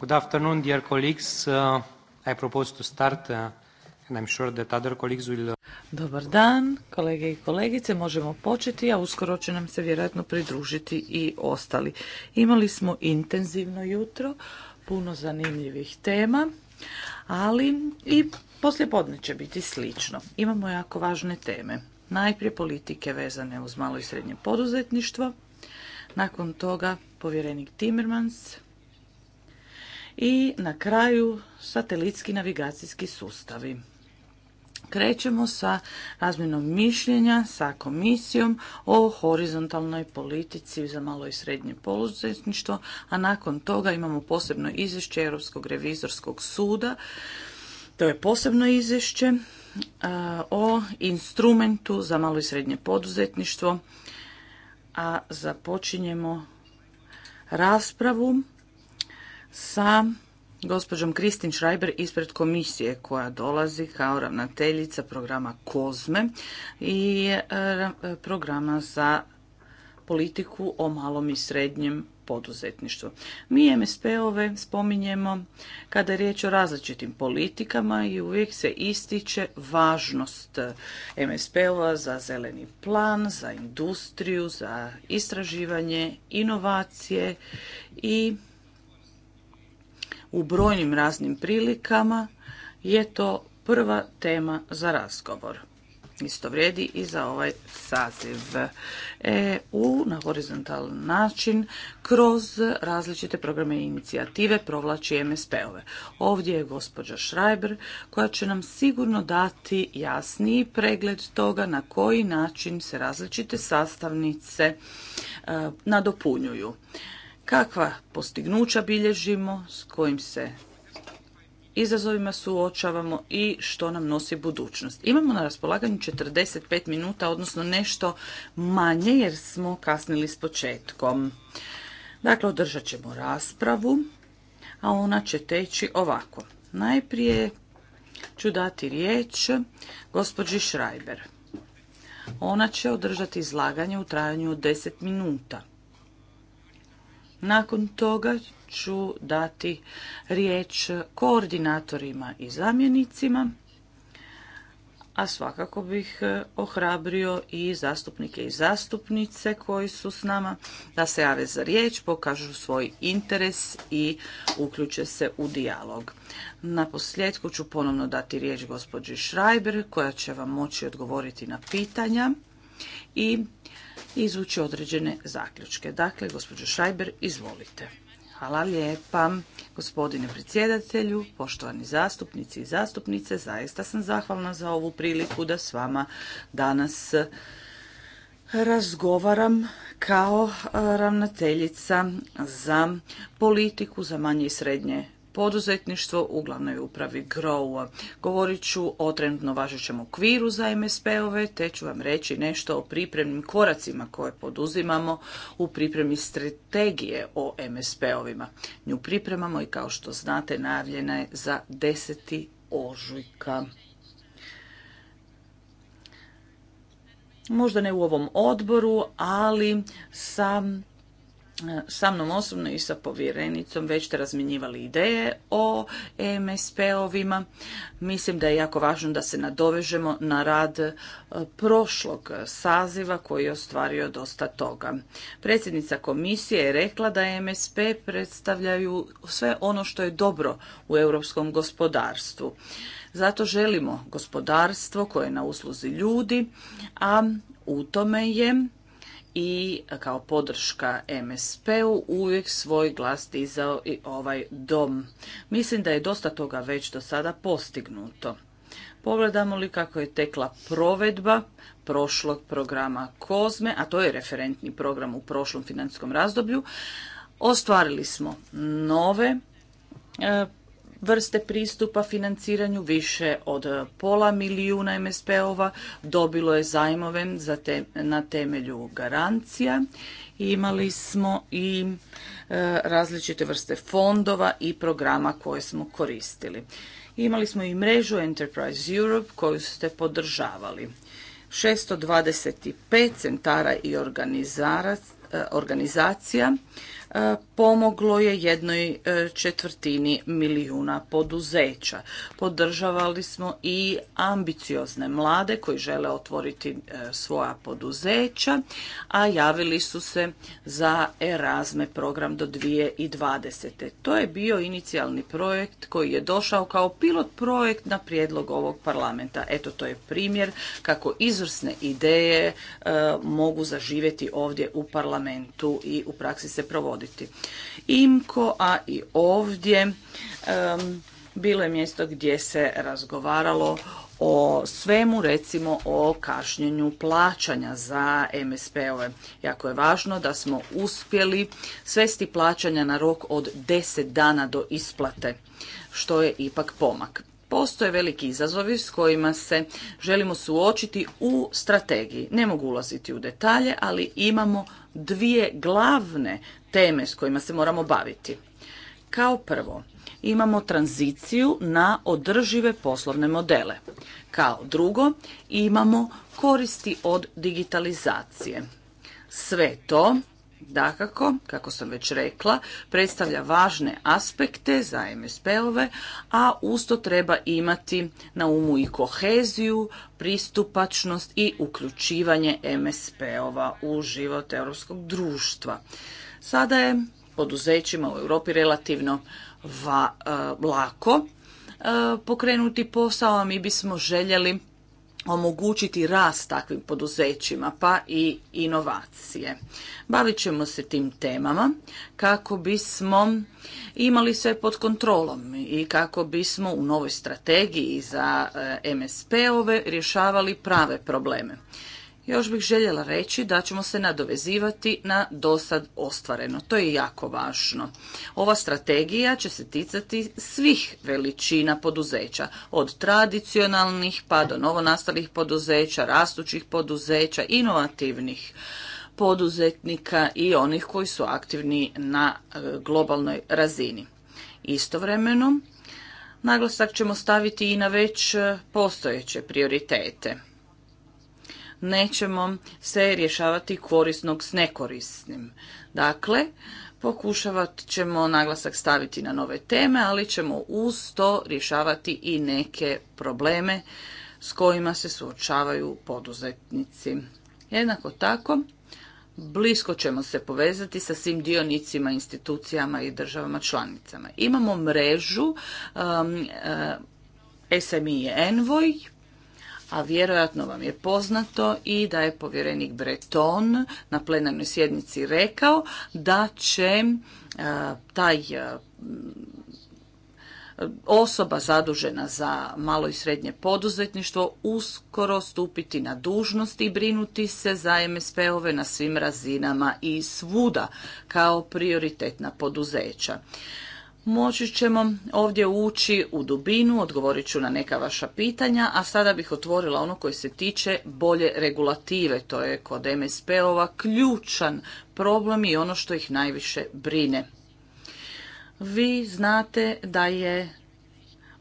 Good afternoon, dear colleagues. Uh, I propose to start uh, and I'm sure that other colleagues will... Uh, Dobar dan, kolege i kolegice, možemo početi, a uskoro će nam se vjerojatno pridružiti i ostali. Imali smo intenzivno jutro, puno zanimljivih tema, ali i poslijepodne će biti slično. Imamo jako važne teme. Najprije politike vezane uz malo i srednje poduzetništvo, nakon toga povjerenik Timmermans, i na kraju satelitski navigacijski sustavi. Krećemo sa razmjenom mišljenja sa komisijom o horizontalnoj politici za malo i srednje poduzetništvo, a nakon toga imamo posebno izvješće Europskog revizorskog suda. To je posebno izvješće o instrumentu za malo i srednje poduzetništvo, a započinjemo raspravu sa gospođom Kristin Schreiber ispred komisije koja dolazi kao ravnateljica programa COSME i e, e, programa za politiku o malom i srednjem poduzetništvu. Mi MSP-ove spominjemo kada je riječ o različitim politikama i uvijek se ističe važnost MSP-ova za zeleni plan, za industriju, za istraživanje, inovacije i u brojnim raznim prilikama je to prva tema za razgovor. Isto vrijedi i za ovaj saziv EU na horizontalan način kroz različite programe i inicijative provlači MSP-ove. Ovdje je gospođa Schreiber koja će nam sigurno dati jasniji pregled toga na koji način se različite sastavnice e, nadopunjuju kakva postignuća bilježimo, s kojim se izazovima suočavamo i što nam nosi budućnost. Imamo na raspolaganju 45 minuta, odnosno nešto manje jer smo kasnili s početkom. Dakle, održat ćemo raspravu, a ona će teći ovako. Najprije ću dati riječ gospođi Schreiber. Ona će održati izlaganje u trajanju od 10 minuta. Nakon toga ću dati riječ koordinatorima i zamjenicima, a svakako bih e, ohrabrio i zastupnike i zastupnice koji su s nama da se jave za riječ, pokažu svoj interes i uključe se u dijalog. Na posljedku ću ponovno dati riječ gospođi Šrajber koja će vam moći odgovoriti na pitanja i izvući određene zaključke. Dakle, gospođo Šajber, izvolite. Hvala lijepa. Gospodine predsjedatelju, poštovani zastupnici i zastupnice, zaista sam zahvalna za ovu priliku da s vama danas razgovaram kao ravnateljica za politiku za manje i srednje poduzetništvo u glavnoj upravi Grow. Govorit ću o trenutno važećem okviru za MSP-ove, te ću vam reći nešto o pripremnim koracima koje poduzimamo u pripremi strategije o MSP-ovima. Nju pripremamo i kao što znate najavljena je za 10. ožujka. Možda ne u ovom odboru, ali sam sa mnom osobno i sa povjerenicom već ste razminjivali ideje o MSP-ovima. Mislim da je jako važno da se nadovežemo na rad e, prošlog saziva koji je ostvario dosta toga. Predsjednica komisije je rekla da MSP predstavljaju sve ono što je dobro u europskom gospodarstvu. Zato želimo gospodarstvo koje je na usluzi ljudi, a u tome je i kao podrška MSP-u uvijek svoj glas dizao i ovaj dom. Mislim da je dosta toga već do sada postignuto. Pogledamo li kako je tekla provedba prošlog programa Kozme, a to je referentni program u prošlom financijskom razdoblju, ostvarili smo nove e, vrste pristupa financiranju. Više od pola milijuna MSP-ova dobilo je zajmove na temelju garancija. Imali smo i e, različite vrste fondova i programa koje smo koristili. Imali smo i mrežu Enterprise Europe koju ste podržavali. 625 centara i e, organizacija pomoglo je jednoj e, četvrtini milijuna poduzeća. Podržavali smo i ambiciozne mlade koji žele otvoriti e, svoja poduzeća, a javili su se za Erasme program do 2020. To je bio inicijalni projekt koji je došao kao pilot projekt na prijedlog ovog parlamenta. Eto, to je primjer kako izvrsne ideje e, mogu zaživjeti ovdje u parlamentu i u praksi se provode provoditi. IMKO, a i ovdje bilo je mjesto gdje se razgovaralo o svemu, recimo o kašnjenju plaćanja za MSP-ove. Jako je važno da smo uspjeli svesti plaćanja na rok od 10 dana do isplate, što je ipak pomak. Postoje veliki izazovi s kojima se želimo suočiti u strategiji. Ne mogu ulaziti u detalje, ali imamo dvije glavne teme s kojima se moramo baviti. Kao prvo, imamo tranziciju na održive poslovne modele. Kao drugo, imamo koristi od digitalizacije. Sve to dakako, kako sam već rekla, predstavlja važne aspekte za MSP-ove, a usto treba imati na umu i koheziju, pristupačnost i uključivanje MSP-ova u život europskog društva. Sada je poduzećima u Europi relativno va, eh, lako eh, pokrenuti posao, a mi bismo željeli omogućiti rast takvim poduzećima pa i inovacije. Bavit ćemo se tim temama kako bismo imali sve pod kontrolom i kako bismo u novoj strategiji za e, MSP-ove rješavali prave probleme. Još bih željela reći da ćemo se nadovezivati na dosad ostvareno. To je jako važno. Ova strategija će se ticati svih veličina poduzeća, od tradicionalnih pa do novonastalih poduzeća, rastućih poduzeća, inovativnih poduzetnika i onih koji su aktivni na e, globalnoj razini. Istovremeno, naglasak ćemo staviti i na već e, postojeće prioritete nećemo se rješavati korisnog s nekorisnim. Dakle, pokušavat ćemo naglasak staviti na nove teme, ali ćemo uz to rješavati i neke probleme s kojima se suočavaju poduzetnici. Jednako tako, blisko ćemo se povezati sa svim dionicima, institucijama i državama članicama. Imamo mrežu um, uh, SMI Envoy a vjerojatno vam je poznato i da je povjerenik Breton na plenarnoj sjednici rekao da će e, taj e, osoba zadužena za malo i srednje poduzetništvo uskoro stupiti na dužnost i brinuti se za MSP-ove na svim razinama i svuda kao prioritetna poduzeća moći ćemo ovdje ući u dubinu, odgovorit ću na neka vaša pitanja, a sada bih otvorila ono koje se tiče bolje regulative, to je kod MSP-ova ključan problem i ono što ih najviše brine. Vi znate da je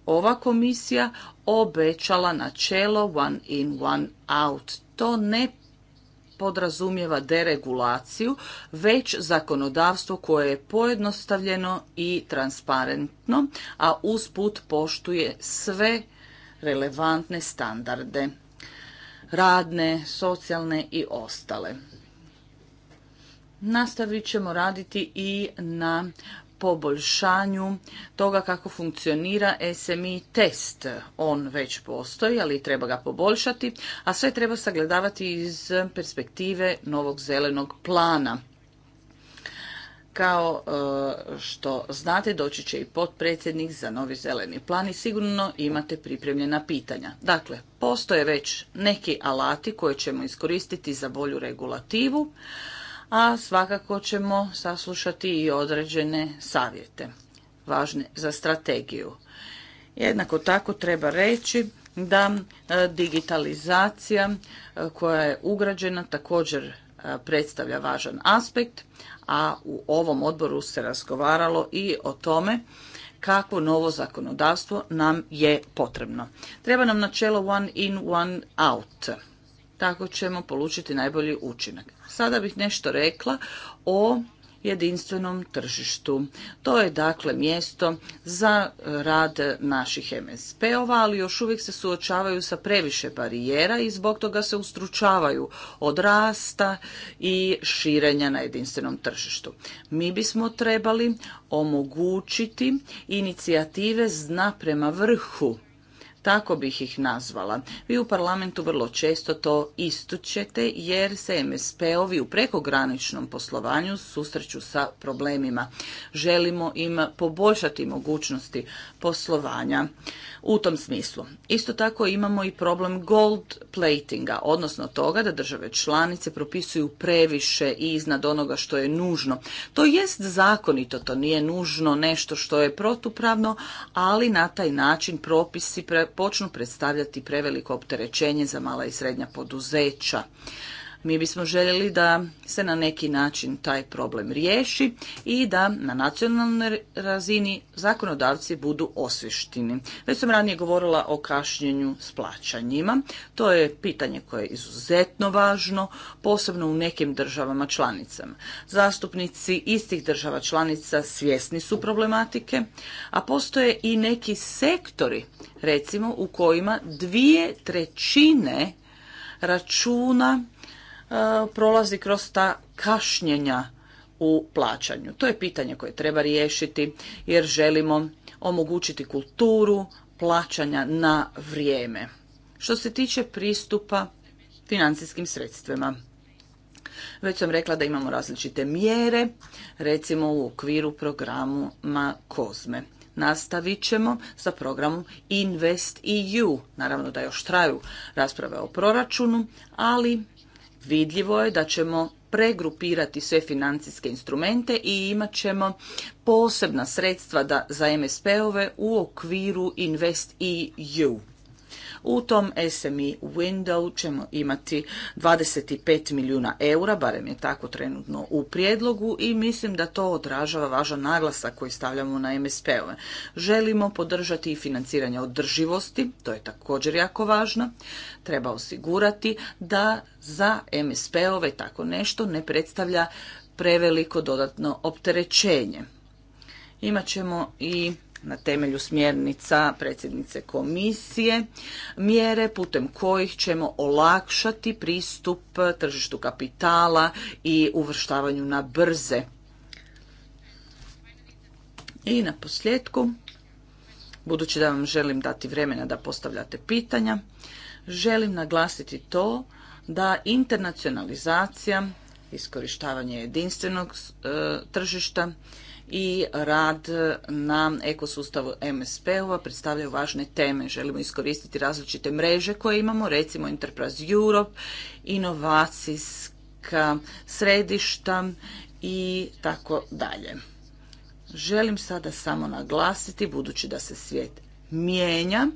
ova komisija obećala načelo one in, one out. To ne podrazumijeva deregulaciju, već zakonodavstvo koje je pojednostavljeno i transparentno, a usput poštuje sve relevantne standarde, radne, socijalne i ostale. Nastavit ćemo raditi i na poboljšanju toga kako funkcionira SMI test. On već postoji, ali treba ga poboljšati, a sve treba sagledavati iz perspektive novog zelenog plana. Kao e, što znate, doći će i potpredsjednik za novi zeleni plan i sigurno imate pripremljena pitanja. Dakle, postoje već neki alati koje ćemo iskoristiti za bolju regulativu, a svakako ćemo saslušati i određene savjete važne za strategiju. Jednako tako treba reći da e, digitalizacija e, koja je ugrađena također e, predstavlja važan aspekt, a u ovom odboru se razgovaralo i o tome kako novo zakonodavstvo nam je potrebno. Treba nam načelo one in, one out. Tako ćemo polučiti najbolji učinak. Sada bih nešto rekla o jedinstvenom tržištu. To je dakle mjesto za rad naših MSP-ova, ali još uvijek se suočavaju sa previše barijera i zbog toga se ustručavaju od rasta i širenja na jedinstvenom tržištu. Mi bismo trebali omogućiti inicijative zna prema vrhu tako bih ih nazvala. Vi u parlamentu vrlo često to istučete jer se MSP-ovi u prekograničnom poslovanju susreću sa problemima. Želimo im poboljšati mogućnosti poslovanja u tom smislu. Isto tako imamo i problem gold platinga, odnosno toga da države članice propisuju previše i iznad onoga što je nužno. To jest zakonito, to nije nužno nešto što je protupravno, ali na taj način propisi počnu predstavljati preveliko opterećenje za mala i srednja poduzeća. Mi bismo željeli da se na neki način taj problem riješi i da na nacionalnoj razini zakonodavci budu osvištini. Već sam ranije govorila o kašnjenju s plaćanjima. To je pitanje koje je izuzetno važno, posebno u nekim državama članicama. Zastupnici istih država članica svjesni su problematike, a postoje i neki sektori, recimo u kojima dvije trećine računa E, prolazi kroz ta kašnjenja u plaćanju. To je pitanje koje treba riješiti jer želimo omogućiti kulturu plaćanja na vrijeme. Što se tiče pristupa financijskim sredstvima. Već sam rekla da imamo različite mjere, recimo u okviru programu Kozme. Nastavit ćemo sa programom Invest EU. Naravno da još traju rasprave o proračunu, ali vidljivo je da ćemo pregrupirati sve financijske instrumente i imat ćemo posebna sredstva da, za MSP-ove u okviru Invest EU. U tom SME window ćemo imati 25 milijuna eura, barem je tako trenutno u prijedlogu i mislim da to odražava važan naglasak koji stavljamo na MSP-ove. Želimo podržati i financiranje održivosti, to je također jako važno. Treba osigurati da za MSP-ove tako nešto ne predstavlja preveliko dodatno opterećenje. Imaćemo i na temelju smjernica predsjednice komisije mjere putem kojih ćemo olakšati pristup tržištu kapitala i uvrštavanju na brze. I na posljedku, budući da vam želim dati vremena da postavljate pitanja, želim naglasiti to da internacionalizacija, iskorištavanje jedinstvenog e, tržišta i rad na ekosustavu MSP-ova predstavljaju važne teme. Želimo iskoristiti različite mreže koje imamo, recimo Enterprise Europe, inovacijska središta i tako dalje. Želim sada samo naglasiti, budući da se svijet mijenja,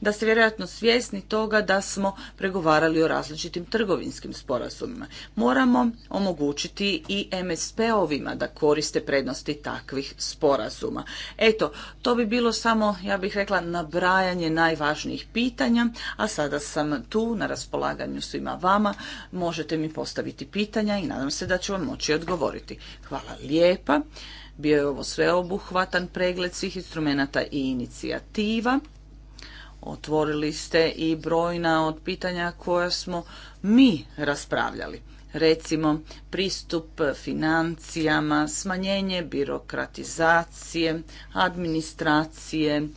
da ste vjerojatno svjesni toga da smo pregovarali o različitim trgovinskim sporazumima. Moramo omogućiti i MSP-ovima da koriste prednosti takvih sporazuma. Eto, to bi bilo samo, ja bih rekla, nabrajanje najvažnijih pitanja, a sada sam tu na raspolaganju svima vama. Možete mi postaviti pitanja i nadam se da ću vam moći odgovoriti. Hvala lijepa. Bio je ovo sveobuhvatan pregled svih instrumenata i inicijativa. Otvorili ste i brojna od pitanja koja smo mi raspravljali. Recimo, pristup financijama, smanjenje birokratizacije, administracije,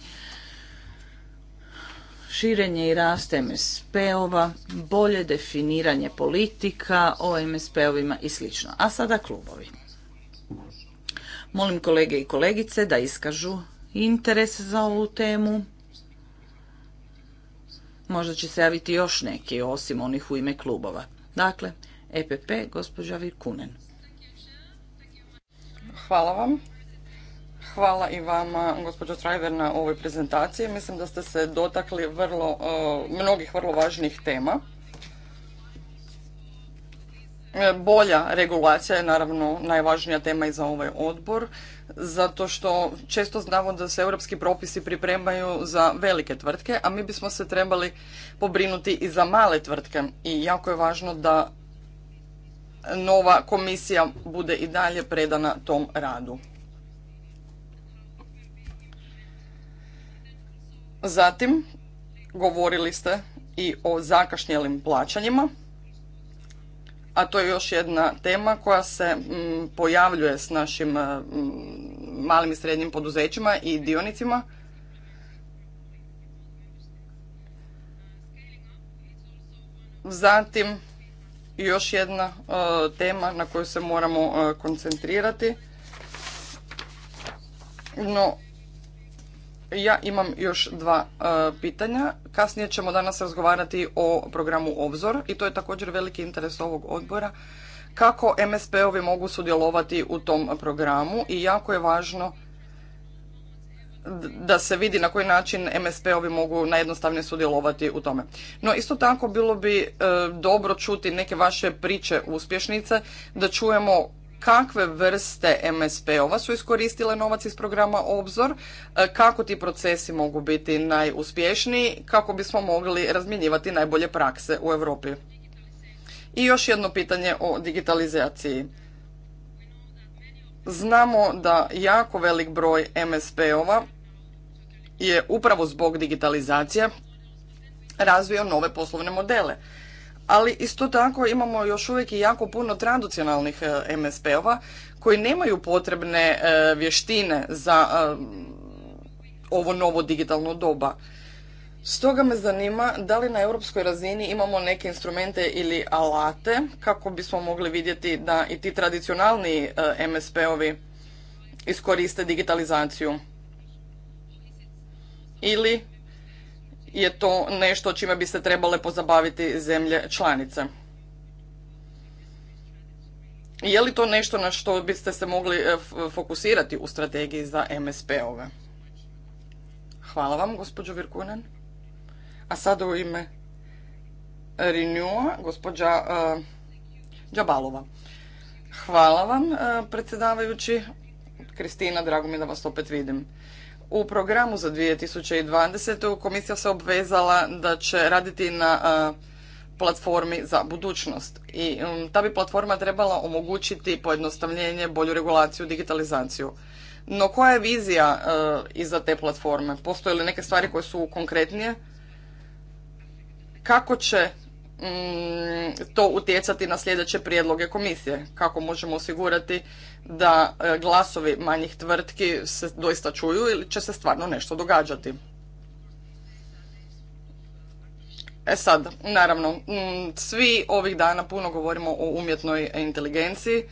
širenje i rast MSP-ova, bolje definiranje politika o MSP-ovima i sl. A sada klubovi. Molim kolege i kolegice da iskažu interes za ovu temu. Možda će se javiti još neki osim onih u ime klubova. Dakle, EPP, gospođa Virkunen. Hvala vam. Hvala i vama, gospođo Trajver, na ovoj prezentaciji. Mislim da ste se dotakli vrlo, eh, mnogih vrlo važnih tema. E, bolja regulacija je naravno najvažnija tema i za ovaj odbor, zato što često znamo da se europski propisi pripremaju za velike tvrtke, a mi bismo se trebali pobrinuti i za male tvrtke i jako je važno da nova komisija bude i dalje predana tom radu. Zatim, govorili ste i o zakašnjelim plaćanjima a to je još jedna tema koja se mm, pojavljuje s našim mm, malim i srednjim poduzećima i dionicima. Zatim još jedna e, tema na koju se moramo e, koncentrirati. No, ja imam još dva e, pitanja. Kasnije ćemo danas razgovarati o programu Obzor i to je također veliki interes ovog odbora. Kako MSP-ovi mogu sudjelovati u tom programu i jako je važno da se vidi na koji način MSP-ovi mogu najjednostavnije sudjelovati u tome. No isto tako bilo bi e, dobro čuti neke vaše priče uspješnice, da čujemo kakve vrste MSP-ova su iskoristile novac iz programa Obzor, e, kako ti procesi mogu biti najuspješniji, kako bismo mogli razmjenjivati najbolje prakse u Europi. I još jedno pitanje o digitalizaciji. Znamo da jako velik broj MSP-ova je upravo zbog digitalizacije razvio nove poslovne modele ali isto tako imamo još uvijek i jako puno tradicionalnih e, MSP-ova koji nemaju potrebne e, vještine za e, ovo novo digitalno doba. Stoga me zanima da li na europskoj razini imamo neke instrumente ili alate kako bismo mogli vidjeti da i ti tradicionalni MSP-ovi iskoriste digitalizaciju. Ili je to nešto čime bi se trebale pozabaviti zemlje članice. Je li to nešto na što biste se mogli eh, fokusirati u strategiji za MSP-ove? Hvala vam, gospođo Virkunen. A sada u ime Renewa, gospođa uh, Hvala vam, eh, predsjedavajući. Kristina, drago mi da vas opet vidim. U programu za 2020. komisija se obvezala da će raditi na platformi za budućnost i um, ta bi platforma trebala omogućiti pojednostavljenje, bolju regulaciju, digitalizaciju. No koja je vizija iza te platforme? Postoje li neke stvari koje su konkretnije? Kako će Mm, to utjecati na sljedeće prijedloge komisije. Kako možemo osigurati da e, glasovi manjih tvrtki se doista čuju ili će se stvarno nešto događati. E sad, naravno, mm, svi ovih dana puno govorimo o umjetnoj inteligenciji,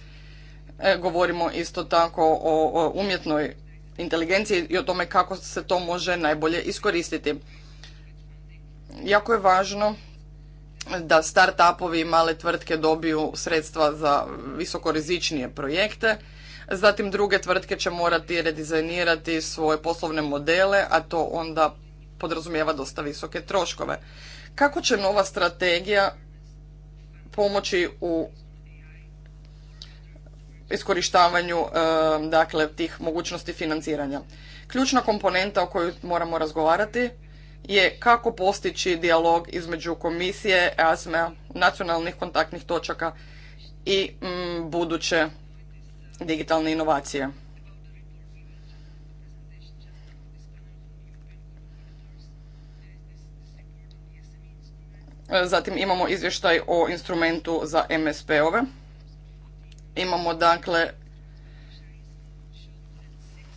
e, govorimo isto tako o umjetnoj inteligenciji i o tome kako se to može najbolje iskoristiti. Jako je važno da start-upovi i male tvrtke dobiju sredstva za visokorizičnije projekte. Zatim druge tvrtke će morati redizajnirati svoje poslovne modele, a to onda podrazumijeva dosta visoke troškove. Kako će nova strategija pomoći u iskorištavanju e, dakle, tih mogućnosti financiranja? Ključna komponenta o kojoj moramo razgovarati je kako postići dijalog između komisije, EASME, nacionalnih kontaktnih točaka i mm, buduće digitalne inovacije. Zatim imamo izvještaj o instrumentu za MSP-ove. Imamo dakle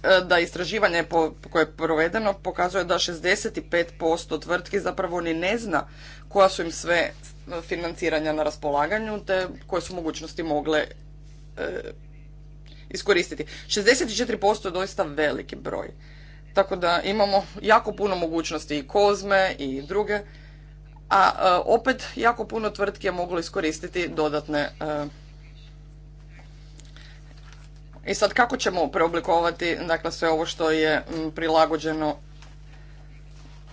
E, da istraživanje koje je provedeno pokazuje da 65% tvrtki zapravo ni ne zna koja su im sve financiranja na raspolaganju te koje su mogućnosti mogle e, iskoristiti. 64% je doista veliki broj. Tako da imamo jako puno mogućnosti i kozme i druge, a e, opet jako puno tvrtki je moglo iskoristiti dodatne i sad kako ćemo preoblikovati dakle, sve ovo što je prilagođeno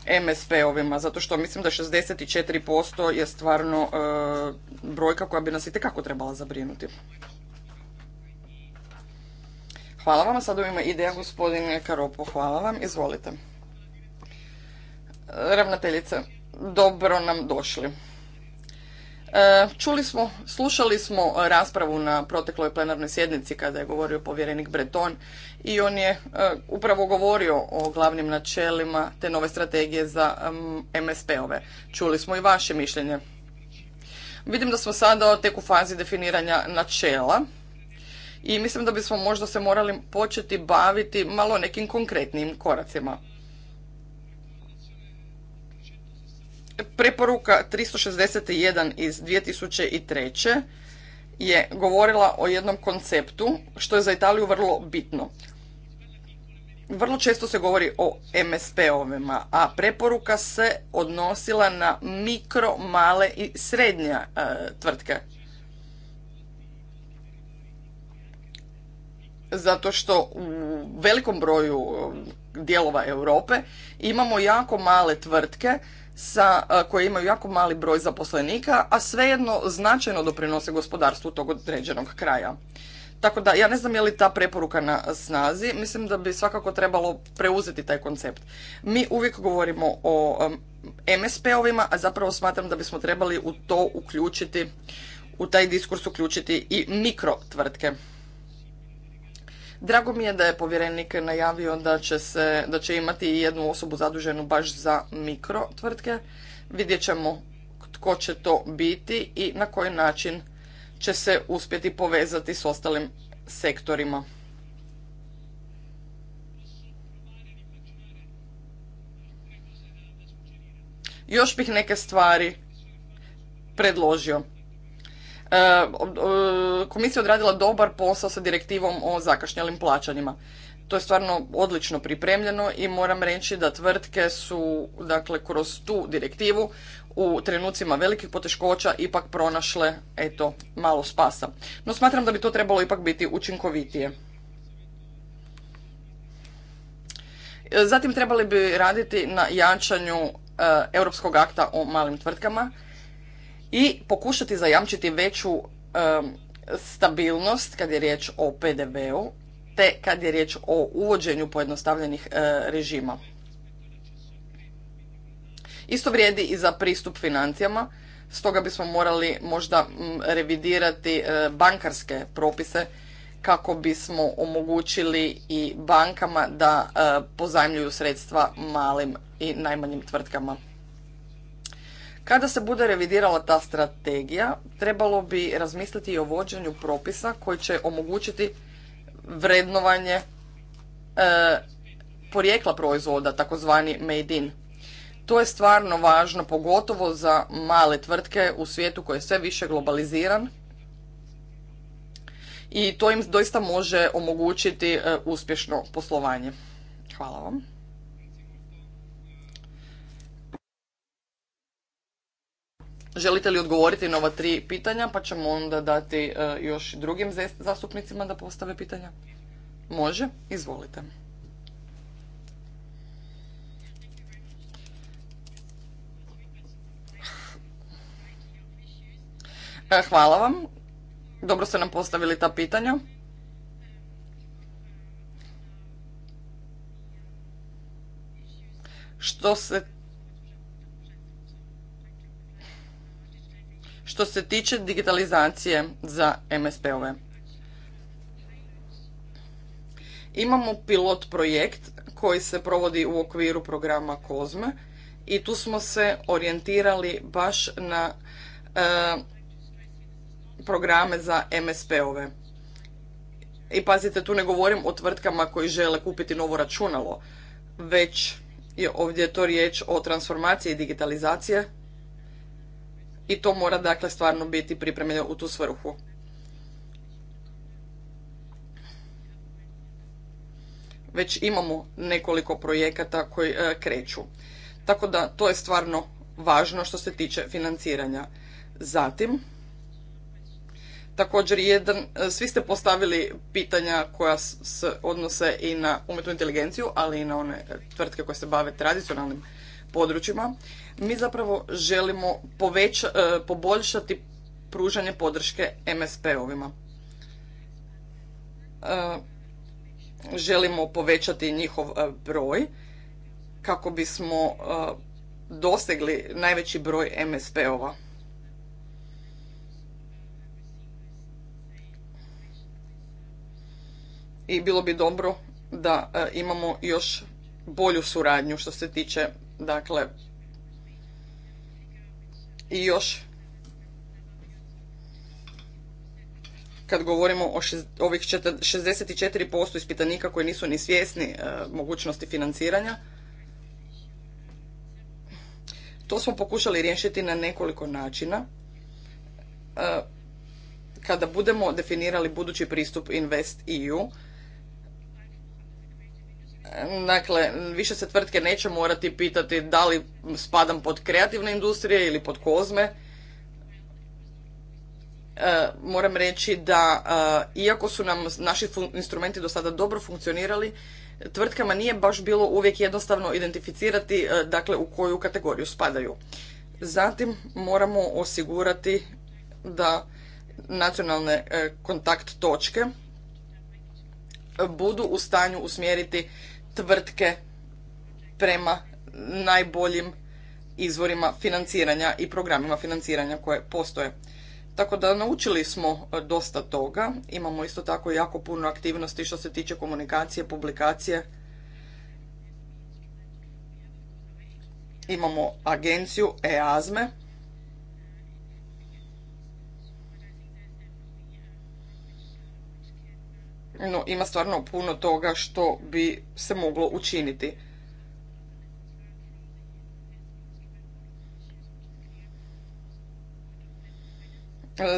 MSP-ovima, zato što mislim da 64% je stvarno e, brojka koja bi nas i tekako trebala zabrinuti. Hvala vam, sad ima ideja gospodine Karopo, hvala vam, izvolite. E, ravnateljice, dobro nam došli. E, čuli smo, slušali smo raspravu na protekloj plenarnoj sjednici kada je govorio povjerenik Breton i on je e, upravo govorio o glavnim načelima te nove strategije za MSP-ove. Čuli smo i vaše mišljenje. Vidim da smo sada tek u fazi definiranja načela i mislim da bismo možda se morali početi baviti malo nekim konkretnim koracima. Preporuka 361 iz 2003. je govorila o jednom konceptu što je za Italiju vrlo bitno. Vrlo često se govori o MSP-ovima, a preporuka se odnosila na mikro, male i srednje e, tvrtke. zato što u velikom broju e, dijelova Europe imamo jako male tvrtke sa, koje imaju jako mali broj zaposlenika, a svejedno značajno doprinose gospodarstvu tog određenog kraja. Tako da, ja ne znam je li ta preporuka na snazi, mislim da bi svakako trebalo preuzeti taj koncept. Mi uvijek govorimo o MSP-ovima, um, a zapravo smatram da bismo trebali u to uključiti, u taj diskurs uključiti i mikro tvrtke. Drago mi je da je povjerenik najavio da će, se, da će imati jednu osobu zaduženu baš za mikro tvrtke. Vidjet ćemo tko će to biti i na koji način će se uspjeti povezati s ostalim sektorima. Još bih neke stvari predložio. E, komisija odradila dobar posao sa direktivom o zakašnjelim plaćanjima. To je stvarno odlično pripremljeno i moram reći da tvrtke su, dakle, kroz tu direktivu u trenucima velikih poteškoća ipak pronašle, eto, malo spasa. No smatram da bi to trebalo ipak biti učinkovitije. E, zatim trebali bi raditi na jačanju e, europskog akta o malim tvrtkama i pokušati zajamčiti veću stabilnost kad je riječ o PDV-u te kad je riječ o uvođenju pojednostavljenih e, režima. Isto vrijedi i za pristup financijama, stoga bismo morali možda revidirati e, bankarske propise kako bismo omogućili i bankama da e, pozajmljuju sredstva malim i najmanjim tvrtkama. Kada se bude revidirala ta strategija, trebalo bi razmisliti i o vođenju propisa koji će omogućiti vrednovanje e, porijekla proizvoda, takozvani made in. To je stvarno važno, pogotovo za male tvrtke u svijetu koji je sve više globaliziran i to im doista može omogućiti e, uspješno poslovanje. Hvala vam. Želite li odgovoriti na ova tri pitanja, pa ćemo onda dati e, još drugim zastupnicima da postave pitanja? Može, izvolite. E, hvala vam. Dobro ste nam postavili ta pitanja. Što se što se tiče digitalizacije za MSP-ove. Imamo pilot projekt koji se provodi u okviru programa COSME i tu smo se orijentirali baš na e, programe za MSP-ove. I pazite, tu ne govorim o tvrtkama koji žele kupiti novo računalo, već je ovdje to riječ o transformaciji i digitalizacije i to mora dakle stvarno biti pripremljeno u tu svrhu. Već imamo nekoliko projekata koji e, kreću. Tako da to je stvarno važno što se tiče financiranja. Zatim, također jedan, e, svi ste postavili pitanja koja se odnose i na umjetnu inteligenciju, ali i na one e, tvrtke koje se bave tradicionalnim područjima mi zapravo želimo e, poboljšati pružanje podrške MSP-ovima. E, želimo povećati njihov e, broj kako bismo dosegli najveći broj MSP-ova. I bilo bi dobro da imamo još bolju suradnju što se tiče dakle i još, kad govorimo o ovih 64% ispitanika koji nisu ni svjesni e, mogućnosti financiranja, to smo pokušali riješiti na nekoliko načina. E, kada budemo definirali budući pristup Invest EU, Dakle, više se tvrtke neće morati pitati da li spadam pod kreativne industrije ili pod kozme. E, moram reći da, e, iako su nam naši instrumenti do sada dobro funkcionirali, tvrtkama nije baš bilo uvijek jednostavno identificirati e, dakle, u koju kategoriju spadaju. Zatim moramo osigurati da nacionalne kontakt točke budu u stanju usmjeriti tvrtke prema najboljim izvorima financiranja i programima financiranja koje postoje. Tako da naučili smo e, dosta toga. Imamo isto tako jako puno aktivnosti što se tiče komunikacije, publikacije. Imamo agenciju EASME no ima stvarno puno toga što bi se moglo učiniti.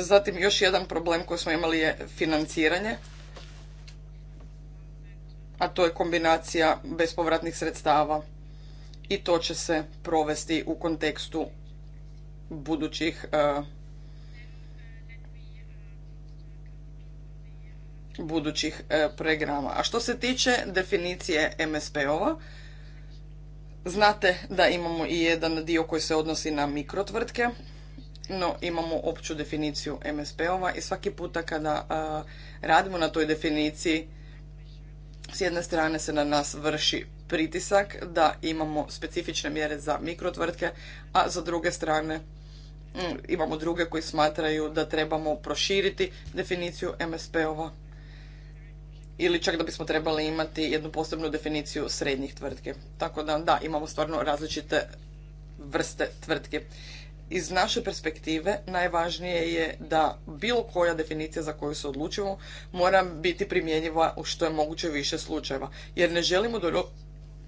Zatim još jedan problem koji smo imali je financiranje, a to je kombinacija bespovratnih sredstava i to će se provesti u kontekstu budućih eh, budućih e, programa. A što se tiče definicije MSP-ova, znate da imamo i jedan dio koji se odnosi na mikrotvrtke, no imamo opću definiciju MSP-ova i svaki puta kada e, radimo na toj definiciji, s jedne strane se na nas vrši pritisak da imamo specifične mjere za mikrotvrtke, a za druge strane mm, imamo druge koji smatraju da trebamo proširiti definiciju MSP-ova ili čak da bismo trebali imati jednu posebnu definiciju srednjih tvrtke. Tako da, da, imamo stvarno različite vrste tvrtke. Iz naše perspektive najvažnije je da bilo koja definicija za koju se odlučimo mora biti primjenjiva u što je moguće više slučajeva. Jer ne želimo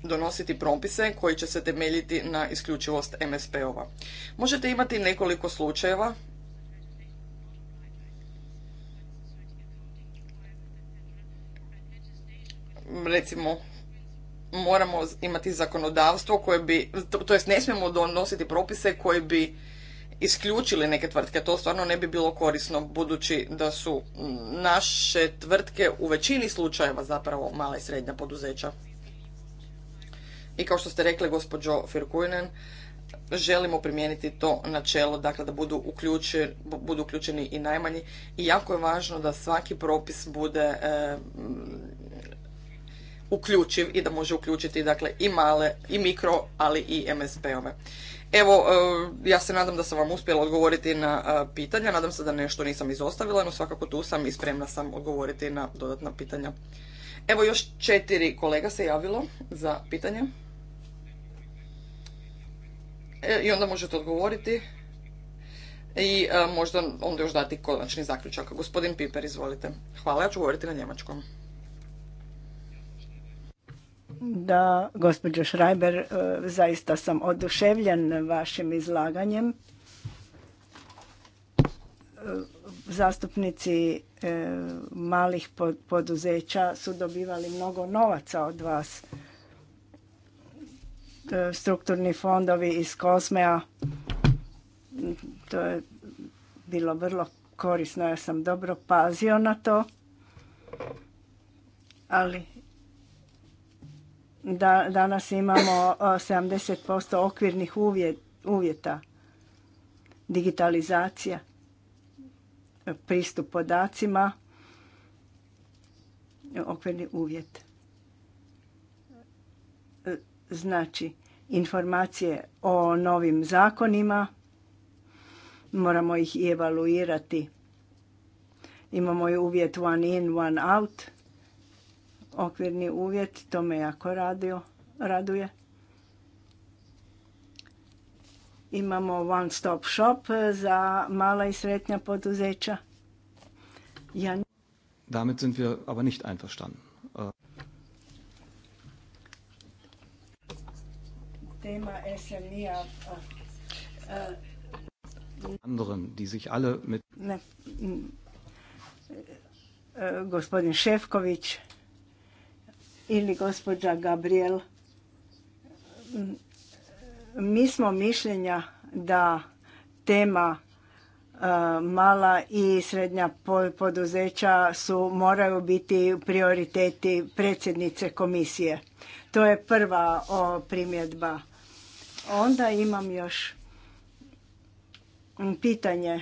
donositi propise koji će se temeljiti na isključivost MSP-ova. Možete imati nekoliko slučajeva recimo moramo imati zakonodavstvo koje bi, to jest ne smijemo donositi propise koji bi isključili neke tvrtke. To stvarno ne bi bilo korisno budući da su naše tvrtke u većini slučajeva zapravo mala i srednja poduzeća. I kao što ste rekli, gospođo Firkuinen, želimo primijeniti to načelo, dakle da budu, uključen, budu uključeni i najmanji. I jako je važno da svaki propis bude eh, uključiv i da može uključiti dakle i male i mikro, ali i MSP-ove. Evo, e, ja se nadam da sam vam uspjela odgovoriti na e, pitanja, nadam se da nešto nisam izostavila, no svakako tu sam i spremna sam odgovoriti na dodatna pitanja. Evo još četiri kolega se javilo za pitanje. E, I onda možete odgovoriti i možda onda još dati konačni zaključak. Gospodin Piper, izvolite. Hvala, ja ću govoriti na njemačkom. Da, gospođo Schreiber, e, zaista sam oduševljen vašim izlaganjem. E, zastupnici e, malih poduzeća su dobivali mnogo novaca od vas. Strukturni fondovi iz Kosmea, to je bilo vrlo korisno, ja sam dobro pazio na to, ali da danas imamo 70% e, okvirnih uvjeta digitalizacija pristup podacima okvirni uvjet e, znači informacije o novim zakonima moramo ih i evaluirati imamo i uvjet one in one out okvirni uvjet, to me jako radio, raduje. Imamo one stop shop za mala i sretnja poduzeća. Ja... Damit sind wir aber nicht einverstanden. Thema smi Anderen, die sich alle mit... Ne. E, gospodin Šefković ili gospođa Gabriel, mi smo mišljenja da tema e, mala i srednja poduzeća su moraju biti prioriteti predsjednice komisije. To je prva primjedba. Onda imam još pitanje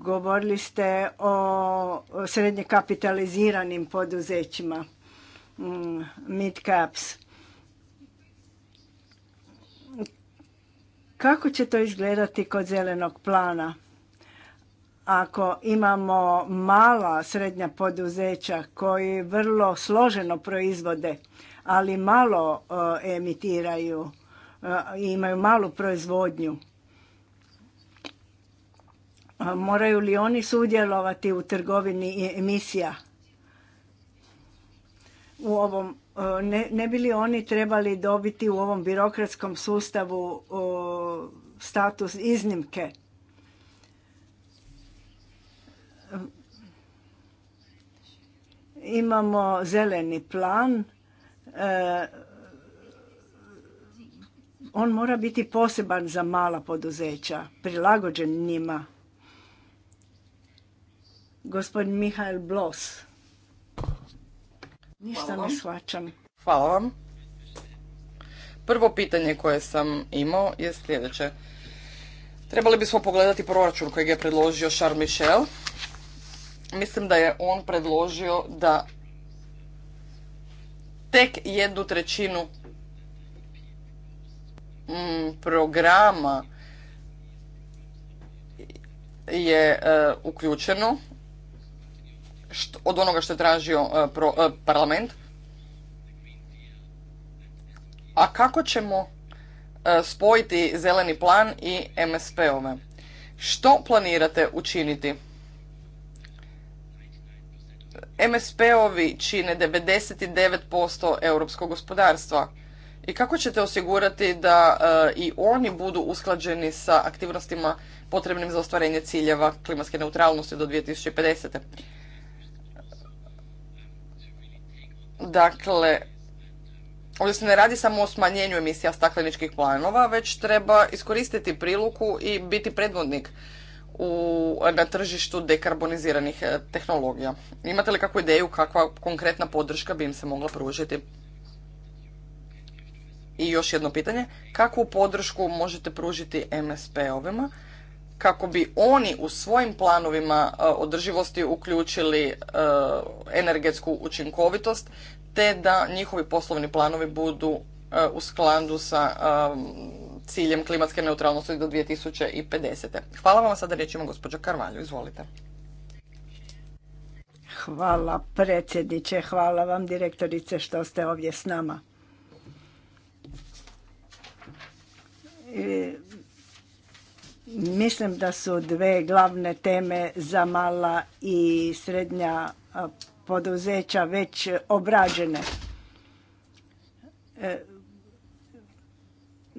Govorili ste o srednje kapitaliziranim poduzećima, mm, mid caps. Kako će to izgledati kod zelenog plana? Ako imamo mala srednja poduzeća koji vrlo složeno proizvode, ali malo e, emitiraju i e, imaju malu proizvodnju, Moraju li oni sudjelovati u trgovini emisija? U ovom, e, ne, ne bi li oni trebali dobiti u ovom birokratskom sustavu o, status iznimke? Imamo zeleni plan. E, on mora biti poseban za mala poduzeća, prilagođen njima. Gospodin Mihael Blos. Ništa ne shvaćam. Hvala vam. Prvo pitanje koje sam imao je sljedeće. Trebali bismo pogledati proračun kojeg je predložio Charles Michel. Mislim da je on predložio da tek jednu trećinu mm, programa je e, uključeno što, od onoga što je tražio e, pro, e, parlament. A kako ćemo e, spojiti zeleni plan i MSP-ove? Što planirate učiniti? MSP-ovi čine 99% europskog gospodarstva. I kako ćete osigurati da i oni budu usklađeni sa aktivnostima potrebnim za ostvarenje ciljeva klimatske neutralnosti do 2050. Dakle, ovdje se ne radi samo o smanjenju emisija stakleničkih planova, već treba iskoristiti priliku i biti predvodnik u, na tržištu dekarboniziranih e, tehnologija. Imate li kakvu ideju kakva konkretna podrška bi im se mogla pružiti? I još jedno pitanje, kakvu podršku možete pružiti MSP-ovima? kako bi oni u svojim planovima e, održivosti uključili e, energetsku učinkovitost te da njihovi poslovni planovi budu e, u skladu sa ciljem klimatske neutralnosti do 2050. Hvala vam sada rećima gospođa Karvalju, izvolite. Hvala predsjedniče, hvala vam direktorice što ste ovdje s nama. Mislim da su dve glavne teme za mala i srednja poduzeća već obrađene. E, e,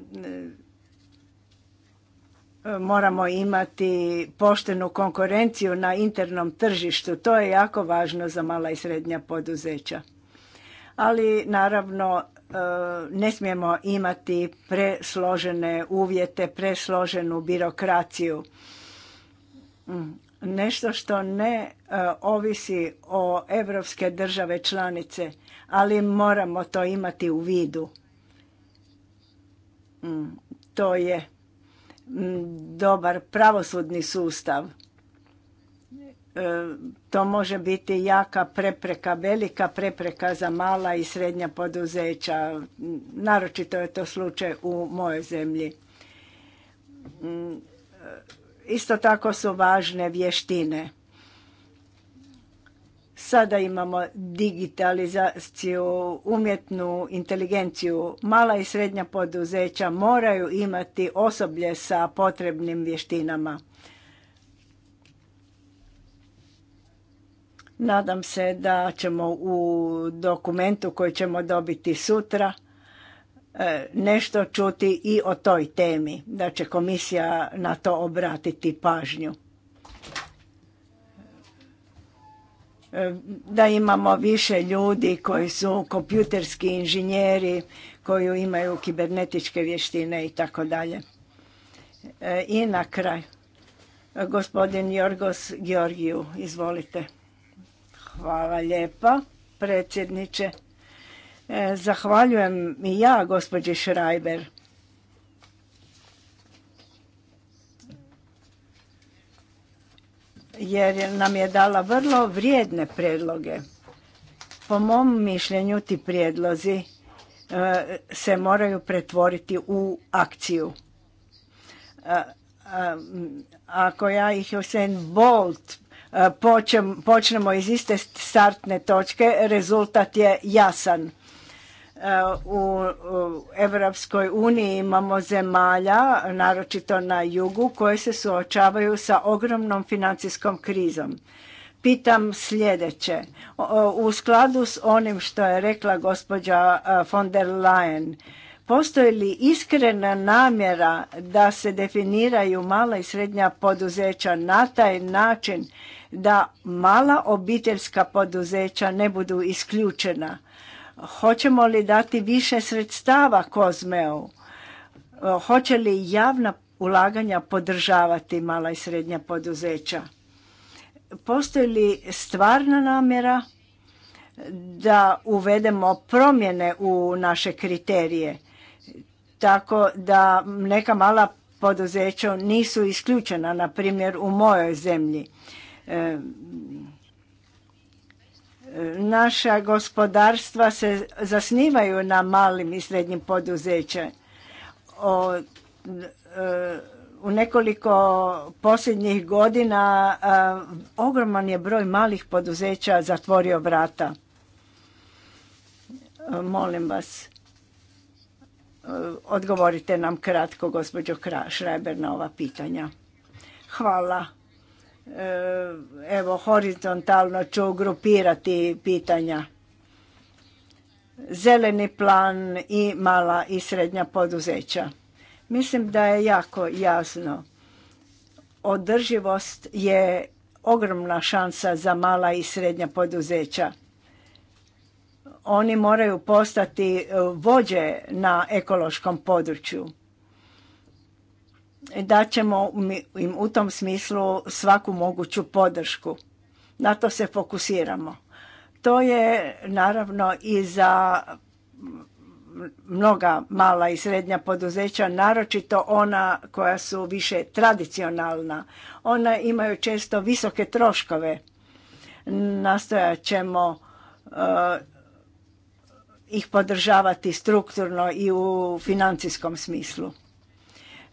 moramo imati poštenu konkurenciju na internom tržištu. To je jako važno za mala i srednja poduzeća. Ali naravno E, ne smijemo imati presložene uvjete, presloženu birokraciju. Mm. Nešto što ne e, ovisi o evropske države članice, ali moramo to imati u vidu. Mm. To je mm, dobar pravosudni sustav E, to može biti jaka prepreka, velika prepreka za mala i srednja poduzeća. Naročito je to slučaj u mojoj zemlji. Mm, e, isto tako su važne vještine. Sada imamo digitalizaciju, umjetnu inteligenciju. Mala i srednja poduzeća moraju imati osoblje sa potrebnim vještinama Nadam se da ćemo u dokumentu koji ćemo dobiti sutra e, nešto čuti i o toj temi, da će komisija na to obratiti pažnju. E, da imamo više ljudi koji su kompjuterski inženjeri, koji imaju kibernetičke vještine i tako dalje. E, I na kraj, gospodin Jorgos Georgiju, izvolite. Hvala lijepa, predsjedniče. E, zahvaljujem i ja, gospođi Šrajber. Jer nam je dala vrlo vrijedne predloge. Po mom mišljenju ti prijedlozi e, se moraju pretvoriti u akciju. E, ako ja ih Hussein Bolt počnemo iz iste startne točke, rezultat je jasan. E, u Europskoj uniji imamo zemalja, naročito na jugu, koje se suočavaju sa ogromnom financijskom krizom. Pitam sljedeće. U skladu s onim što je rekla gospođa e, von der Leyen, postoji li iskrena namjera da se definiraju mala i srednja poduzeća na taj način da mala obiteljska poduzeća ne budu isključena. Hoćemo li dati više sredstava Kozmeu? Hoće li javna ulaganja podržavati mala i srednja poduzeća? Postoji li stvarna namjera da uvedemo promjene u naše kriterije? tako da neka mala poduzeća nisu isključena, na primjer u mojoj zemlji. Naša gospodarstva se zasnivaju na malim i srednjim poduzećima. U nekoliko posljednjih godina ogroman je broj malih poduzeća zatvorio vrata. Molim vas, odgovorite nam kratko, gospođo Šreber, na ova pitanja. Hvala. E, evo horizontalno ću grupirati pitanja. Zeleni plan i mala i srednja poduzeća. Mislim da je jako jasno. Održivost je ogromna šansa za mala i srednja poduzeća. Oni moraju postati vođe na ekološkom području da ćemo im u tom smislu svaku moguću podršku. Na to se fokusiramo. To je naravno i za mnoga mala i srednja poduzeća, naročito ona koja su više tradicionalna. Ona imaju često visoke troškove. Nastojat ćemo eh, ih podržavati strukturno i u financijskom smislu.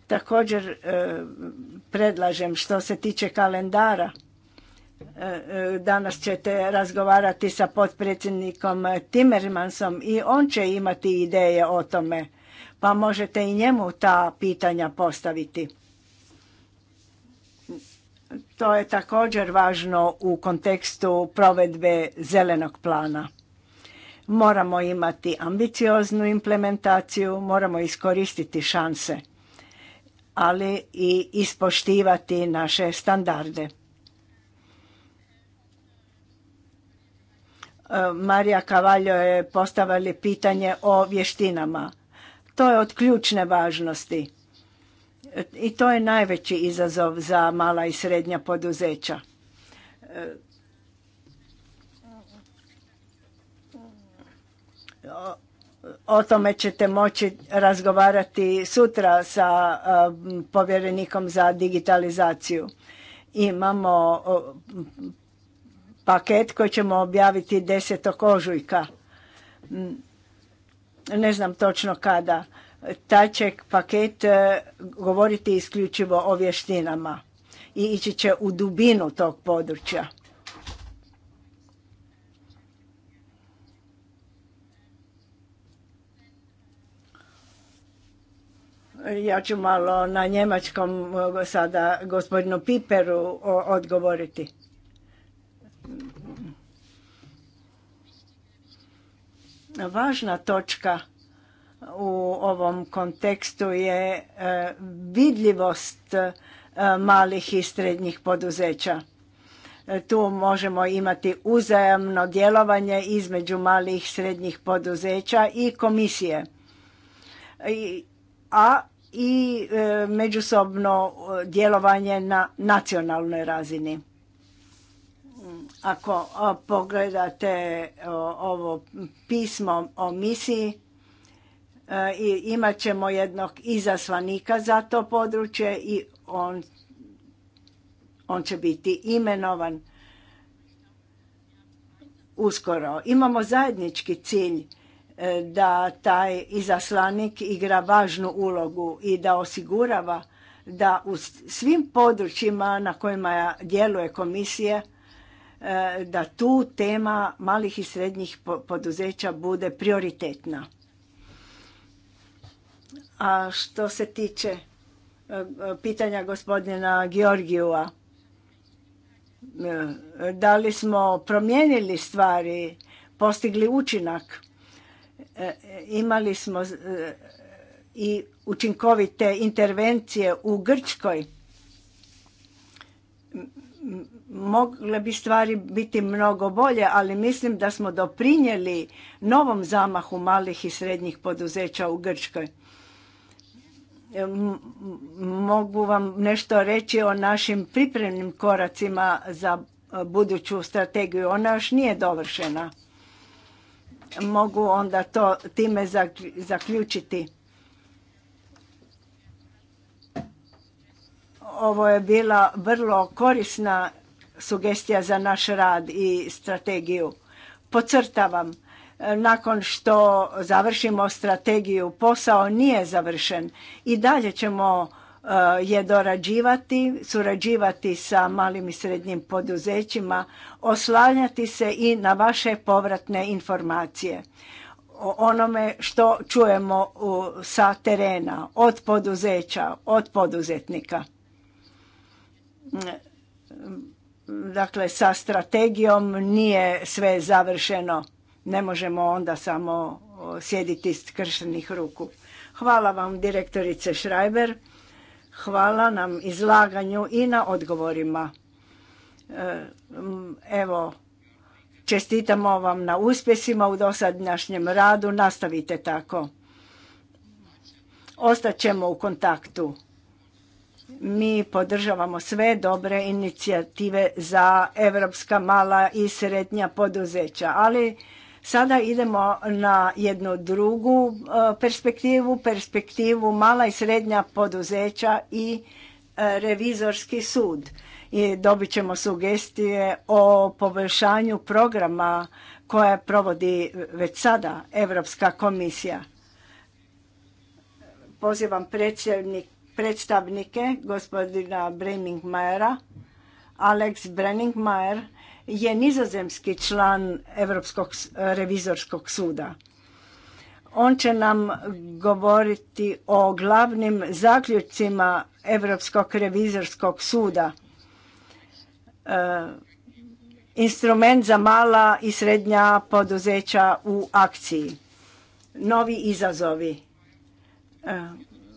Također e, predlažem što se tiče kalendara, e, e, danas ćete razgovarati sa potpredsjednikom Timmermansom i on će imati ideje o tome, pa možete i njemu ta pitanja postaviti. To je također važno u kontekstu provedbe zelenog plana. Moramo imati ambicioznu implementaciju, moramo iskoristiti šanse ali i ispoštivati naše standarde. E, Marija Kavaljo je postavili pitanje o vještinama. To je od ključne važnosti e, i to je najveći izazov za mala i srednja poduzeća. E, O tome ćete moći razgovarati sutra sa povjerenikom za digitalizaciju. Imamo paket koji ćemo objaviti 10. ožujka. Ne znam točno kada. Taj će paket e, govoriti isključivo o vještinama i ići će u dubinu tog područja. Ja ću malo na njemačkom e, sada gospodinu Piperu odgovoriti. Važna točka u ovom kontekstu je e, vidljivost e, malih i srednjih poduzeća. Tu možemo imati uzajamno djelovanje između malih i srednjih poduzeća i komisije. A i e, međusobno e, djelovanje na nacionalnoj razini. Ako pogledate ovo pismo o misiji, e, imat ćemo jednog izaslanika za to područje i on, on će biti imenovan uskoro. Imamo zajednički cilj da taj izaslanik igra važnu ulogu i da osigurava da u svim područjima na kojima djeluje komisija, e, da tu tema malih i srednjih poduzeća bude prioritetna. A što se tiče e, pitanja gospodina Georgijeva, e, da li smo promijenili stvari, postigli učinak? E, imali smo e, i učinkovite intervencije u Grčkoj. Mogle bi stvari biti mnogo bolje, ali mislim da smo doprinijeli novom zamahu malih i srednjih poduzeća u Grčkoj. E, mogu vam nešto reći o našim pripremnim koracima za buduću strategiju. Ona još nije dovršena mogu onda to time zaključiti. Ovo je bila vrlo korisna sugestija za naš rad i strategiju. Pocrtavam, nakon što završimo strategiju, posao nije završen i dalje ćemo je dorađivati, surađivati sa malim i srednjim poduzećima, oslanjati se i na vaše povratne informacije o onome što čujemo sa terena, od poduzeća, od poduzetnika. Dakle, sa strategijom nije sve završeno. Ne možemo onda samo sjediti skršenih ruku. Hvala vam, direktorice Schreiber. Hvala nam izlaganju i na odgovorima. E, mm, evo, čestitamo vam na uspjesima u dosadnjašnjem radu. Nastavite tako. Ostaćemo u kontaktu. Mi podržavamo sve dobre inicijative za evropska mala i srednja poduzeća, ali Sada idemo na jednu drugu e, perspektivu, perspektivu mala i srednja poduzeća i e, revizorski sud. I dobit ćemo sugestije o poboljšanju programa koje provodi već sada Europska komisija. Pozivam predstavnike gospodina Breiningmajera, Alex Breiningmajer, je nizozemski član Europskog revizorskog suda. On će nam govoriti o glavnim zaključcima Europskog revizorskog suda. E, instrument za mala i srednja poduzeća u akciji. Novi izazovi. E,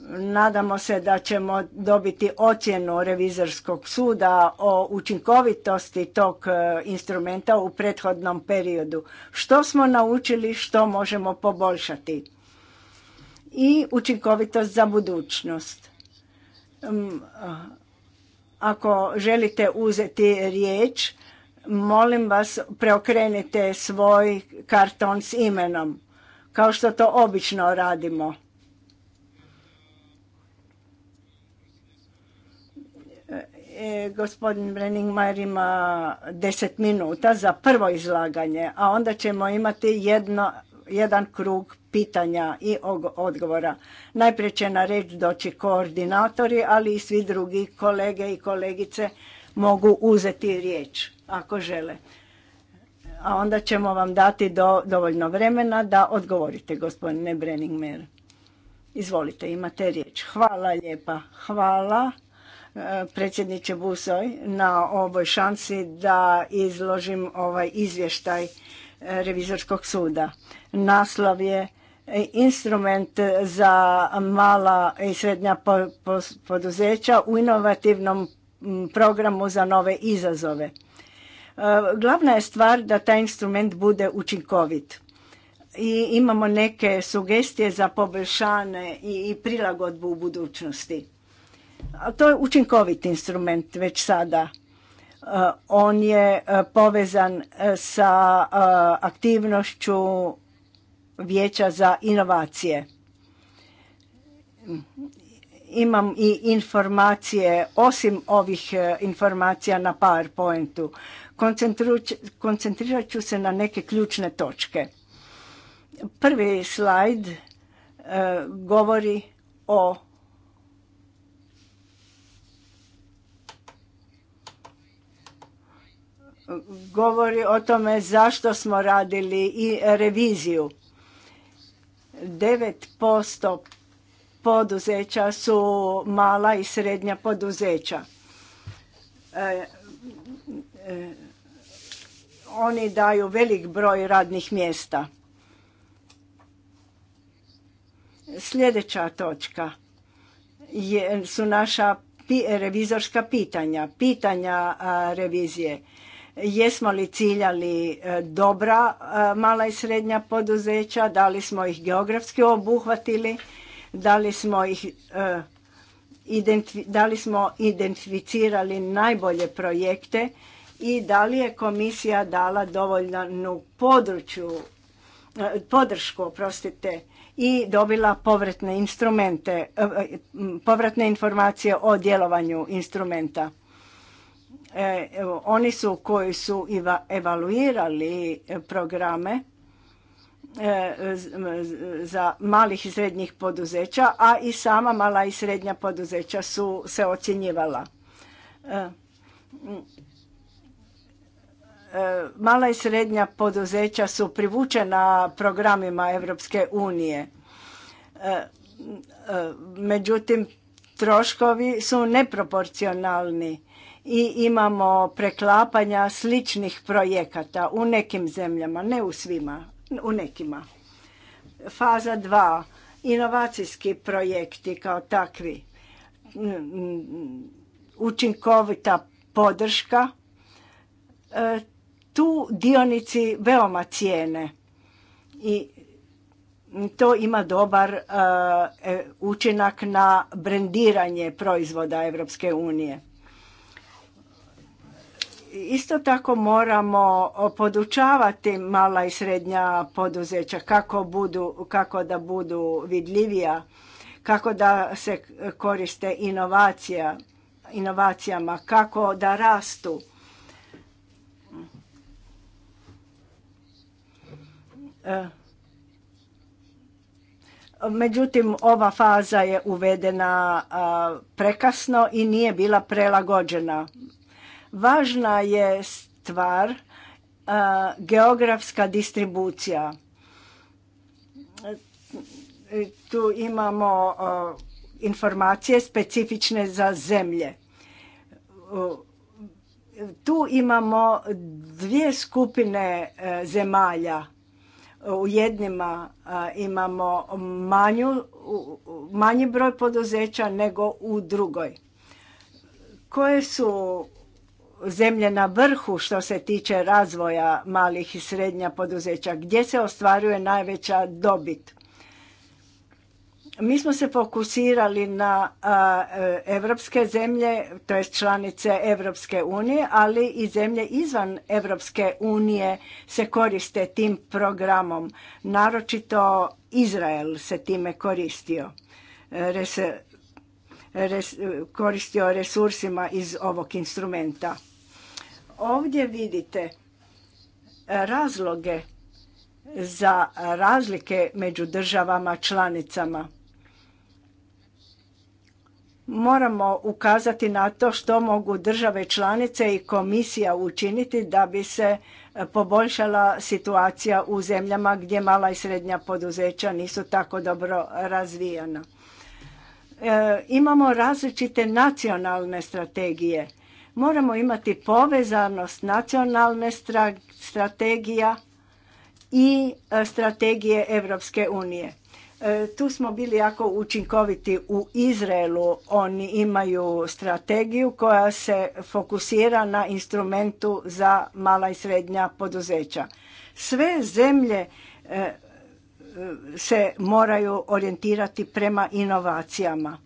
Nadamo se da ćemo dobiti ocjenu revizorskog suda o učinkovitosti tog e, instrumenta u prethodnom periodu. Što smo naučili, što možemo poboljšati. I učinkovitost za budućnost. Mm, ako želite uzeti riječ, molim vas preokrenite svoj karton s imenom, kao što to obično radimo. E, gospodin Brenningmajer ima deset minuta za prvo izlaganje, a onda ćemo imati jedno, jedan krug pitanja i odgovora. Najprije će na reč doći koordinatori, ali i svi drugi kolege i kolegice mogu uzeti riječ ako žele. A onda ćemo vam dati dovoljno vremena da odgovorite, gospodine Brenningmajer. Izvolite, imate riječ. Hvala lijepa. Hvala predsjedniče Busoj na ovoj šansi da izložim ovaj izvještaj e, revizorskog suda. Naslov je e, instrument za mala i srednja poduzeća u inovativnom programu za nove izazove. E, glavna je stvar da taj instrument bude učinkovit. I imamo neke sugestije za poboljšanje i prilagodbu u budućnosti. To je učinkovit instrument već sada. E, on je e, povezan e, sa aktivnošću vijeća za inovacije. Imam i informacije, osim ovih informacija na PowerPointu. Koncentrirat ću se na neke ključne točke. Prvi slajd govori o govori o tome zašto smo radili i reviziju. 9% poduzeća su mala i srednja poduzeća. E, e, oni daju velik broj radnih mjesta. Sljedeća točka su naša revizorska pitanja, pitanja revizije jesmo li ciljali e, dobra e, mala i srednja poduzeća, da li smo ih geografski obuhvatili, da li smo ih e, da li smo identificirali najbolje projekte i da li je komisija dala dovoljnu području, podršku oprostite, i dobila povratne instrumente, povratne informacije o djelovanju instrumenta. E, oni su koji su evaluirali programe e, za malih i srednjih poduzeća, a i sama mala i srednja poduzeća su se ocjenjivala. E, mala i srednja poduzeća su privučena programima Europske unije. Međutim, troškovi su neproporcionalni i imamo preklapanja sličnih projekata u nekim zemljama, ne u svima, u nekima. Faza 2. Inovacijski projekti kao takvi. Učinkovita podrška. E, tu dionici veoma cijene i to ima dobar e, e, učinak na brendiranje proizvoda Europske unije. Isto tako moramo podučavati mala i srednja poduzeća kako, budu, kako da budu vidljivija, kako da se koriste inovacija, inovacijama, kako da rastu. E, međutim, ova faza je uvedena prekasno i nije bila prelagođena Važna je stvar e, geografska distribucija. E, tu imamo e, informacije specifične za zemlje. Tu imamo dvije skupine zemalja. U jednima imamo manju, manji broj poduzeća nego u drugoj. Koje su zemlje na vrhu što se tiče razvoja malih i srednja poduzeća, gdje se ostvaruje najveća dobit. Mi smo se fokusirali na e, evropske zemlje, to jest članice Evropske unije, ali i zemlje izvan Evropske unije se koriste tim programom. Naročito Izrael se time koristio. Res, res, koristio resursima iz ovog instrumenta. Ovdje vidite razloge za razlike među državama članicama. Moramo ukazati na to što mogu države članice i komisija učiniti da bi se poboljšala situacija u zemljama gdje mala i srednja poduzeća nisu tako dobro razvijena. E, imamo različite nacionalne strategije Moramo imati povezanost nacionalne strategija i e, strategije Europske unije. E, tu smo bili jako učinkoviti u Izraelu. Oni imaju strategiju koja se fokusira na instrumentu za mala i srednja poduzeća. Sve zemlje e, se moraju orijentirati prema inovacijama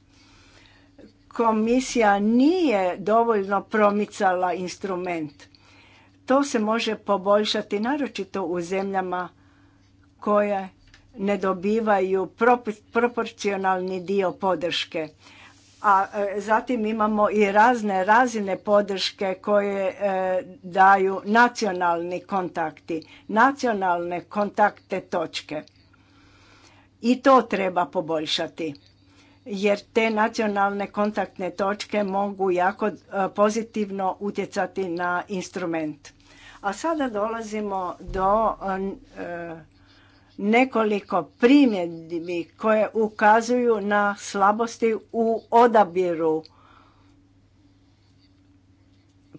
komisija nije dovoljno promicala instrument. To se može poboljšati naročito u zemljama koje ne dobivaju proporcionalni dio podrške. A e, zatim imamo i razne razine podrške koje e, daju nacionalni kontakti, nacionalne kontakte točke. I to treba poboljšati jer te nacionalne kontaktne točke mogu jako e, pozitivno utjecati na instrument. A sada dolazimo do e, nekoliko primjedbi koje ukazuju na slabosti u odabiru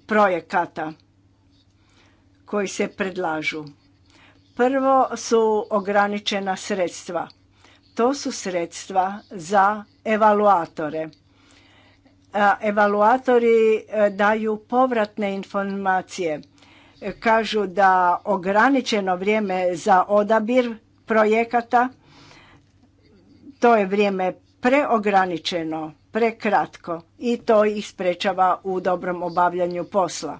projekata koji se predlažu. Prvo su ograničena sredstva. To su sredstva za evaluatore. Evaluatori e, daju povratne informacije. E, kažu da ograničeno vrijeme za odabir projekata, to je vrijeme preograničeno, prekratko i to ih sprečava u dobrom obavljanju posla.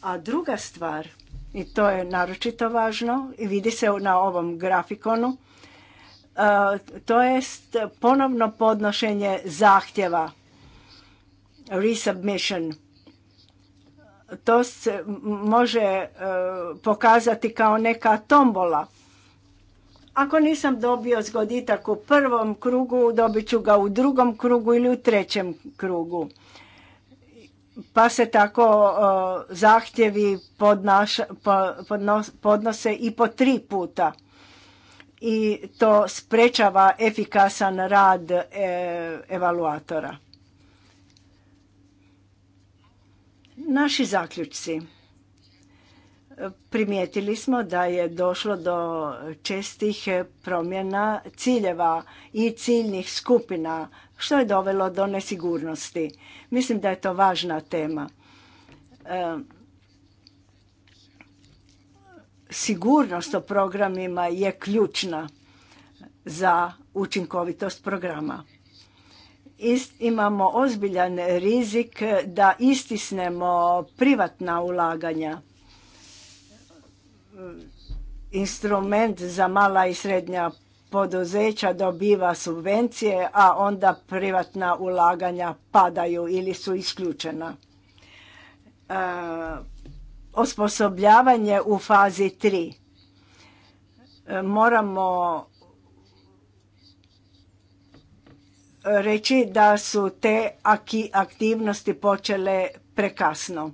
A druga stvar, i to je naročito važno i vidi se na ovom grafikonu, E, to jest ponovno podnošenje zahtjeva, resubmission. To se može e, pokazati kao neka tombola. Ako nisam dobio zgoditak u prvom krugu, dobit ću ga u drugom krugu ili u trećem krugu. Pa se tako e, zahtjevi podnose i po tri puta i to sprečava efikasan rad e, evaluatora. Naši zaključci. Primijetili smo da je došlo do čestih promjena ciljeva i ciljnih skupina, što je dovelo do nesigurnosti. Mislim da je to važna tema. E, sigurnost o programima je ključna za učinkovitost programa. imamo ozbiljan rizik da istisnemo privatna ulaganja. Instrument za mala i srednja poduzeća dobiva subvencije, a onda privatna ulaganja padaju ili su isključena. E, osposobljavanje u fazi 3. Moramo reći da su te aktivnosti počele prekasno.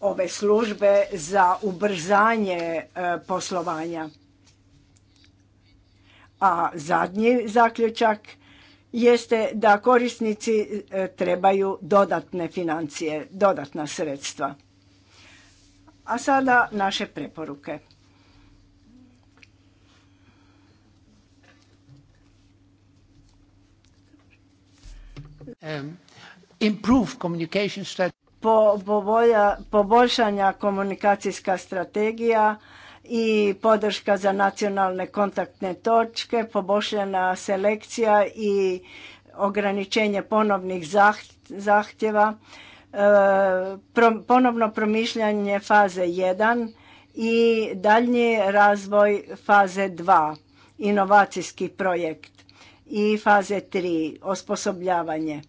Ove službe za ubrzanje e, poslovanja. A zadnji zaključak – jeste da korisnici e, trebaju dodatne financije, dodatna sredstva. A sada naše preporuke. Um, improve communication strategy. komunikacijska strategija i podrška za nacionalne kontaktne točke, poboljšana selekcija i ograničenje ponovnih zahtjeva, e, ponovno promišljanje faze 1 i daljnji razvoj faze 2, inovacijski projekt i faze 3, osposobljavanje.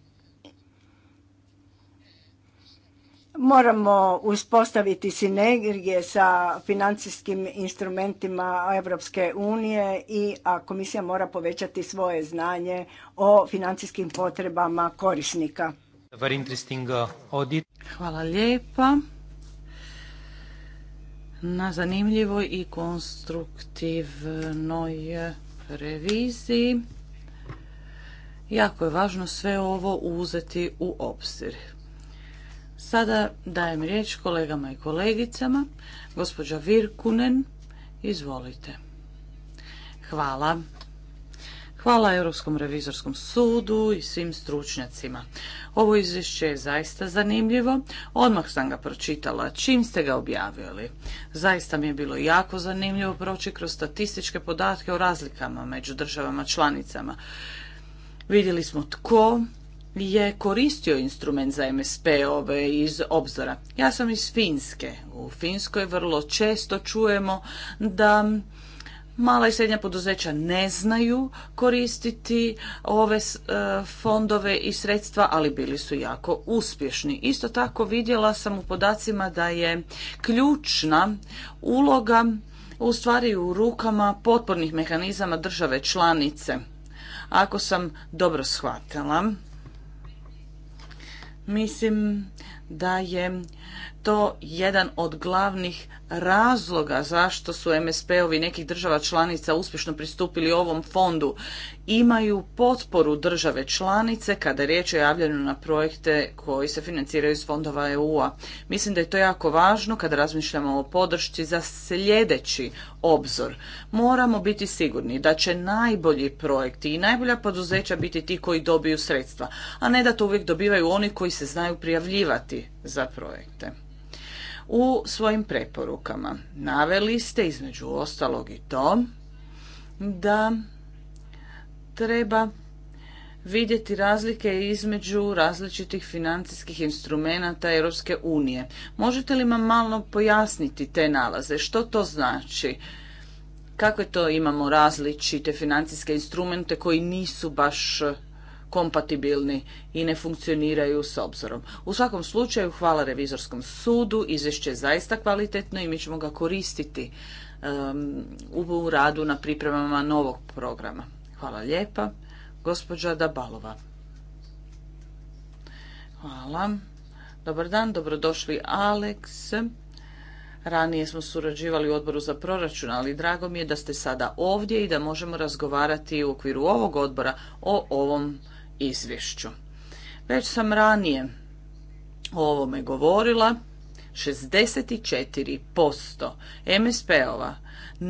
Moramo uspostaviti sinergije sa financijskim instrumentima Europske unije i a komisija mora povećati svoje znanje o financijskim potrebama korisnika. Uh, Hvala lijepa na zanimljivoj i konstruktivnoj reviziji. Jako je važno sve ovo uzeti u obzir. Sada dajem riječ kolegama i kolegicama. Gospođa Virkunen, izvolite. Hvala. Hvala Europskom revizorskom sudu i svim stručnjacima. Ovo izvješće je zaista zanimljivo. Odmah sam ga pročitala. Čim ste ga objavili? Zaista mi je bilo jako zanimljivo proći kroz statističke podatke o razlikama među državama članicama. Vidjeli smo tko je koristio instrument za MSP-ove iz obzora. Ja sam iz Finske. U Finskoj vrlo često čujemo da mala i srednja poduzeća ne znaju koristiti ove e, fondove i sredstva, ali bili su jako uspješni. Isto tako vidjela sam u podacima da je ključna uloga u stvari u rukama potpornih mehanizama države članice. Ako sam dobro shvatila, Mislim da je to jedan od glavnih razloga zašto su MSP-ovi nekih država članica uspješno pristupili ovom fondu imaju potporu države članice kada je riječ o javljanju na projekte koji se financiraju iz fondova EU-a. Mislim da je to jako važno kada razmišljamo o podršci za sljedeći obzor. Moramo biti sigurni da će najbolji projekti i najbolja poduzeća biti ti koji dobiju sredstva, a ne da to uvijek dobivaju oni koji se znaju prijavljivati za projekte u svojim preporukama. Naveli ste između ostalog i to da treba vidjeti razlike između različitih financijskih instrumenata Europske unije. Možete li vam malo pojasniti te nalaze? Što to znači? Kako to imamo različite financijske instrumente koji nisu baš kompatibilni i ne funkcioniraju s obzorom. U svakom slučaju hvala revizorskom sudu, izvješće je zaista kvalitetno i mi ćemo ga koristiti um, u radu na pripremama novog programa. Hvala lijepa. Gospođa Dabalova. Hvala. Dobar dan, dobrodošli Aleks. Ranije smo surađivali u odboru za proračun, ali drago mi je da ste sada ovdje i da možemo razgovarati u okviru ovog odbora o ovom izvješću. Već sam ranije o ovome govorila, 64% MSP-ova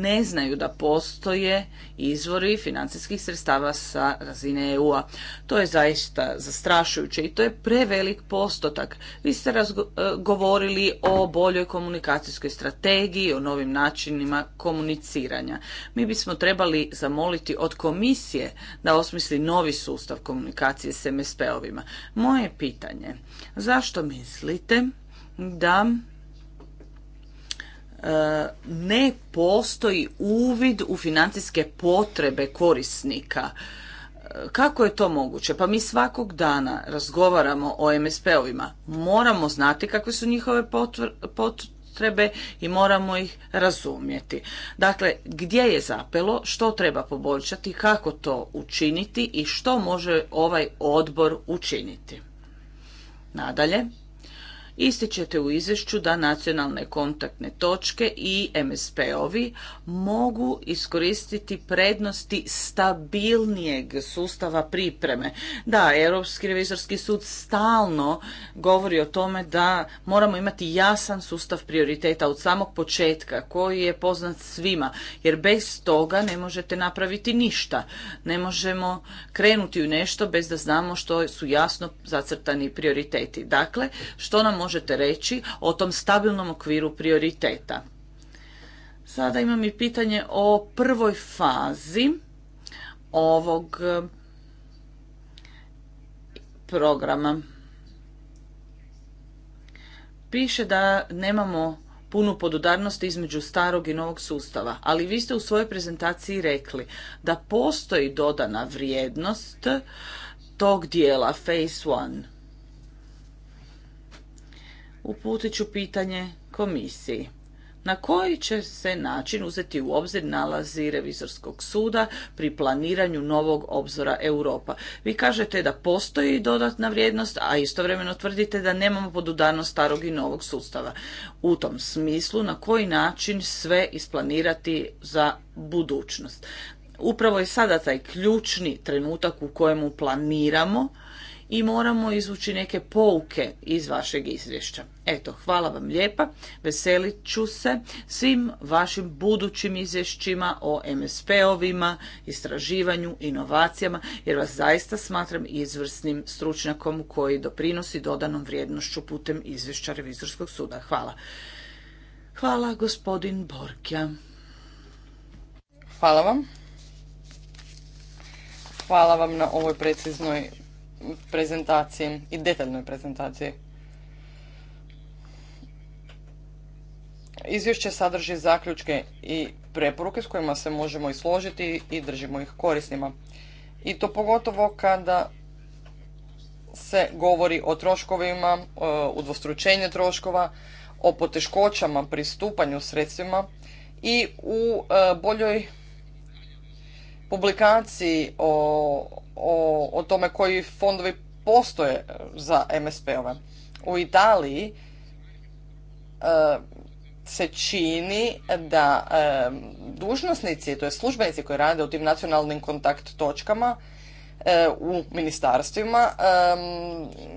ne znaju da postoje izvori financijskih sredstava sa razine EU-a. To je zaista zastrašujuće i to je prevelik postotak. Vi ste e, govorili o boljoj komunikacijskoj strategiji, o novim načinima komuniciranja. Mi bismo trebali zamoliti od komisije da osmisli novi sustav komunikacije s MSP-ovima. Moje pitanje, zašto mislite da E, ne postoji uvid u financijske potrebe korisnika. E, kako je to moguće? Pa mi svakog dana razgovaramo o MSP-ovima. Moramo znati kakve su njihove potrebe i moramo ih razumjeti. Dakle, gdje je zapelo, što treba poboljšati, kako to učiniti i što može ovaj odbor učiniti. Nadalje, Ističete u izvješću da nacionalne kontaktne točke i MSP-ovi mogu iskoristiti prednosti stabilnijeg sustava pripreme. Da, Europski revizorski sud stalno govori o tome da moramo imati jasan sustav prioriteta od samog početka koji je poznat svima, jer bez toga ne možete napraviti ništa. Ne možemo krenuti u nešto bez da znamo što su jasno zacrtani prioriteti. Dakle, što nam možete reći o tom stabilnom okviru prioriteta. Sada imam i pitanje o prvoj fazi ovog eh, programa. Piše da nemamo punu podudarnost između starog i novog sustava, ali vi ste u svojoj prezentaciji rekli da postoji dodana vrijednost tog dijela Phase One uputit ću pitanje komisiji. Na koji će se način uzeti u obzir nalazi revizorskog suda pri planiranju novog obzora Europa? Vi kažete da postoji dodatna vrijednost, a istovremeno tvrdite da nemamo podudarnost starog i novog sustava. U tom smislu, na koji način sve isplanirati za budućnost? Upravo je sada taj ključni trenutak u kojemu planiramo i moramo izvući neke pouke iz vašeg izvješća. Eto, hvala vam lijepa, veselit ću se svim vašim budućim izvješćima o MSP-ovima, istraživanju, inovacijama, jer vas zaista smatram izvrsnim stručnjakom koji doprinosi dodanom vrijednošću putem izvješća Revizorskog suda. Hvala. Hvala, gospodin Borkja. Hvala vam. Hvala vam na ovoj preciznoj prezentaciji i detaljnoj prezentaciji. Izvješće sadrži zaključke i preporuke s kojima se možemo i složiti i držimo ih korisnima. I to pogotovo kada se govori o troškovima, e, udvostručenje troškova, o poteškoćama pristupanju sredstvima i u e, boljoj publikaciji o o, o tome koji fondovi postoje e, za MSP-ove. U Italiji e, se čini da e, dužnosnici, to je službenici koji rade u tim nacionalnim kontakt točkama e, u ministarstvima, e,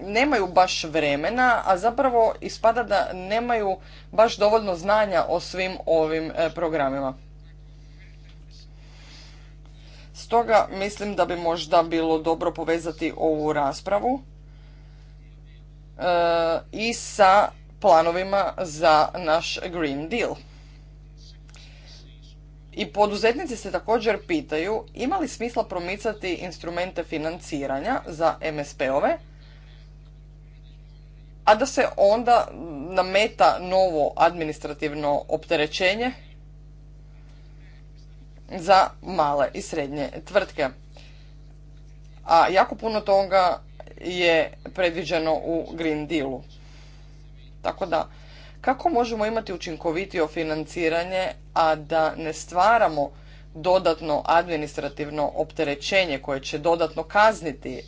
nemaju baš vremena, a zapravo ispada da nemaju baš dovoljno znanja o svim ovim programima. Stoga mislim da bi možda bilo dobro povezati ovu raspravu e, i sa planovima za naš Green Deal. I poduzetnici se također pitaju ima li smisla promicati instrumente financiranja za MSP-ove, a da se onda nameta novo administrativno opterećenje za male i srednje tvrtke. A jako puno toga je predviđeno u Green Dealu. Tako da, kako možemo imati učinkovitije financiranje, a da ne stvaramo dodatno administrativno opterećenje koje će dodatno kazniti e,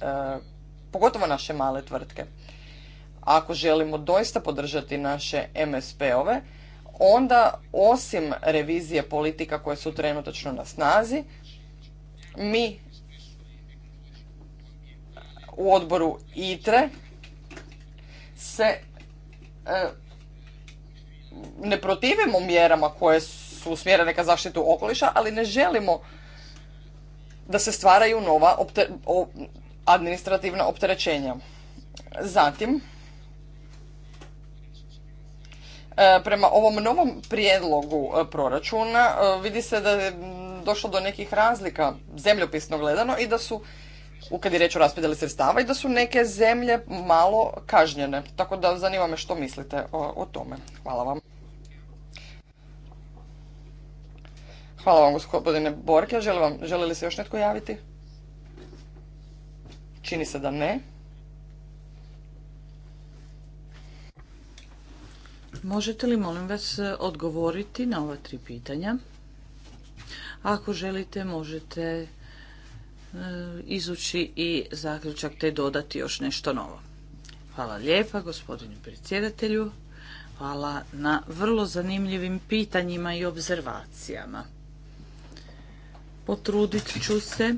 pogotovo naše male tvrtke. Ako želimo doista podržati naše MSP-ove, onda osim revizije politika koje su trenutačno na snazi, mi u odboru ITRE se e, ne protivimo mjerama koje su usmjerene ka zaštitu okoliša, ali ne želimo da se stvaraju nova administrativna opterećenja. Zatim, E, prema ovom novom prijedlogu e, proračuna e, vidi se da je došlo do nekih razlika zemljopisno gledano i da su u kad je reč o raspodjeli sredstava i da su neke zemlje malo kažnjene. Tako da zanima me što mislite o, tome. Hvala vam. Hvala vam gospodine Borke. Želi, vam, želi li se još netko javiti? Čini se da ne. Možete li, molim vas, odgovoriti na ova tri pitanja? Ako želite, možete e, izući i zaključak te dodati još nešto novo. Hvala lijepa gospodinu predsjedatelju. Hvala na vrlo zanimljivim pitanjima i obzervacijama. Potrudit ću se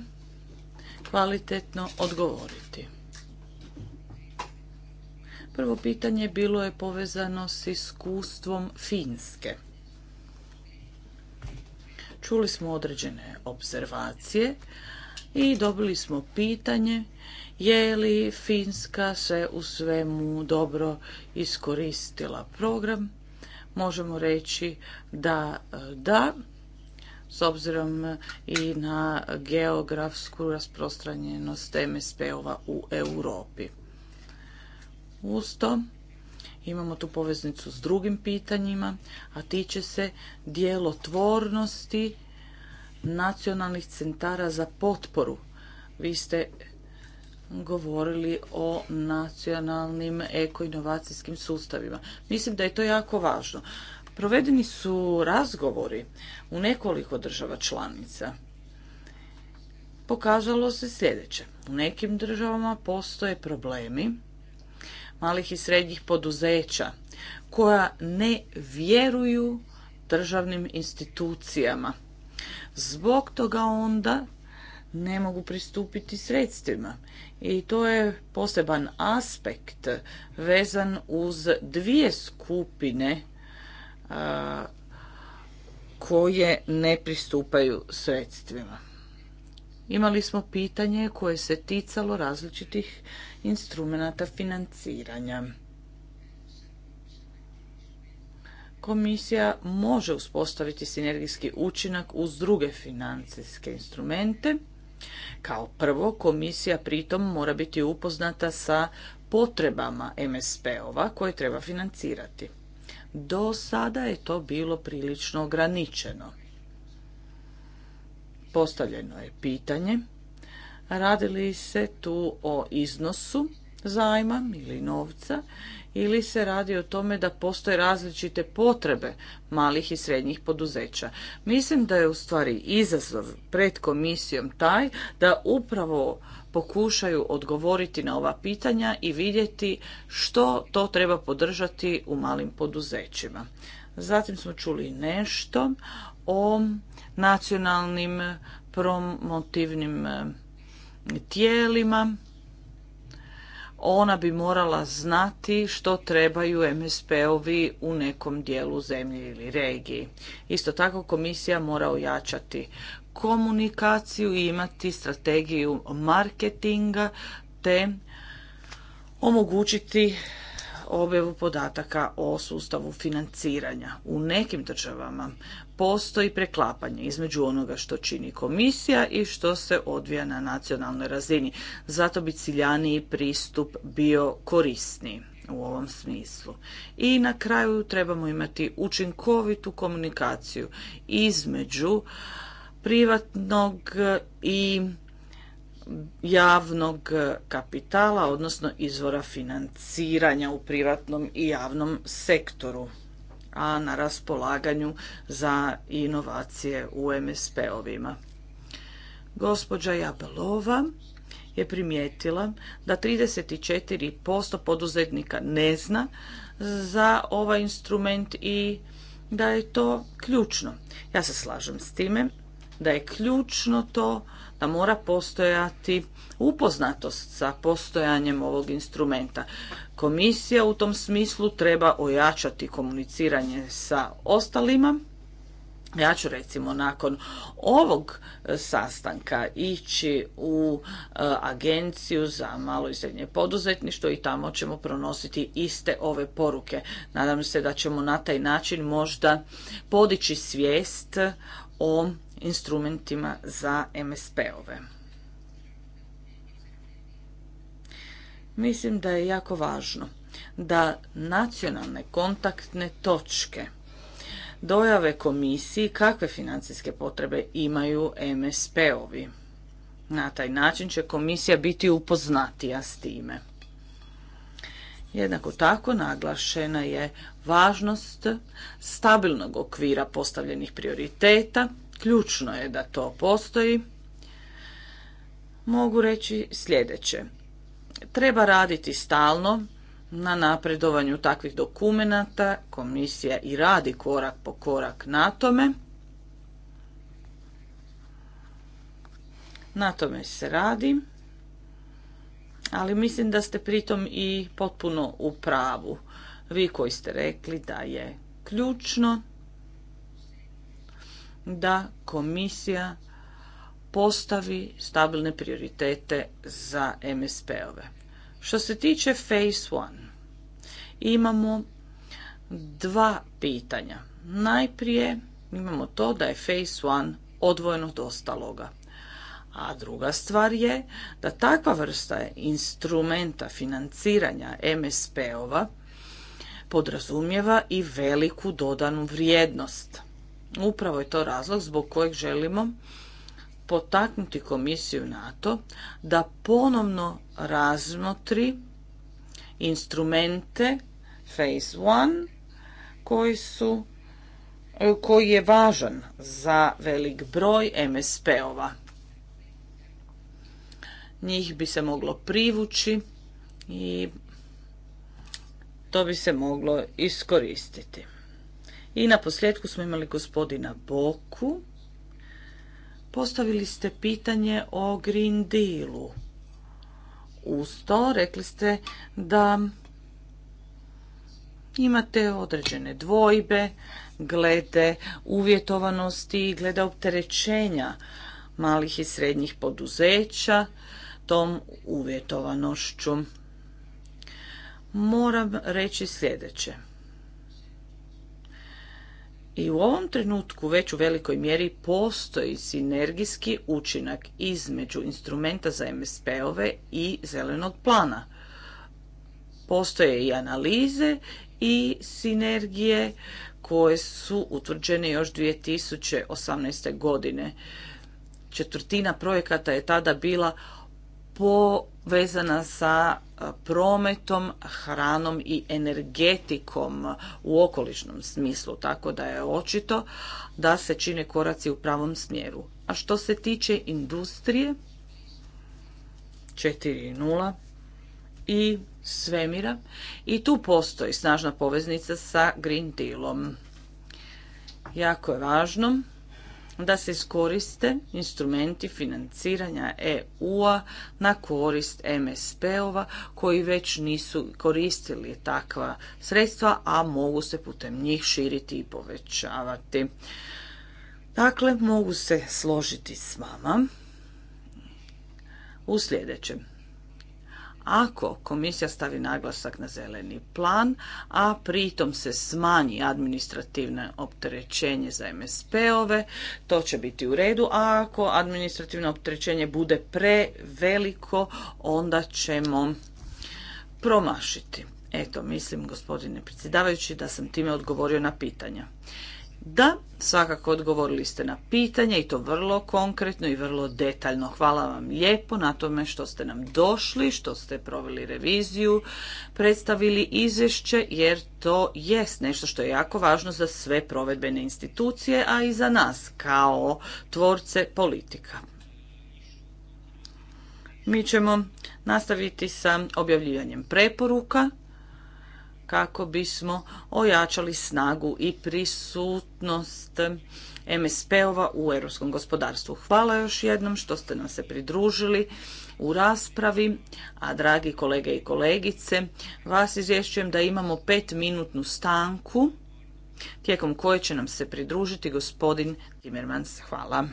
kvalitetno odgovoriti. Prvo pitanje bilo je povezano s iskustvom Finske. Čuli smo određene observacije i dobili smo pitanje je li Finska se u svemu dobro iskoristila program. Možemo reći da da, s obzirom i na geografsku rasprostranjenost MSP-ova u Europi. Uz to imamo tu poveznicu s drugim pitanjima, a tiče se djelotvornosti nacionalnih centara za potporu. Vi ste govorili o nacionalnim ekoinovacijskim sustavima. Mislim da je to jako važno. Provedeni su razgovori u nekoliko država članica. Pokazalo se sljedeće. U nekim državama postoje problemi malih i srednjih poduzeća koja ne vjeruju državnim institucijama. Zbog toga onda ne mogu pristupiti sredstvima. I to je poseban aspekt vezan uz dvije skupine koje ne pristupaju sredstvima. Imali smo pitanje koje se ticalo različitih instrumenta financiranja. Komisija može uspostaviti sinergijski učinak uz druge financijske instrumente. Kao prvo, komisija pritom mora biti upoznata sa potrebama MSP-ova koje treba financirati. Do sada je to bilo prilično ograničeno. Postavljeno je pitanje li se tu o iznosu zajma ili novca ili se radi o tome da postoje različite potrebe malih i srednjih poduzeća. Mislim da je u stvari izazov pred komisijom taj da upravo pokušaju odgovoriti na ova pitanja i vidjeti što to treba podržati u malim poduzećima. Zatim smo čuli nešto o nacionalnim promotivnim tijelima, ona bi morala znati što trebaju MSP-ovi u nekom dijelu zemlje ili regiji. Isto tako komisija mora ojačati komunikaciju i imati strategiju marketinga te omogućiti objevu podataka o sustavu financiranja. U nekim državama postoji preklapanje između onoga što čini komisija i što se odvija na nacionalnoj razini. Zato bi ciljaniji pristup bio korisniji u ovom smislu. I na kraju trebamo imati učinkovitu komunikaciju između privatnog i javnog kapitala, odnosno izvora financiranja u privatnom i javnom sektoru a na raspolaganju za inovacije u MSP-ovima. Gospođa Jabelova je primijetila da 34% poduzetnika ne zna za ovaj instrument i da je to ključno. Ja se slažem s time da je ključno to da mora postojati upoznatost sa postojanjem ovog instrumenta. Komisija u tom smislu treba ojačati komuniciranje sa ostalima. Ja ću recimo nakon ovog e, sastanka ići u e, agenciju za malo i srednje poduzetništvo i tamo ćemo pronositi iste ove poruke. Nadam se da ćemo na taj način možda podići svijest o instrumentima za MSP-ove. Mislim da je jako važno da nacionalne kontaktne točke dojave komisiji kakve financijske potrebe imaju MSP-ovi. Na taj način će komisija biti upoznatija s time. Jednako tako naglašena je važnost stabilnog okvira postavljenih prioriteta. Ključno je da to postoji. Mogu reći sljedeće. Treba raditi stalno na napredovanju takvih dokumenata. Komisija i radi korak po korak na tome. Na tome se radi. Ali mislim da ste pritom i potpuno u pravu. Vi koji ste rekli da je ključno da komisija postavi stabilne prioritete za MSP-ove. Što se tiče Phase one, imamo dva pitanja. Najprije imamo to da je Phase one odvojeno od ostaloga. A druga stvar je da takva vrsta instrumenta financiranja MSP-ova podrazumijeva i veliku dodanu vrijednost. Upravo je to razlog zbog kojeg želimo potaknuti komisiju NATO da ponovno razmotri instrumente phase 1 koji su koji je važan za velik broj MSP-ova. Njih bi se moglo privući i to bi se moglo iskoristiti. I na posljedku smo imali gospodina Boku Postavili ste pitanje o Green Dealu. Uz to rekli ste da imate određene dvojbe glede uvjetovanosti i glede opterećenja malih i srednjih poduzeća tom uvjetovanošću. Moram reći sljedeće. I u ovom trenutku već u velikoj mjeri postoji sinergijski učinak između instrumenta za MSP-ove i zelenog plana. Postoje i analize i sinergije koje su utvrđene još 2018. godine. Četvrtina projekata je tada bila povezana sa prometom, hranom i energetikom u okolišnom smislu, tako da je očito da se čine koraci u pravom smjeru. A što se tiče industrije 4.0 i svemira i tu postoji snažna poveznica sa Green Dealom. Jako je važno da se iskoriste instrumenti financiranja EU-a na korist MSP-ova koji već nisu koristili takva sredstva, a mogu se putem njih širiti i povećavati. Dakle, mogu se složiti s vama u sljedećem. Ako komisija stavi naglasak na zeleni plan, a pritom se smanji administrativno opterećenje za MSP-ove, to će biti u redu, a ako administrativno opterećenje bude preveliko, onda ćemo promašiti. Eto, mislim, gospodine predsjedavajući, da sam time odgovorio na pitanja. Da, svakako odgovorili ste na pitanje i to vrlo konkretno i vrlo detaljno. Hvala vam lijepo na tome što ste nam došli, što ste proveli reviziju, predstavili izvješće jer to jest nešto što je jako važno za sve provedbene institucije, a i za nas kao tvorce politika. Mi ćemo nastaviti sa objavljivanjem preporuka kako bismo ojačali snagu i prisutnost MSP-ova u europskom gospodarstvu. Hvala još jednom što ste nam se pridružili u raspravi, a dragi kolege i kolegice, vas izvješćujem da imamo petminutnu stanku tijekom koje će nam se pridružiti gospodin Timmermans. Hvala.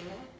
nije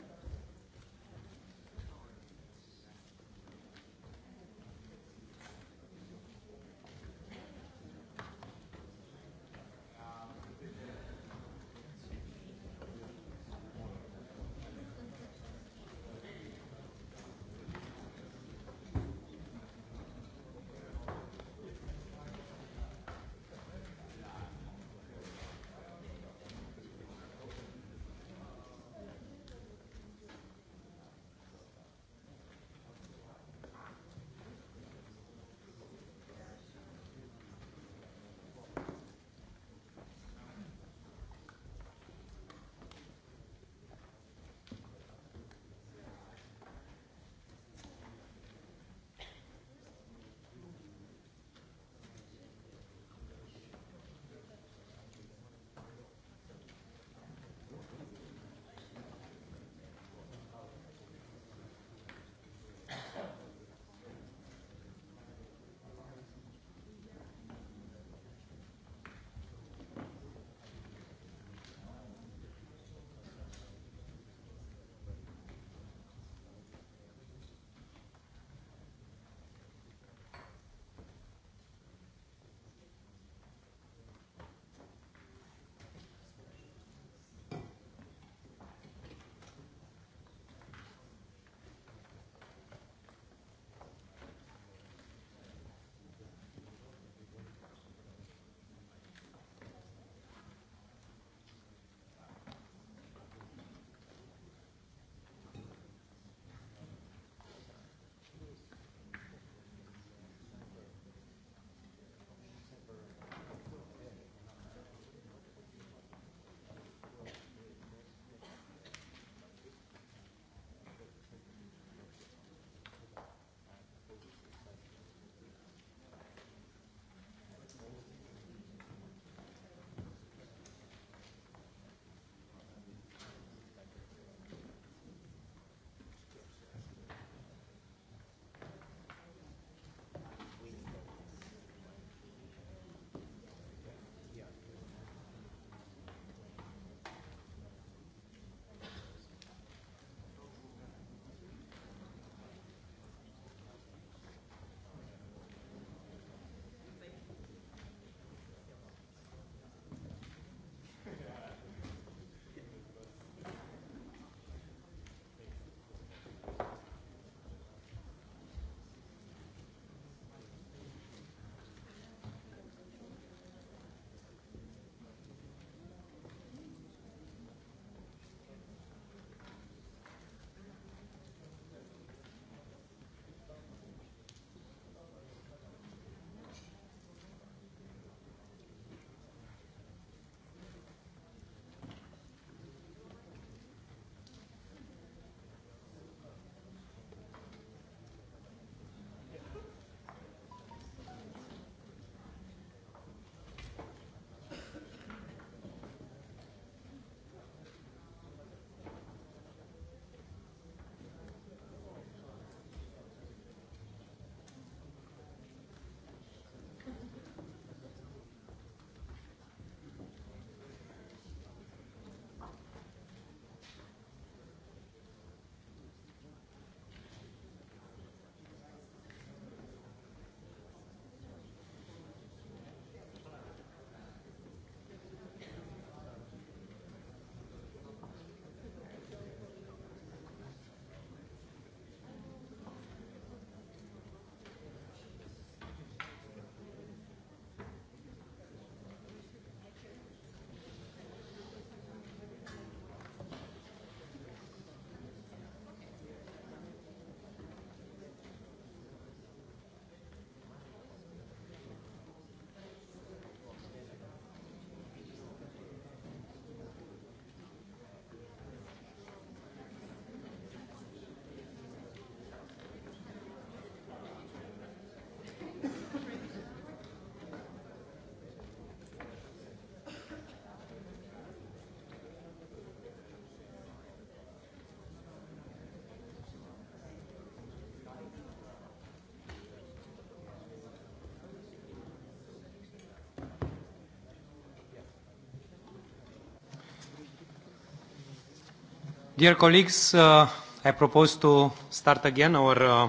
Dear colleagues, uh, I propose to start again uh,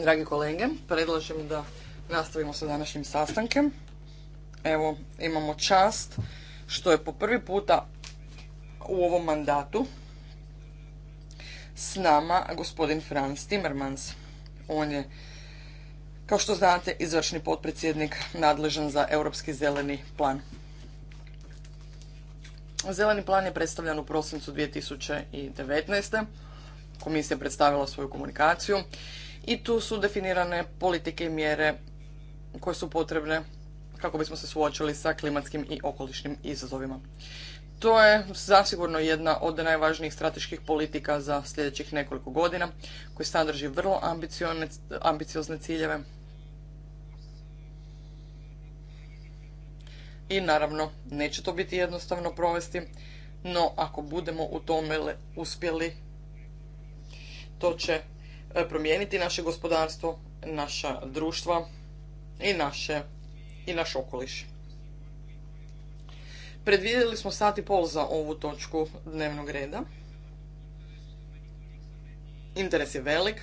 Dragi kolege, predlažem da nastavimo sa današnjim sastankem. Evo, imamo čast što je po prvi puta u ovom mandatu s nama gospodin Franz Timmermans. On je, kao što znate, izvršni potpredsjednik nadležan za Europski zeleni plan. Zeleni plan je predstavljan u prosincu 2019. Komisija je predstavila svoju komunikaciju i tu su definirane politike i mjere koje su potrebne kako bismo se suočili sa klimatskim i okolišnim izazovima. To je zasigurno jedna od najvažnijih strateških politika za sljedećih nekoliko godina koji sadrži vrlo ambiciozne ciljeve i naravno neće to biti jednostavno provesti, no ako budemo u tome uspjeli, to će e, promijeniti naše gospodarstvo, naša društva i, naše, i naš okoliš. Predvidjeli smo sat i pol za ovu točku dnevnog reda. Interes je velik.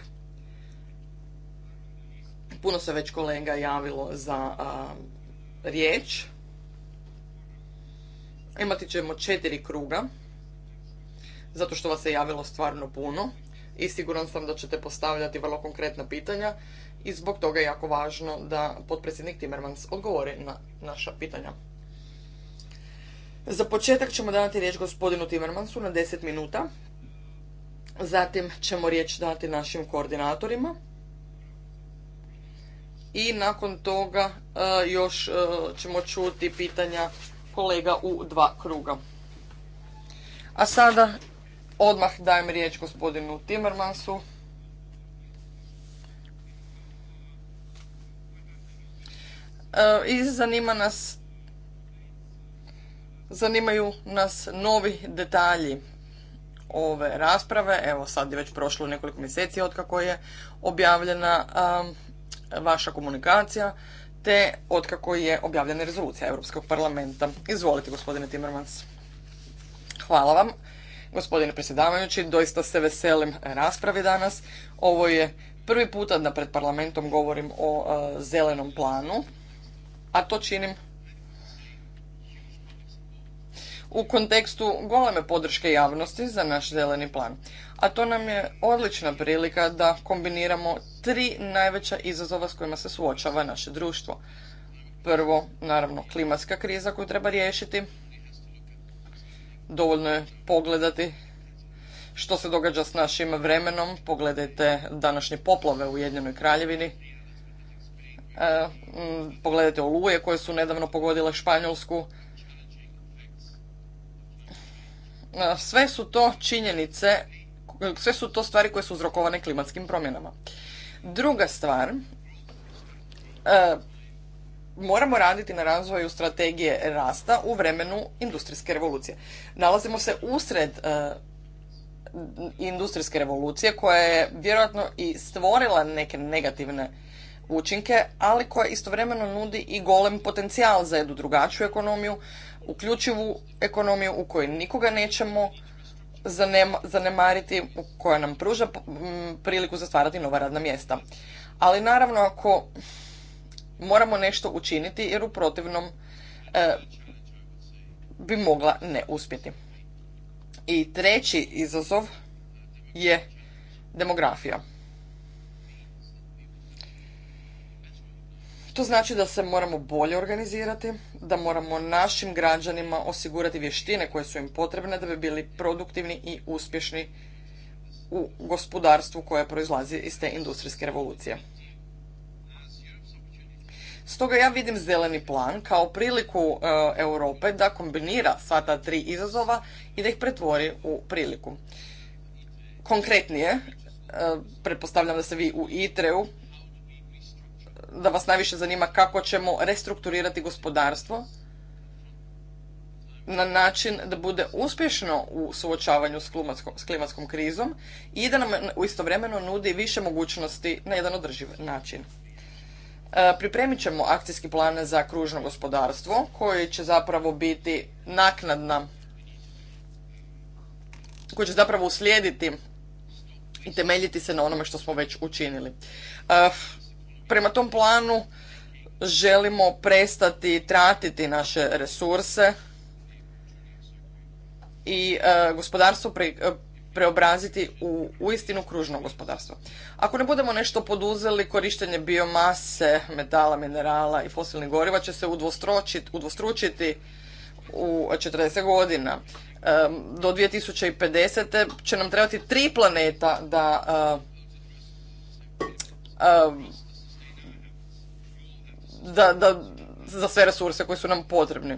Puno se već kolega javilo za riječ. Imati ćemo četiri kruga, zato što vas se javilo stvarno puno i siguran sam da ćete postavljati vrlo konkretna pitanja i zbog toga je jako važno da potpredsjednik Timmermans odgovori na naša pitanja. Za početak ćemo dati riječ gospodinu Timmermansu na 10 minuta. Zatim ćemo riječ dati našim koordinatorima. I nakon toga e, još e, ćemo čuti pitanja kolega u dva kruga. A sada odmah dajem riječ gospodinu Timmermansu. E, I zanima nas, zanimaju nas novi detalji ove rasprave. Evo sad je već prošlo nekoliko mjeseci otkako je objavljena vaša komunikacija te otkako je objavljena rezolucija Europskog parlamenta. Izvolite, gospodine Timmermans. Hvala vam. Gospodine predsjedavajući, doista se veselim raspravi danas. Ovo je prvi puta da pred parlamentom govorim o e, zelenom planu, a to činim u kontekstu goleme podrške javnosti za naš zeleni plan. A to nam je odlična prilika da kombiniramo tri najveća izazova s kojima se suočava naše društvo. Prvo, naravno, klimatska kriza koju treba riješiti. Dovoljno je pogledati što se događa s našim vremenom. Pogledajte današnje poplave u Ujedinjenoj kraljevini. E, pogledajte oluje koje su nedavno pogodile Španjolsku Sve su to činjenice, sve su to stvari koje su uzrokovane klimatskim promjenama. Druga stvar, e, moramo raditi na razvoju strategije rasta u vremenu industrijske revolucije. Nalazimo se usred e, industrijske revolucije koja je vjerojatno i stvorila neke negativne učinke, ali koja istovremeno nudi i golem potencijal za jednu drugačiju ekonomiju, uključivu ekonomiju u kojoj nikoga nećemo zanemariti, koja nam pruža mm, priliku za stvarati nova radna mjesta. Ali naravno ako moramo nešto učiniti jer u protivnom e, bi mogla ne uspjeti. I treći izazov je demografija. To znači da se moramo bolje organizirati, da moramo našim građanima osigurati vještine koje su im potrebne da bi bili produktivni i uspješni u gospodarstvu koje proizlazi iz te industrijske revolucije. Stoga ja vidim zeleni plan kao priliku e, Europe da kombinira sva ta tri izazova i da ih pretvori u priliku. Konkretnije, e, pretpostavljam da se vi u ITRE-u da vas najviše zanima kako ćemo restrukturirati gospodarstvo na način da bude uspješno u suočavanju s klimatskom, klimatskom krizom i da nam u istovremeno nudi više mogućnosti na jedan održiv način. E, pripremit ćemo akcijski plan za kružno gospodarstvo koji će zapravo biti naknadna, koji će zapravo uslijediti i temeljiti se na onome što smo već učinili. E, prema tom planu želimo prestati tratiti naše resurse i e, gospodarstvo e, preobraziti u uistinu kružno gospodarstvo. Ako ne budemo nešto poduzeli, korištenje biomase, metala, minerala i fosilnih goriva će se udvostručiti u 40 godina. E, do 2050. će nam trebati tri planeta da e, da, da, za sve resurse koji su nam potrebni.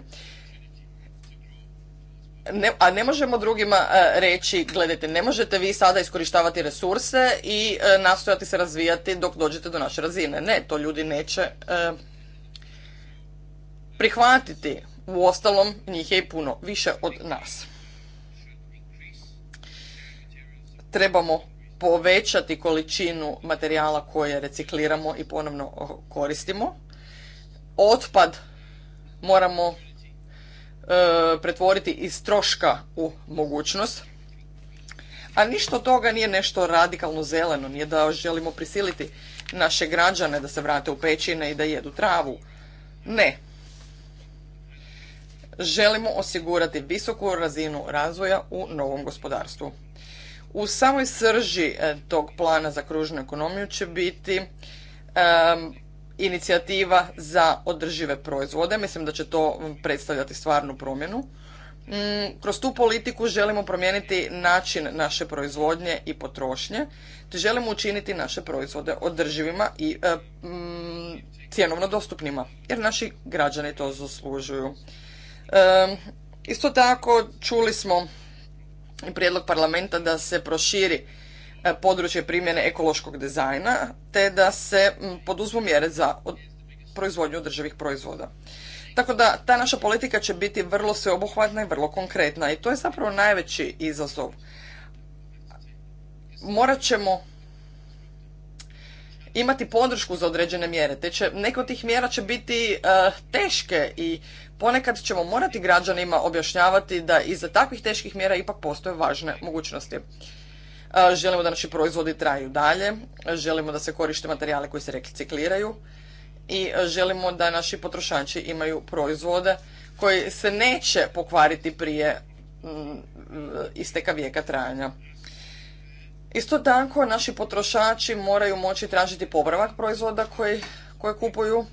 Ne, a ne možemo drugima e, reći, gledajte, ne možete vi sada iskorištavati resurse i e, nastojati se razvijati dok dođete do naše razine. Ne, to ljudi neće e, prihvatiti. Uostalom, njih je i puno više od nas. Trebamo povećati količinu materijala koje recikliramo i ponovno koristimo otpad moramo e, pretvoriti iz troška u mogućnost. A ništa od toga nije nešto radikalno zeleno, nije da želimo prisiliti naše građane da se vrate u pećine i da jedu travu. Ne. Želimo osigurati visoku razinu razvoja u novom gospodarstvu. U samoj srži e, tog plana za kružnu ekonomiju će biti inicijativa za održive proizvode. Mislim da će to predstavljati stvarnu promjenu. Mm, kroz tu politiku želimo promijeniti način naše proizvodnje i potrošnje, te želimo učiniti naše proizvode održivima i e, mm, cjenovno dostupnima, jer naši građani to zaslužuju. E, isto tako čuli smo i prijedlog parlamenta da se proširi E, područje primjene ekološkog dizajna, te da se poduzmu mjere za proizvodnju održivih proizvoda. Tako da ta naša politika će biti vrlo sveobuhvatna i vrlo konkretna i to je zapravo najveći izazov. Morat ćemo imati podršku za određene mjere. Te će, neke od tih mjera će biti e, teške i ponekad ćemo morati građanima objašnjavati da iza takvih teških mjera ipak postoje važne mogućnosti. E, želimo da naši proizvodi traju dalje, želimo da se korište materijale koji se recikliraju i e, želimo da naši potrošači imaju proizvode koji se neće pokvariti prije mm, e, isteka vijeka trajanja. Isto tako, naši potrošači moraju moći tražiti popravak proizvoda koje kupuju.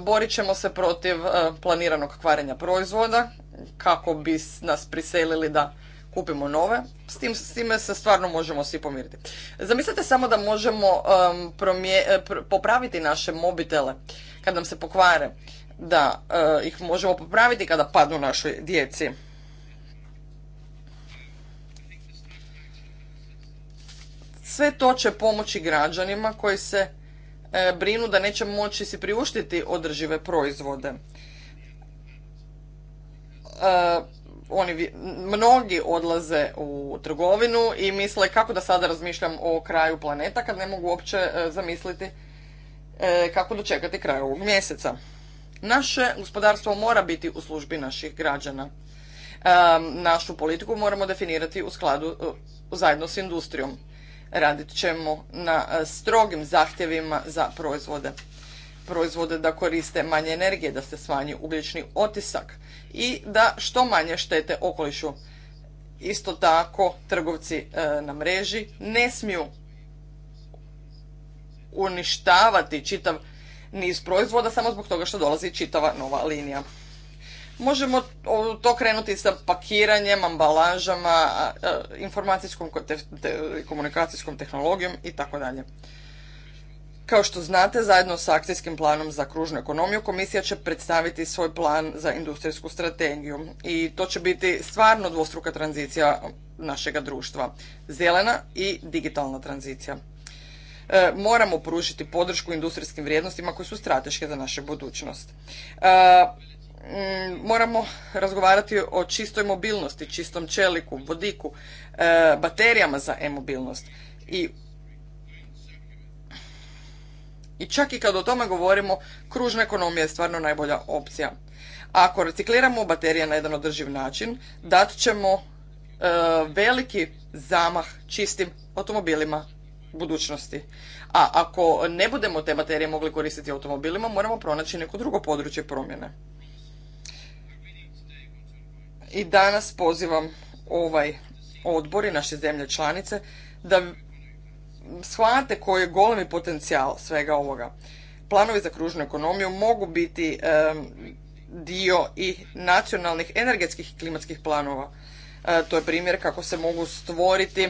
borit ćemo se protiv planiranog kvarenja proizvoda kako bi nas priselili da kupimo nove, s, tim, time se stvarno možemo svi pomiriti. Zamislite samo da možemo um, eh, popraviti naše mobitele kad nam se pokvare, da eh, ih možemo popraviti kada padnu našoj djeci. Sve to će pomoći građanima koji se eh, brinu da neće moći si priuštiti održive proizvode oni mnogi odlaze u trgovinu i misle kako da sada razmišljam o kraju planeta kad ne mogu uopće e, zamisliti e, kako dočekati kraj ovog mjeseca. Naše gospodarstvo mora biti u službi naših građana. E, našu politiku moramo definirati u skladu zajedno s industrijom. Radit ćemo na strogim zahtjevima za proizvode. Proizvode da koriste manje energije, da se smanji ugljični otisak, i da što manje štete okolišu. Isto tako, trgovci e, na mreži ne smiju uništavati čitav niz proizvoda samo zbog toga što dolazi čitava nova linija. Možemo to krenuti sa pakiranjem, ambalažama, informacijskom i komunikacijskom tehnologijom i tako dalje. Kao što znate, zajedno sa akcijskim planom za kružnu ekonomiju, komisija će predstaviti svoj plan za industrijsku strategiju i to će biti stvarno dvostruka tranzicija našega društva, zelena i digitalna tranzicija. E, moramo pružiti podršku industrijskim vrijednostima koje su strateške za našu budućnost. E, moramo razgovarati o čistoj mobilnosti, čistom čeliku, vodiku, e, baterijama za e-mobilnost i i čak i kad o tome govorimo, kružna ekonomija je stvarno najbolja opcija. Ako recikliramo baterije na jedan održiv način, dat ćemo e, veliki zamah čistim automobilima budućnosti. A ako ne budemo te baterije mogli koristiti automobilima, moramo pronaći neko drugo područje promjene. I danas pozivam ovaj odbor i naše zemlje članice da shvate koji je golemi potencijal svega ovoga. Planovi za kružnu ekonomiju mogu biti dio i nacionalnih energetskih i klimatskih planova. E, to je primjer kako se mogu stvoriti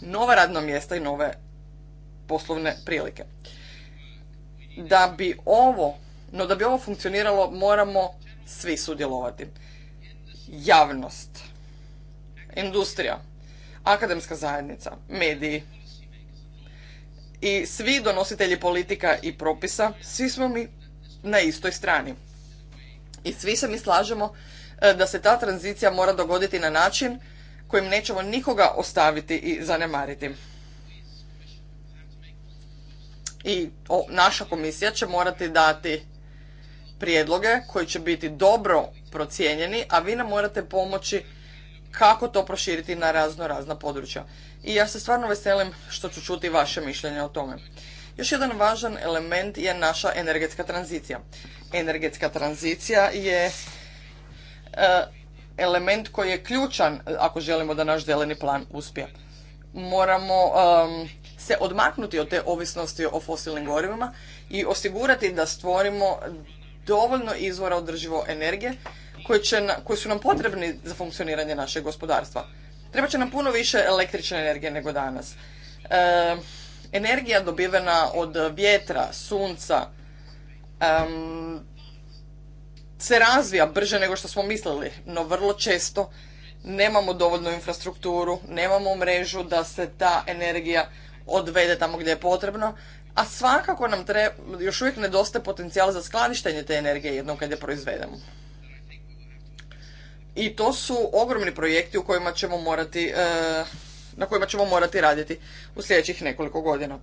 nova radna mjesta i nove poslovne prilike. Da bi ovo, no da bi ovo funkcioniralo moramo svi sudjelovati. Javnost, industrija, akademska zajednica, mediji, i svi donositelji politika i propisa, svi smo mi na istoj strani. I svi se mi slažemo e, da se ta tranzicija mora dogoditi na način kojim nećemo nikoga ostaviti i zanemariti. I o, naša komisija će morati dati prijedloge koji će biti dobro procijenjeni, a vi nam morate pomoći kako to proširiti na razno razna područja. I ja se stvarno veselim što ću čuti vaše mišljenje o tome. Još jedan važan element je naša energetska tranzicija. Energetska tranzicija je e, element koji je ključan ako želimo da naš zeleni plan uspije. Moramo se odmaknuti od te ovisnosti o fosilnim gorivima i osigurati da stvorimo dovoljno izvora održivo energije koji, su nam potrebni za funkcioniranje našeg gospodarstva. Treba će nam puno više električne energije nego danas. E, energija dobivena od vjetra, sunca, se razvija brže nego što smo mislili, no vrlo često nemamo dovoljnu infrastrukturu, nemamo mrežu da se ta energija odvede tamo gdje je potrebno, a svakako nam treba, još uvijek nedostaje potencijal za skladištenje te energije jednom kad je proizvedemo. I to su ogromni projekti u kojima ćemo morati e, na kojima ćemo morati raditi u sljedećih nekoliko godina. E,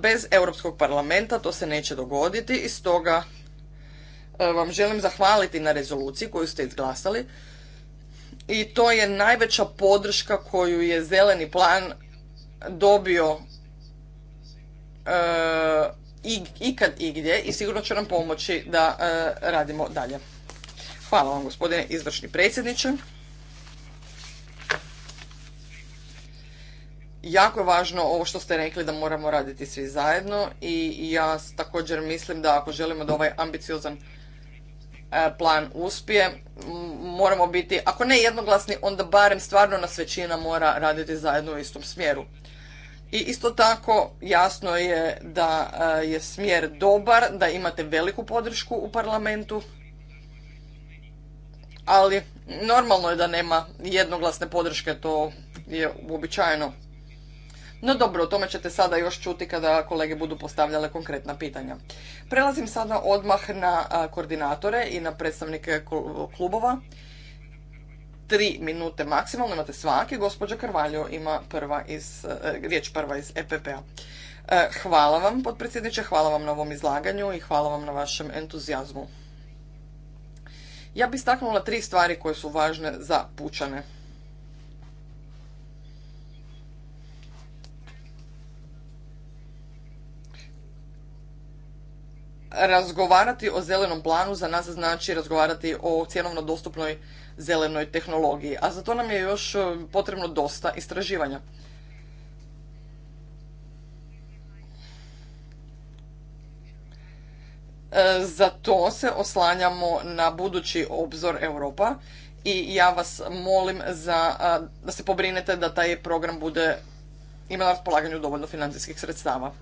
bez Europskog parlamenta to se neće dogoditi i stoga e, vam želim zahvaliti na rezoluciji koju ste izglasali i to je najveća podrška koju je zeleni plan dobio e, ikad igdje i sigurno će nam pomoći da radimo dalje. Hvala vam gospodine izvršni predsjedniče. Jako je važno ovo što ste rekli da moramo raditi svi zajedno i ja također mislim da ako želimo da ovaj ambiciozan e, plan uspije, moramo biti, ako ne jednoglasni, onda barem stvarno nas većina mora raditi zajedno u istom smjeru. I isto tako jasno je da e, je smjer dobar, da imate veliku podršku u parlamentu ali normalno je da nema jednoglasne podrške, to je uobičajeno. No dobro, o tome ćete sada još čuti kada kolege budu postavljale konkretna pitanja. Prelazim sada odmah na koordinatore i na predstavnike klubova. Tri minute maksimalno imate svaki. Gospođa Krvaljo ima prva iz, e, riječ prva iz EPP-a. E, hvala vam, potpredsjedniče, hvala vam na ovom izlaganju i hvala vam na vašem entuzijazmu. Ja bih istaknula tri stvari koje su važne za pučane. Razgovarati o zelenom planu za nas znači razgovarati o cjenovno dostupnoj zelenoj tehnologiji, a za to nam je još e, potrebno dosta istraživanja. E, za to se oslanjamo na budući obzor Europa i ja vas molim za, da se pobrinete da taj program bude ima na raspolaganju dovoljno financijskih sredstava.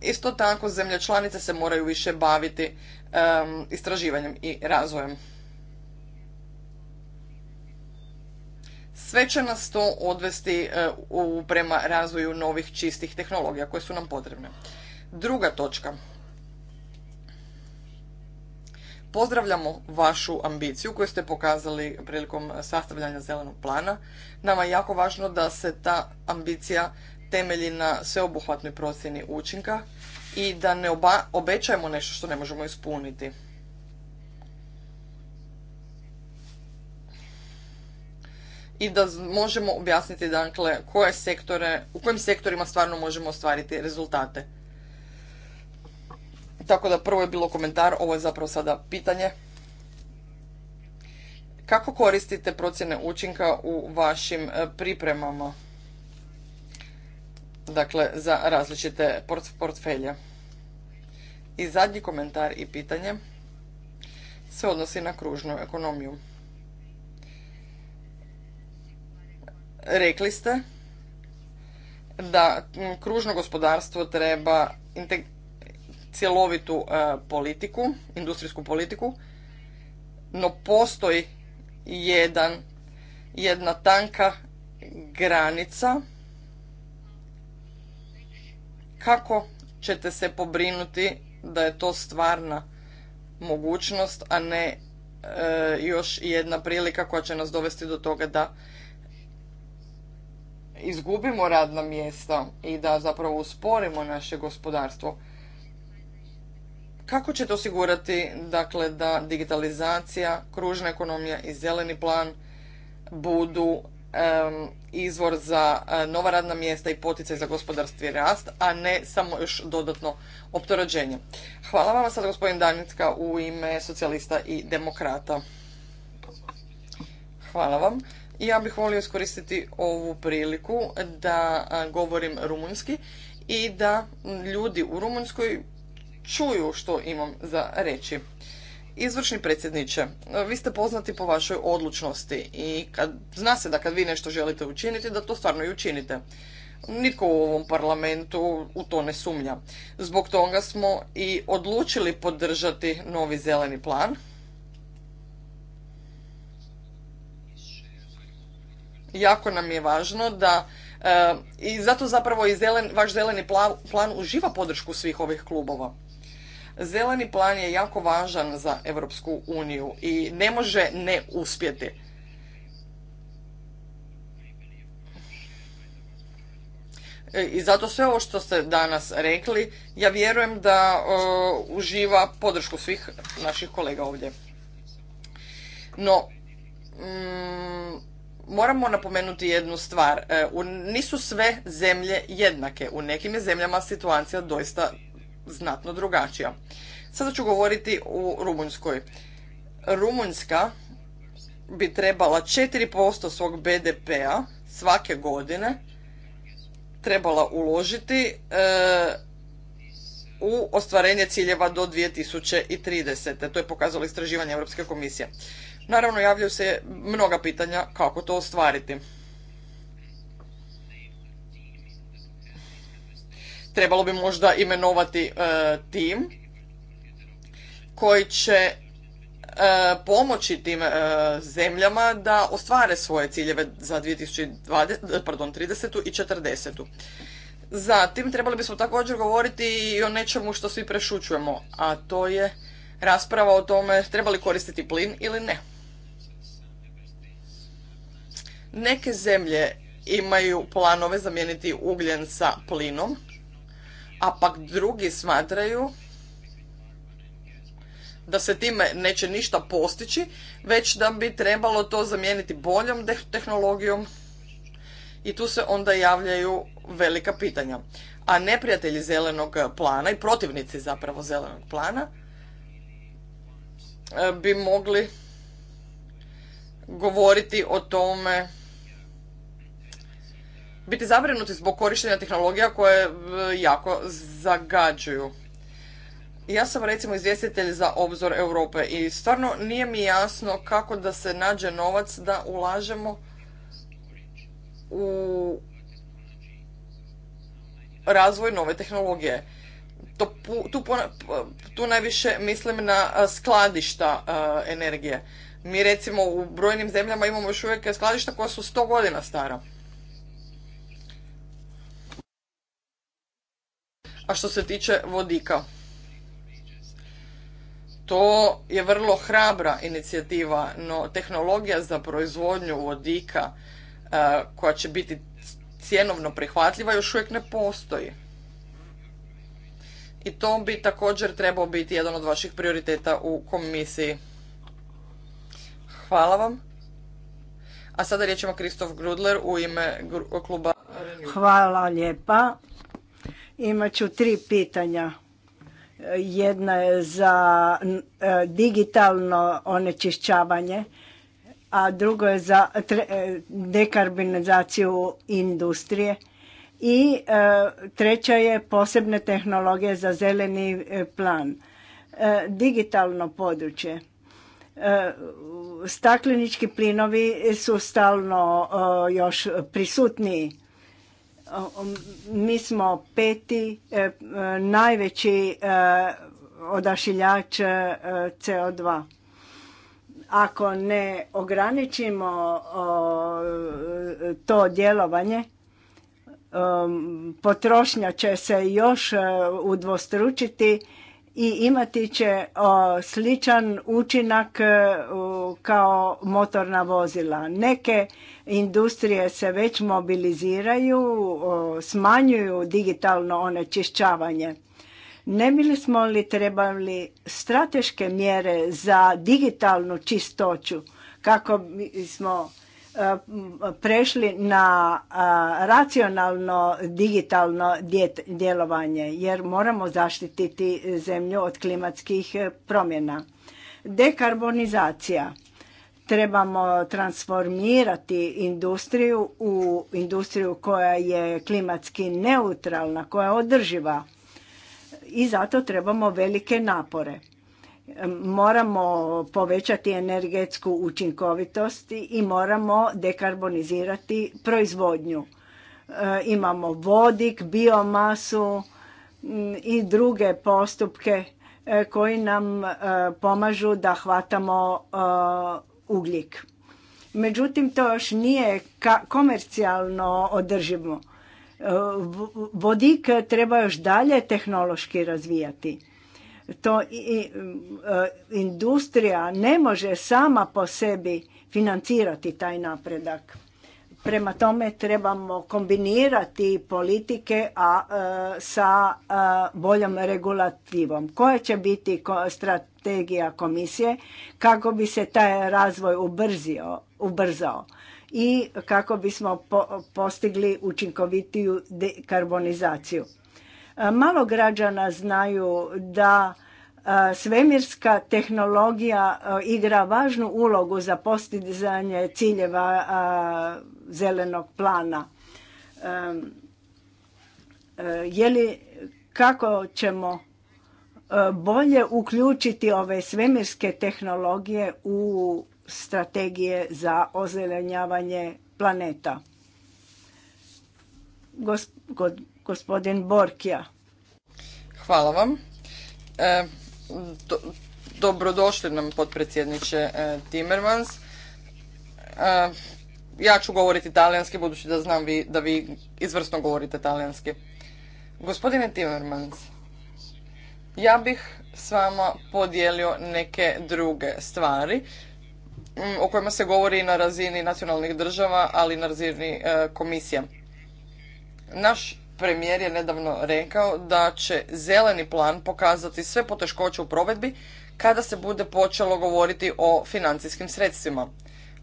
Isto tako, zemlje članice se moraju više baviti istraživanjem i razvojem. Sve će nas to odvesti e, u, prema razvoju novih čistih tehnologija koje su nam potrebne. Druga točka, Pozdravljamo vašu ambiciju koju ste pokazali prilikom sastavljanja zelenog plana. Nama je jako važno da se ta ambicija temelji na sveobuhvatnoj procjeni učinka i da ne oba obećajemo nešto što ne možemo ispuniti. I da možemo objasniti dakle koje sektore, u kojim sektorima stvarno možemo ostvariti rezultate. Tako da prvo je bilo komentar, ovo je zapravo sada pitanje. Kako koristite procjene učinka u vašim e, pripremama? Dakle, za različite portfelje. I zadnji komentar i pitanje se odnosi na kružnu ekonomiju. Rekli ste da kružno gospodarstvo treba cjelovitu e, politiku, industrijsku politiku, no postoji jedan, jedna tanka granica kako ćete se pobrinuti da je to stvarna mogućnost, a ne e, još jedna prilika koja će nas dovesti do toga da izgubimo radna mjesta i da zapravo usporimo naše gospodarstvo. Kako ćete osigurati dakle, da digitalizacija, kružna ekonomija i zeleni plan budu izvor za e, nova radna mjesta i poticaj za gospodarski rast, a ne samo još dodatno opterećenje. Hvala vam sad gospodin Danicka u ime socijalista i demokrata. Hvala vam. Ja bih volio iskoristiti ovu priliku da e, govorim rumunjski i da ljudi u Rumunjskoj čuju što imam za reći. Izvršni predsjedniče, vi ste poznati po vašoj odlučnosti i kad, zna se da kad vi nešto želite učiniti, da to stvarno i učinite. Nitko u ovom parlamentu u to ne sumnja. Zbog toga smo i odlučili podržati novi zeleni plan. Jako nam je važno da e, i zato zapravo i zelen, vaš zeleni plan uživa podršku svih ovih klubova. Zeleni plan je jako važan za Europsku uniju i ne može ne uspjeti. E, I zato sve ovo što ste danas rekli, ja vjerujem da e, uživa podršku svih naših kolega ovdje. No, mm, moramo napomenuti jednu stvar. E, nisu sve zemlje jednake. U nekim je zemljama situacija doista znatno drugačija. Sada ću govoriti u Rumunjskoj. Rumunjska bi trebala 4% svog BDP-a svake godine trebala uložiti e, u ostvarenje ciljeva do 2030. To je pokazalo istraživanje Europske komisije. Naravno, javljaju se mnoga pitanja kako to ostvariti. trebalo bi možda imenovati e, tim koji će e, pomoći tim e, zemljama da ostvare svoje ciljeve za 2020, pardon, 30. i 40. Zatim, trebali bismo također govoriti i o nečemu što svi prešućujemo, a to je rasprava o tome treba li koristiti plin ili ne. Neke zemlje imaju planove zamijeniti ugljen sa plinom, a pak drugi smatraju da se time neće ništa postići, već da bi trebalo to zamijeniti boljom tehnologijom i tu se onda javljaju velika pitanja. A neprijatelji zelenog plana i protivnici zapravo zelenog plana e, bi mogli govoriti o tome biti zabrinuti zbog korištenja tehnologija koje e, jako zagađuju. Ja sam recimo izvjestitelj za obzor Europe i stvarno nije mi jasno kako da se nađe novac da ulažemo u razvoj nove tehnologije. To, tu, tu najviše mislim na e, skladišta e, energije. Mi recimo u brojnim zemljama imamo još uvijek skladišta koja su 100 godina stara. A što se tiče vodika, to je vrlo hrabra inicijativa, no tehnologija za proizvodnju vodika e, koja će biti cjenovno prihvatljiva još uvijek ne postoji. I to bi također trebao biti jedan od vaših prioriteta u komisiji. Hvala vam. A sada riječ ima Kristof Grudler u ime kluba. Hvala lijepa. Imat ću tri pitanja. Jedna je za e, digitalno onečišćavanje, a drugo je za e, dekarbonizaciju industrije i e, treća je posebne tehnologije za zeleni plan. Digitalno područje. Staklenički plinovi su stalno još prisutniji mi smo peti e, e, najveći e, odašiljač CO2. Ako ne ograničimo to djelovanje, potrošnja će se još udvostručiti i imati će sličan učinak e, kao motorna vozila. Neke industrije se već mobiliziraju, smanjuju digitalno onečišćavanje. Ne bili smo li trebali strateške mjere za digitalnu čistoću kako bismo prešli na racionalno digitalno djelovanje jer moramo zaštititi zemlju od klimatskih e, promjena. Dekarbonizacija. Trebamo transformirati industriju u industriju koja je klimatski neutralna, koja je održiva i zato trebamo velike napore moramo povećati energetsku učinkovitost i moramo dekarbonizirati proizvodnju. E, imamo vodik, biomasu i druge postupke e, koji nam e, pomažu da hvatamo ugljik. Međutim, to još nije komercijalno održivo. Vodik treba još dalje tehnološki razvijati to i, e, industrija ne može sama po sebi financirati taj napredak. Prema tome trebamo kombinirati politike a, e, sa e, boljom regulativom. Koja će biti strategija komisije kako bi se taj razvoj ubrzio, ubrzao i kako bismo postigli učinkovitiju dekarbonizaciju. E, malo građana znaju da e, svemirska tehnologija e, igra važnu ulogu za postizanje ciljeva zelenog plana. Je li kako ćemo bolje uključiti ove svemirske tehnologije u strategije za ozelenjavanje planeta? Gospodin Borkija. Hvala vam. E, dobrodošli nam potpredsjedniče e, Timmermans. E, ja ću govoriti talijanski budući da znam vi, da vi izvrsno govorite talijanski. Gospodine Timmermans, ja bih s vama podijelio neke druge stvari o kojima se govori na razini nacionalnih država, ali i na razini e, komisija. Naš premijer je nedavno rekao da će zeleni plan pokazati sve poteškoće u provedbi kada se bude počelo govoriti o financijskim sredstvima.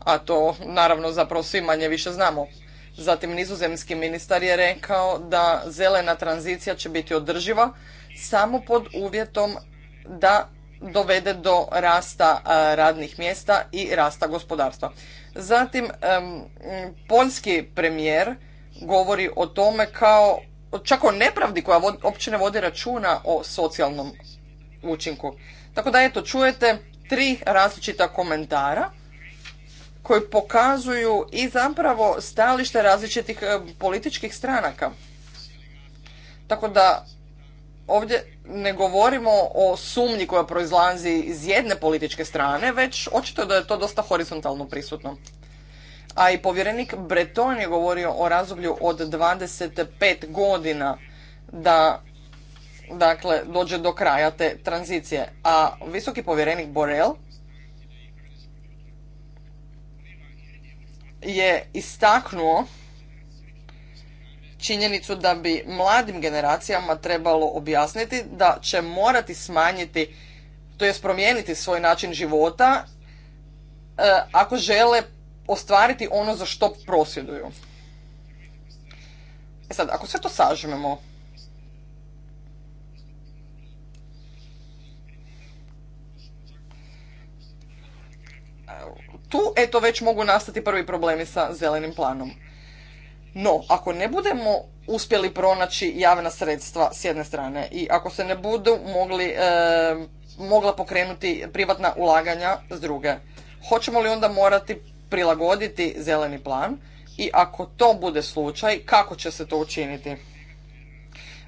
A to naravno zapravo svi manje više znamo. Zatim nizozemski ministar je rekao da zelena tranzicija će biti održiva samo pod uvjetom da dovede do rasta radnih mjesta i rasta gospodarstva. Zatim, poljski premijer govori o tome kao čak o nepravdi koja vod, uopće ne vodi računa o socijalnom učinku. Tako da eto, čujete tri različita komentara koji pokazuju i zapravo stajalište različitih e, političkih stranaka. Tako da ovdje ne govorimo o sumnji koja proizlazi iz jedne političke strane, već očito da je to dosta horizontalno prisutno a i povjerenik Breton je govorio o razdoblju od 25 godina da dakle dođe do kraja te tranzicije. A visoki povjerenik Borel je istaknuo činjenicu da bi mladim generacijama trebalo objasniti da će morati smanjiti, to jest promijeniti svoj način života e, ako žele ostvariti ono za što prosvjeduju. E sad, ako sve to sažmemo, tu eto već mogu nastati prvi problemi sa zelenim planom. No, ako ne budemo uspjeli pronaći javna sredstva s jedne strane i ako se ne budu mogli, e, mogla pokrenuti privatna ulaganja s druge, hoćemo li onda morati prilagoditi zeleni plan i ako to bude slučaj, kako će se to učiniti?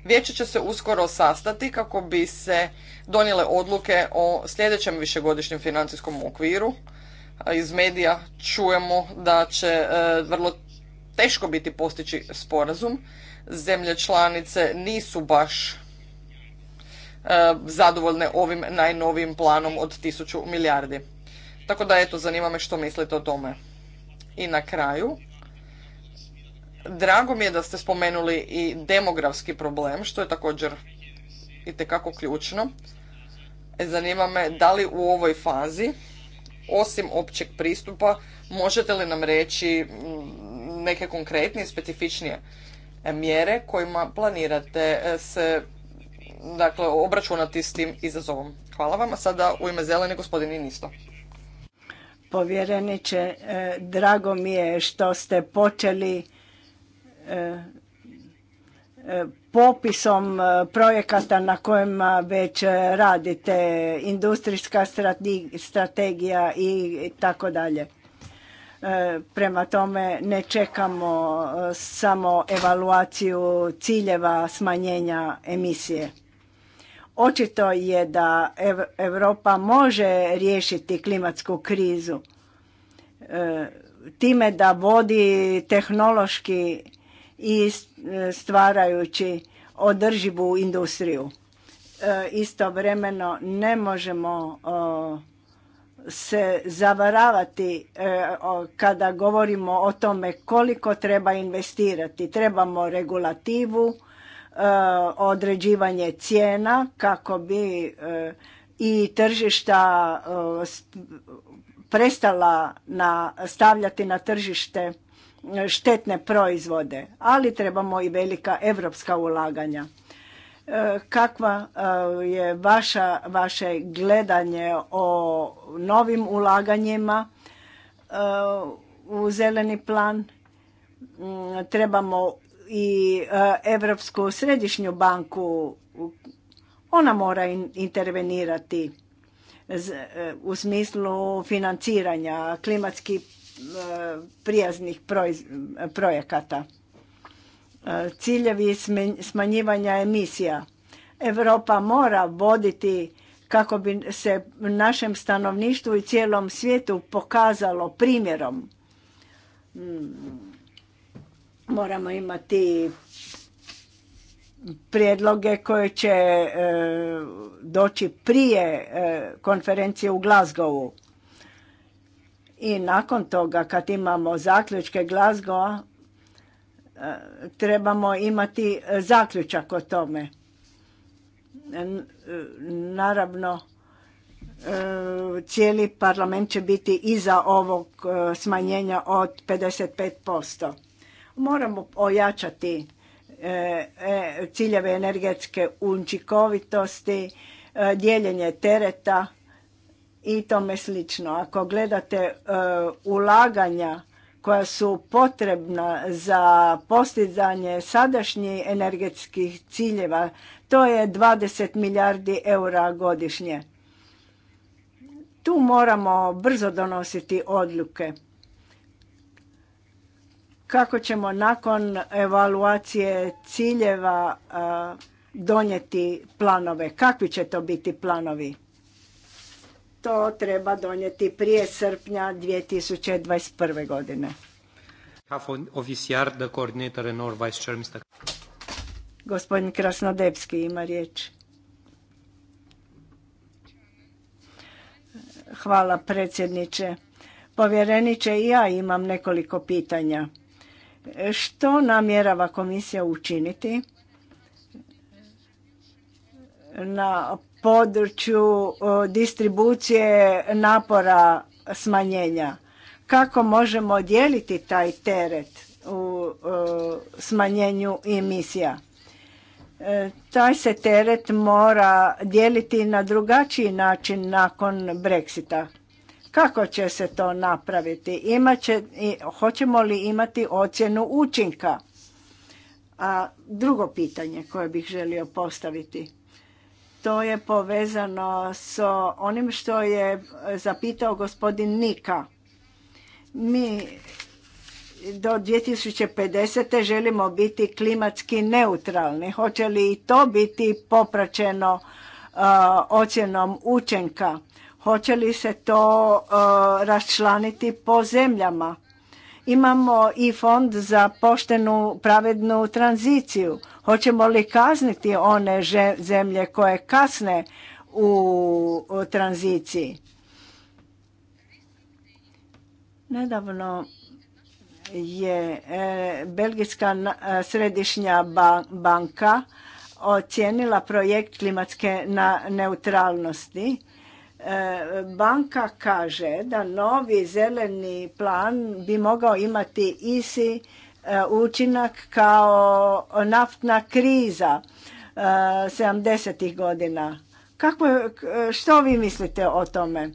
Vijeće će se uskoro sastati kako bi se donijele odluke o sljedećem višegodišnjem financijskom okviru. Iz medija čujemo da će e, vrlo teško biti postići sporazum. Zemlje članice nisu baš e, zadovoljne ovim najnovijim planom od 1000 milijardi. Tako da, eto, zanima me što mislite o tome. I na kraju, drago mi je da ste spomenuli i demografski problem, što je također itekako ključno. E, zanima me da li u ovoj fazi, osim općeg pristupa, možete li nam reći mm, neke konkretnije, specifičnije e, mjere kojima planirate e, se dakle, obračunati s tim izazovom. Hvala vam. A sada u ime zelene gospodin Inisto. Povjereniče, e, drago mi je što ste počeli e, e, popisom projekata na kojima već radite, industrijska strategija i tako dalje. Prema tome ne čekamo samo evaluaciju ciljeva smanjenja emisije. Očito je da Europa može riješiti klimatsku krizu e, time da vodi tehnološki i stvarajući održivu industriju. E, istovremeno ne možemo se zavaravati e, kada govorimo o tome koliko treba investirati. Trebamo regulativu, E, određivanje cijena kako bi e, i tržišta e, prestala na, stavljati na tržište štetne proizvode, ali trebamo i velika europska ulaganja. Kakva je vaše gledanje o novim ulaganjima u zeleni plan? Mm, trebamo i Europsku središnju banku, ona mora intervenirati e, u smislu financiranja klimatski e, prijaznih projekata. E, ciljevi smanjivanja emisija. Europa mora voditi kako bi se našem stanovništvu i cijelom svijetu pokazalo primjerom. Mm. Moramo imati prijedloge koje će e, doći prije e, konferencije u Glasgowu. I nakon toga kad imamo zaključke Glasgowa e, trebamo imati zaključak o tome. Naravno cijeli parlament će biti iza ovog smanjenja od 55%. Moramo ojačati e, e, ciljeve energetske učinkovitosti, e, dijeljenje tereta i tome slično. Ako gledate ulaganja koja su potrebna za postizanje sadašnjih energetskih ciljeva, to je 20 milijardi eura godišnje. Tu moramo brzo donositi odluke kako ćemo nakon evaluacije ciljeva donijeti planove. Kakvi će to biti planovi? To treba donijeti prije srpnja 2021. godine. Gospodin Krasnodepski ima riječ. Hvala predsjedniče. Povjereniče i ja imam nekoliko pitanja. Što namjerava komisija učiniti na području distribucije napora smanjenja? Kako možemo dijeliti taj teret u smanjenju emisija? E, taj se teret mora dijeliti na drugačiji način nakon Brexita kako će se to napraviti? Imaće, hoćemo li imati ocjenu učinka? A drugo pitanje koje bih želio postaviti, to je povezano s onim što je zapitao gospodin Nika. Mi do 2050. želimo biti klimatski neutralni. Hoće li i to biti popraćeno ocjenom učenka? Hoće li se to e, raščlaniti po zemljama? Imamo i fond za poštenu pravednu tranziciju. Hoćemo li kazniti one zemlje koje kasne u tranziciji? Nedavno je e, Belgijska e, središnja banka ocijenila projekt klimatske neutralnosti Banka kaže da novi zeleni plan bi mogao imati isi e, učinak kao naftna kriza 70. E, godina. Kako, što vi mislite o tome?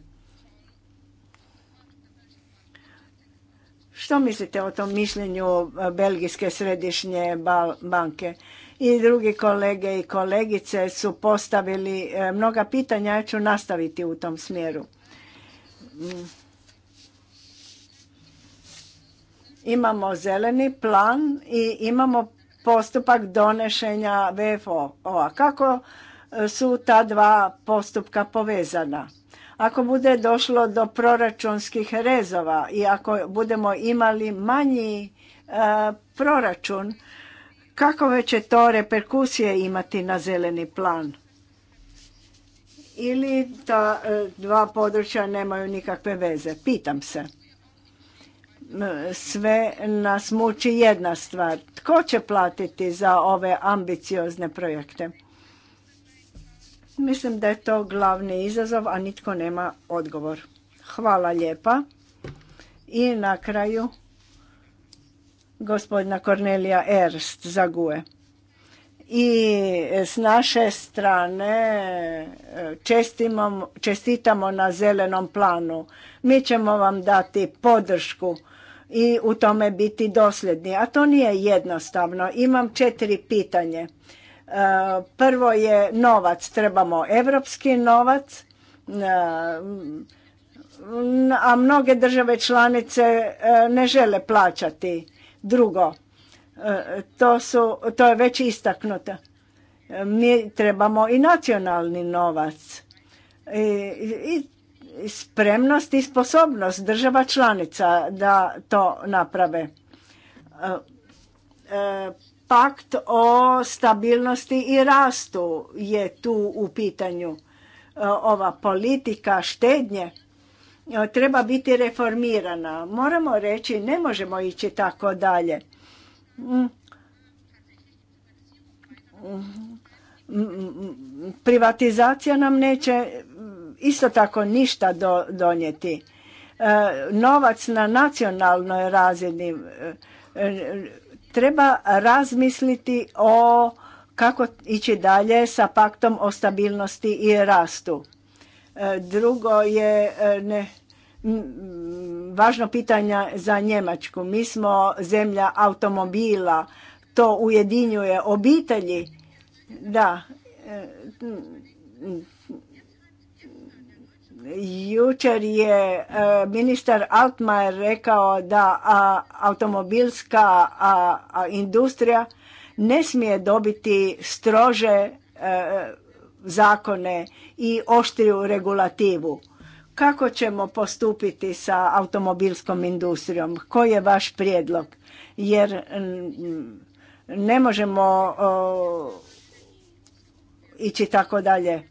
Što mislite o tom mišljenju Belgijske središnje banke? i drugi kolege i kolegice su postavili e, mnoga pitanja, ja ću nastaviti u tom smjeru. Mm. Imamo zeleni plan i imamo postupak donešenja VFO-a. Kako e, su ta dva postupka povezana? Ako bude došlo do proračunskih rezova i ako budemo imali manji e, proračun, Kakove će to reperkusije imati na zeleni plan? Ili ta e, dva područja nemaju nikakve veze? Pitam se. Sve nas muči jedna stvar. Tko će platiti za ove ambiciozne projekte? Mislim da je to glavni izazov, a nitko nema odgovor. Hvala lijepa. I na kraju gospodina Kornelija Erst za I s naše strane eh, čestimo, čestitamo na zelenom planu. Mi ćemo vam dati podršku i u tome biti dosljedni. A to nije jednostavno. Imam četiri pitanje. Eh, prvo je novac. Trebamo evropski novac eh, a mnoge države članice ne žele plaćati. Drugo, e, to, su, to je već istaknuto. Mi trebamo i nacionalni novac. I, i spremnost i sposobnost država članica da to naprave. E, e, pakt o stabilnosti i rastu je tu u pitanju. Ova politika štednje treba biti reformirana. Moramo reći, ne možemo ići tako dalje. Mm. Mm. Privatizacija nam neće isto tako ništa donijeti. E, novac na nacionalnoj razini e, e, treba razmisliti o kako ići dalje sa paktom o stabilnosti i rastu E, drugo je e, ne, važno pitanje za Njemačku. Mi smo zemlja automobila, to ujedinjuje obitelji. Da, e, jučer je ministar Altmaier rekao da automobilska industrija ne smije dobiti strože zakone i oštriju regulativu. Kako ćemo postupiti sa automobilskom industrijom? Koji je vaš prijedlog? Jer ne možemo ići tako dalje. E,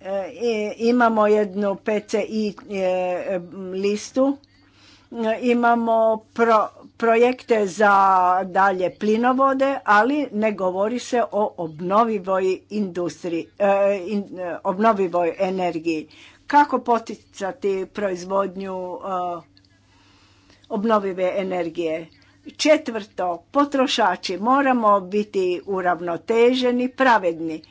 e, imamo jednu PCI e, listu, imamo pro, projekte za dalje plinovode, ali ne govori se o obnovivoj industriji, e, e, obnovivoj energiji. Kako poticati proizvodnju e, obnovive energije? Četvrto, potrošači moramo biti uravnoteženi, pravedni.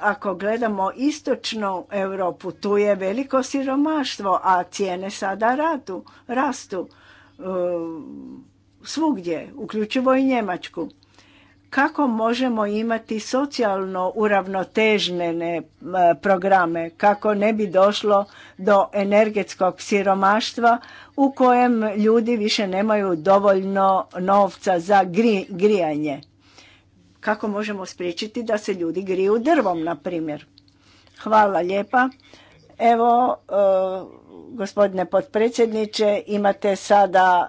Ako gledamo istočnu Europu, tu je veliko siromaštvo, a cijene sada ratu, rastu E, svugdje, uključivo i Njemačku. Kako možemo imati socijalno uravnotežnene e, programe, kako ne bi došlo do energetskog siromaštva u kojem ljudi više nemaju dovoljno novca za grijanje? Kako možemo spriječiti da se ljudi griju drvom, na primjer? Hvala lijepa. Evo, e, Gospodine potpredsjedniče, imate sada e,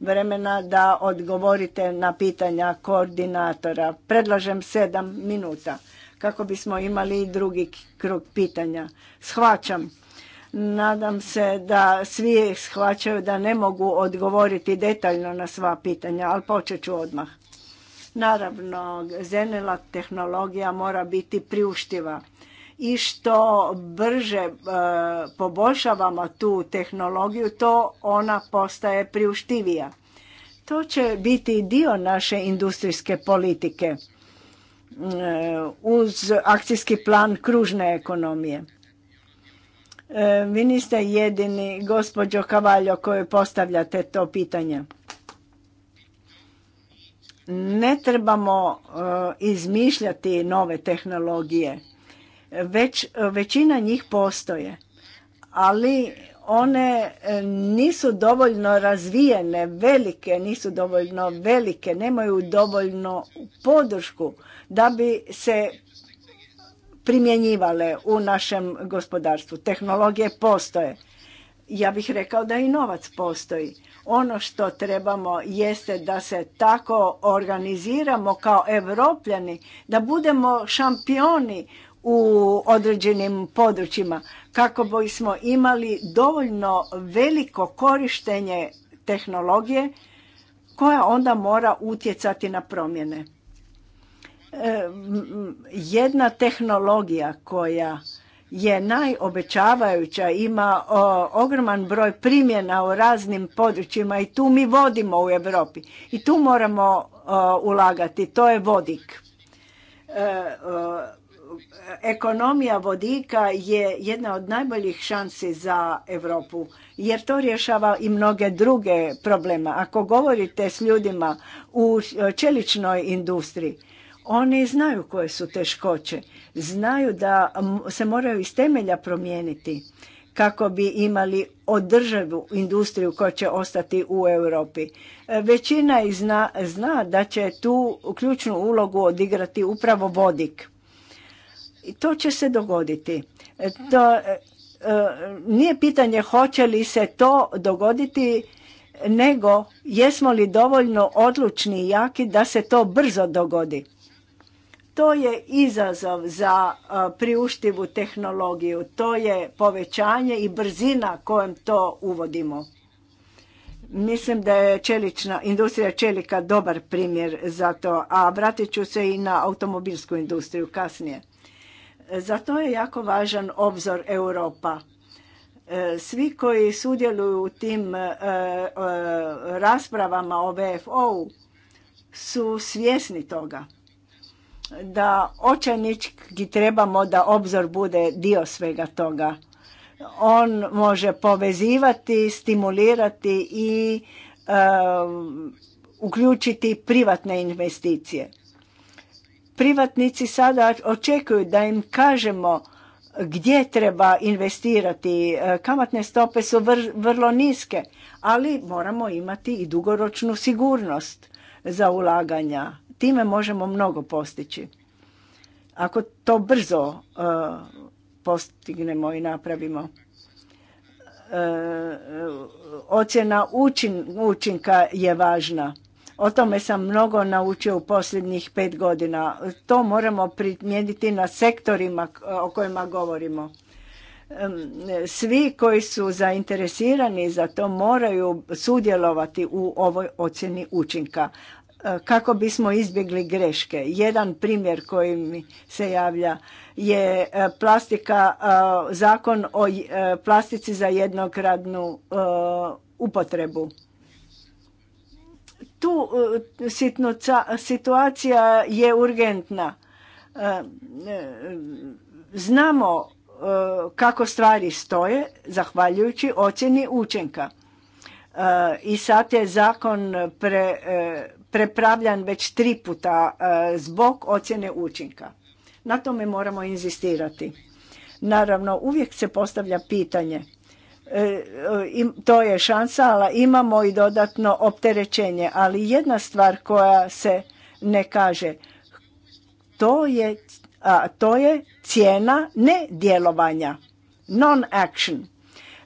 vremena da odgovorite na pitanja koordinatora. Predlažem sedam minuta kako bismo imali i drugi krug pitanja. Shvaćam. Nadam se da svi shvaćaju da ne mogu odgovoriti detaljno na sva pitanja, ali počet ću odmah. Naravno, zenela tehnologija mora biti priuštiva i što brže e, poboljšavamo tu tehnologiju, to ona postaje priuštivija. To će biti dio naše industrijske politike e, uz akcijski plan kružne ekonomije. E, vi niste jedini, gospođo Kavaljo, koji postavljate to pitanje. Ne trebamo izmišljati nove tehnologije. Već, većina njih postoje, ali one e, nisu dovoljno razvijene, velike, nisu dovoljno velike, nemaju dovoljno podršku da bi se primjenjivale u našem gospodarstvu. Tehnologije postoje. Ja bih rekao da i novac postoji. Ono što trebamo jeste da se tako organiziramo kao evropljani, da budemo šampioni u određenim područjima kako bismo imali dovoljno veliko korištenje tehnologije koja onda mora utjecati na promjene. E, jedna tehnologija koja je najobećavajuća, ima ogroman broj primjena u raznim područjima i tu mi vodimo u Europi i tu moramo ulagati, to je vodik. E, ekonomija vodika je jedna od najboljih šansi za Europu jer to rješava i mnoge druge problema. Ako govorite s ljudima u čeličnoj industriji, oni znaju koje su teškoće, znaju da se moraju iz temelja promijeniti kako bi imali održavu industriju koja će ostati u Europi. E, većina zna, zna da će tu ključnu ulogu odigrati upravo vodik. To će se dogoditi. E, to e, e, nije pitanje hoće li se to dogoditi, nego jesmo li dovoljno odlučni i jaki da se to brzo dogodi. To je izazov za priuštivu tehnologiju, to je povećanje i brzina kojom to uvodimo. Mislim da je čelična, industrija čelika dobar primjer za to, a vratit ću se i na automobilsku industriju kasnije. Za to je jako važan obzor Europa. E, svi koji sudjeluju u tim e, e, raspravama o VFO-u su svjesni toga da očajnički trebamo da obzor bude dio svega toga. On može povezivati, stimulirati i uključiti privatne investicije. Privatnici sada očekuju da im kažemo gdje treba investirati. E, kamatne stope su vrlo niske, ali moramo imati i dugoročnu sigurnost za ulaganja. Time možemo mnogo postići. Ako to brzo e, postignemo i napravimo. E, ocjena učinka je važna o tome sam mnogo naučio u posljednjih pet godina. To moramo primijeniti na sektorima o kojima govorimo. Svi koji su zainteresirani za to moraju sudjelovati u ovoj ocjeni učinka e, kako bismo izbjegli greške. Jedan primjer koji mi se javlja je e, plastika, e, zakon o plastici za jednokradnu upotrebu. Tu e, situacija je urgentna. E, e, znamo kako stvari stoje, zahvaljujući ocjeni učenka. I sad je zakon pre, prepravljan već tri puta zbog ocjene učinka. Na tome moramo inzistirati. Naravno, uvijek se postavlja pitanje E, to je šansa, ali imamo i dodatno opterećenje. Ali jedna stvar koja se ne kaže, to je, a, to je cijena nedjelovanja, non-action.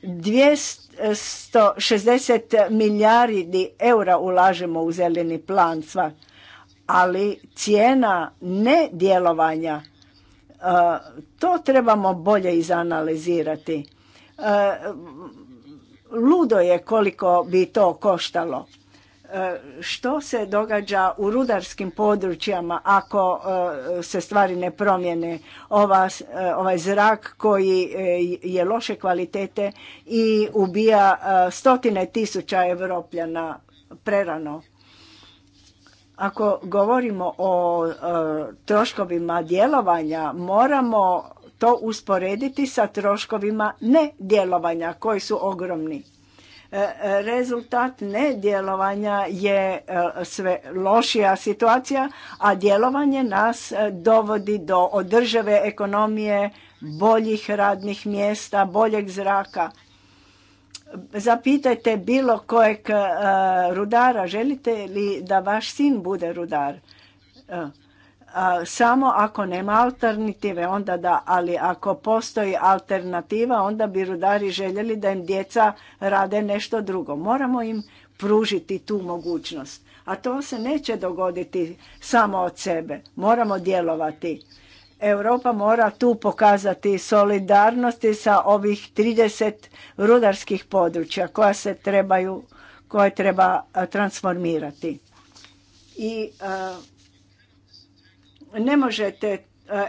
260 milijardi eura ulažemo u zeleni plan sva, ali cijena nedjelovanja, a, to trebamo bolje izanalizirati E, ludo je koliko bi to koštalo. E, što se događa u rudarskim područjima ako e, se stvari ne promjene? ovaj zrak koji je loše kvalitete i ubija stotine tisuća evropljana prerano. Ako govorimo o troškovima djelovanja, moramo to usporediti sa troškovima nedjelovanja koji su ogromni. E, rezultat nedjelovanja je e, sve lošija situacija, a djelovanje nas e, dovodi do održave ekonomije, boljih radnih mjesta, boljeg zraka. Zapitajte bilo kojeg rudara, želite li da vaš sin bude rudar? Samo ako nema alternative, onda da, ali ako postoji alternativa, onda bi rudari željeli da im djeca rade nešto drugo. Moramo im pružiti tu mogućnost. A to se neće dogoditi samo od sebe. Moramo djelovati. Europa mora tu pokazati solidarnosti sa ovih 30 rudarskih područja koja se trebaju, koje treba transformirati. I ne možete e,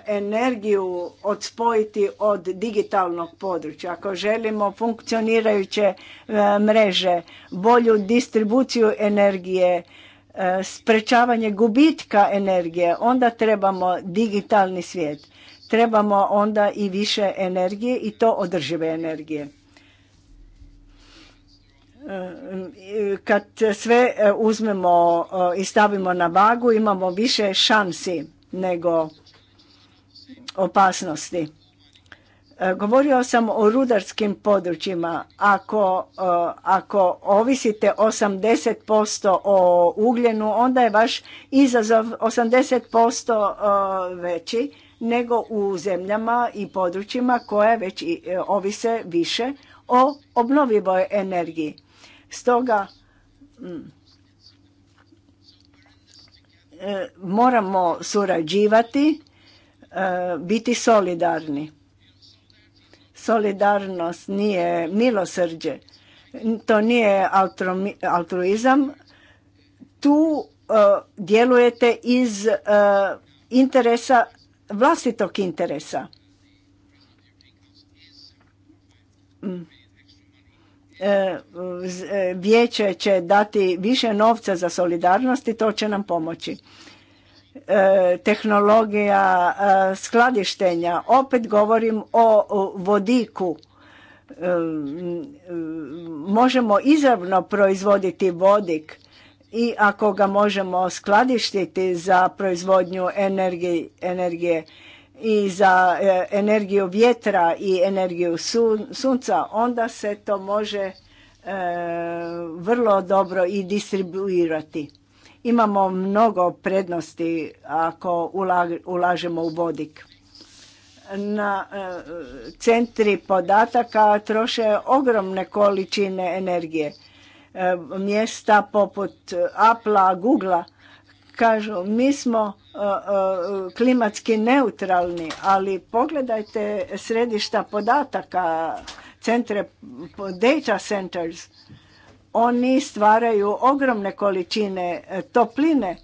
energiju odspojiti od digitalnog područja. Ako želimo funkcionirajuće e, mreže, bolju distribuciju energije, e, sprečavanje gubitka energije, onda trebamo digitalni svijet. Trebamo onda i više energije i to održive energije. Kad sve uzmemo i stavimo na vagu, imamo više šansi nego opasnosti. E, govorio sam o rudarskim područjima. Ako, e, ako ovisite 80% o ugljenu, onda je vaš izazov 80% e, veći nego u zemljama i područjima koje već ovise više o obnovivoj energiji. Stoga, E, moramo surađivati, e, biti solidarni. Solidarnost nije milosrđe, to nije altruizam. Tu e, djelujete iz interesa, vlastitog interesa. Mm. E, e, vijeće će dati više novca za solidarnost i to će nam pomoći. E, tehnologija skladištenja, opet govorim o vodiku. Možemo izravno proizvoditi vodik i ako ga možemo skladištiti za proizvodnju energije, i za e, energiju vjetra i energiju sunca, onda se to može e, vrlo dobro i distribuirati. Imamo mnogo prednosti ako ulažemo u vodik. Na e, centri podataka troše ogromne količine energije. Mjesta poput Apla, a kažu mi smo E, e, klimatski neutralni, ali pogledajte središta podataka, centre, data centers, oni stvaraju ogromne količine e, topline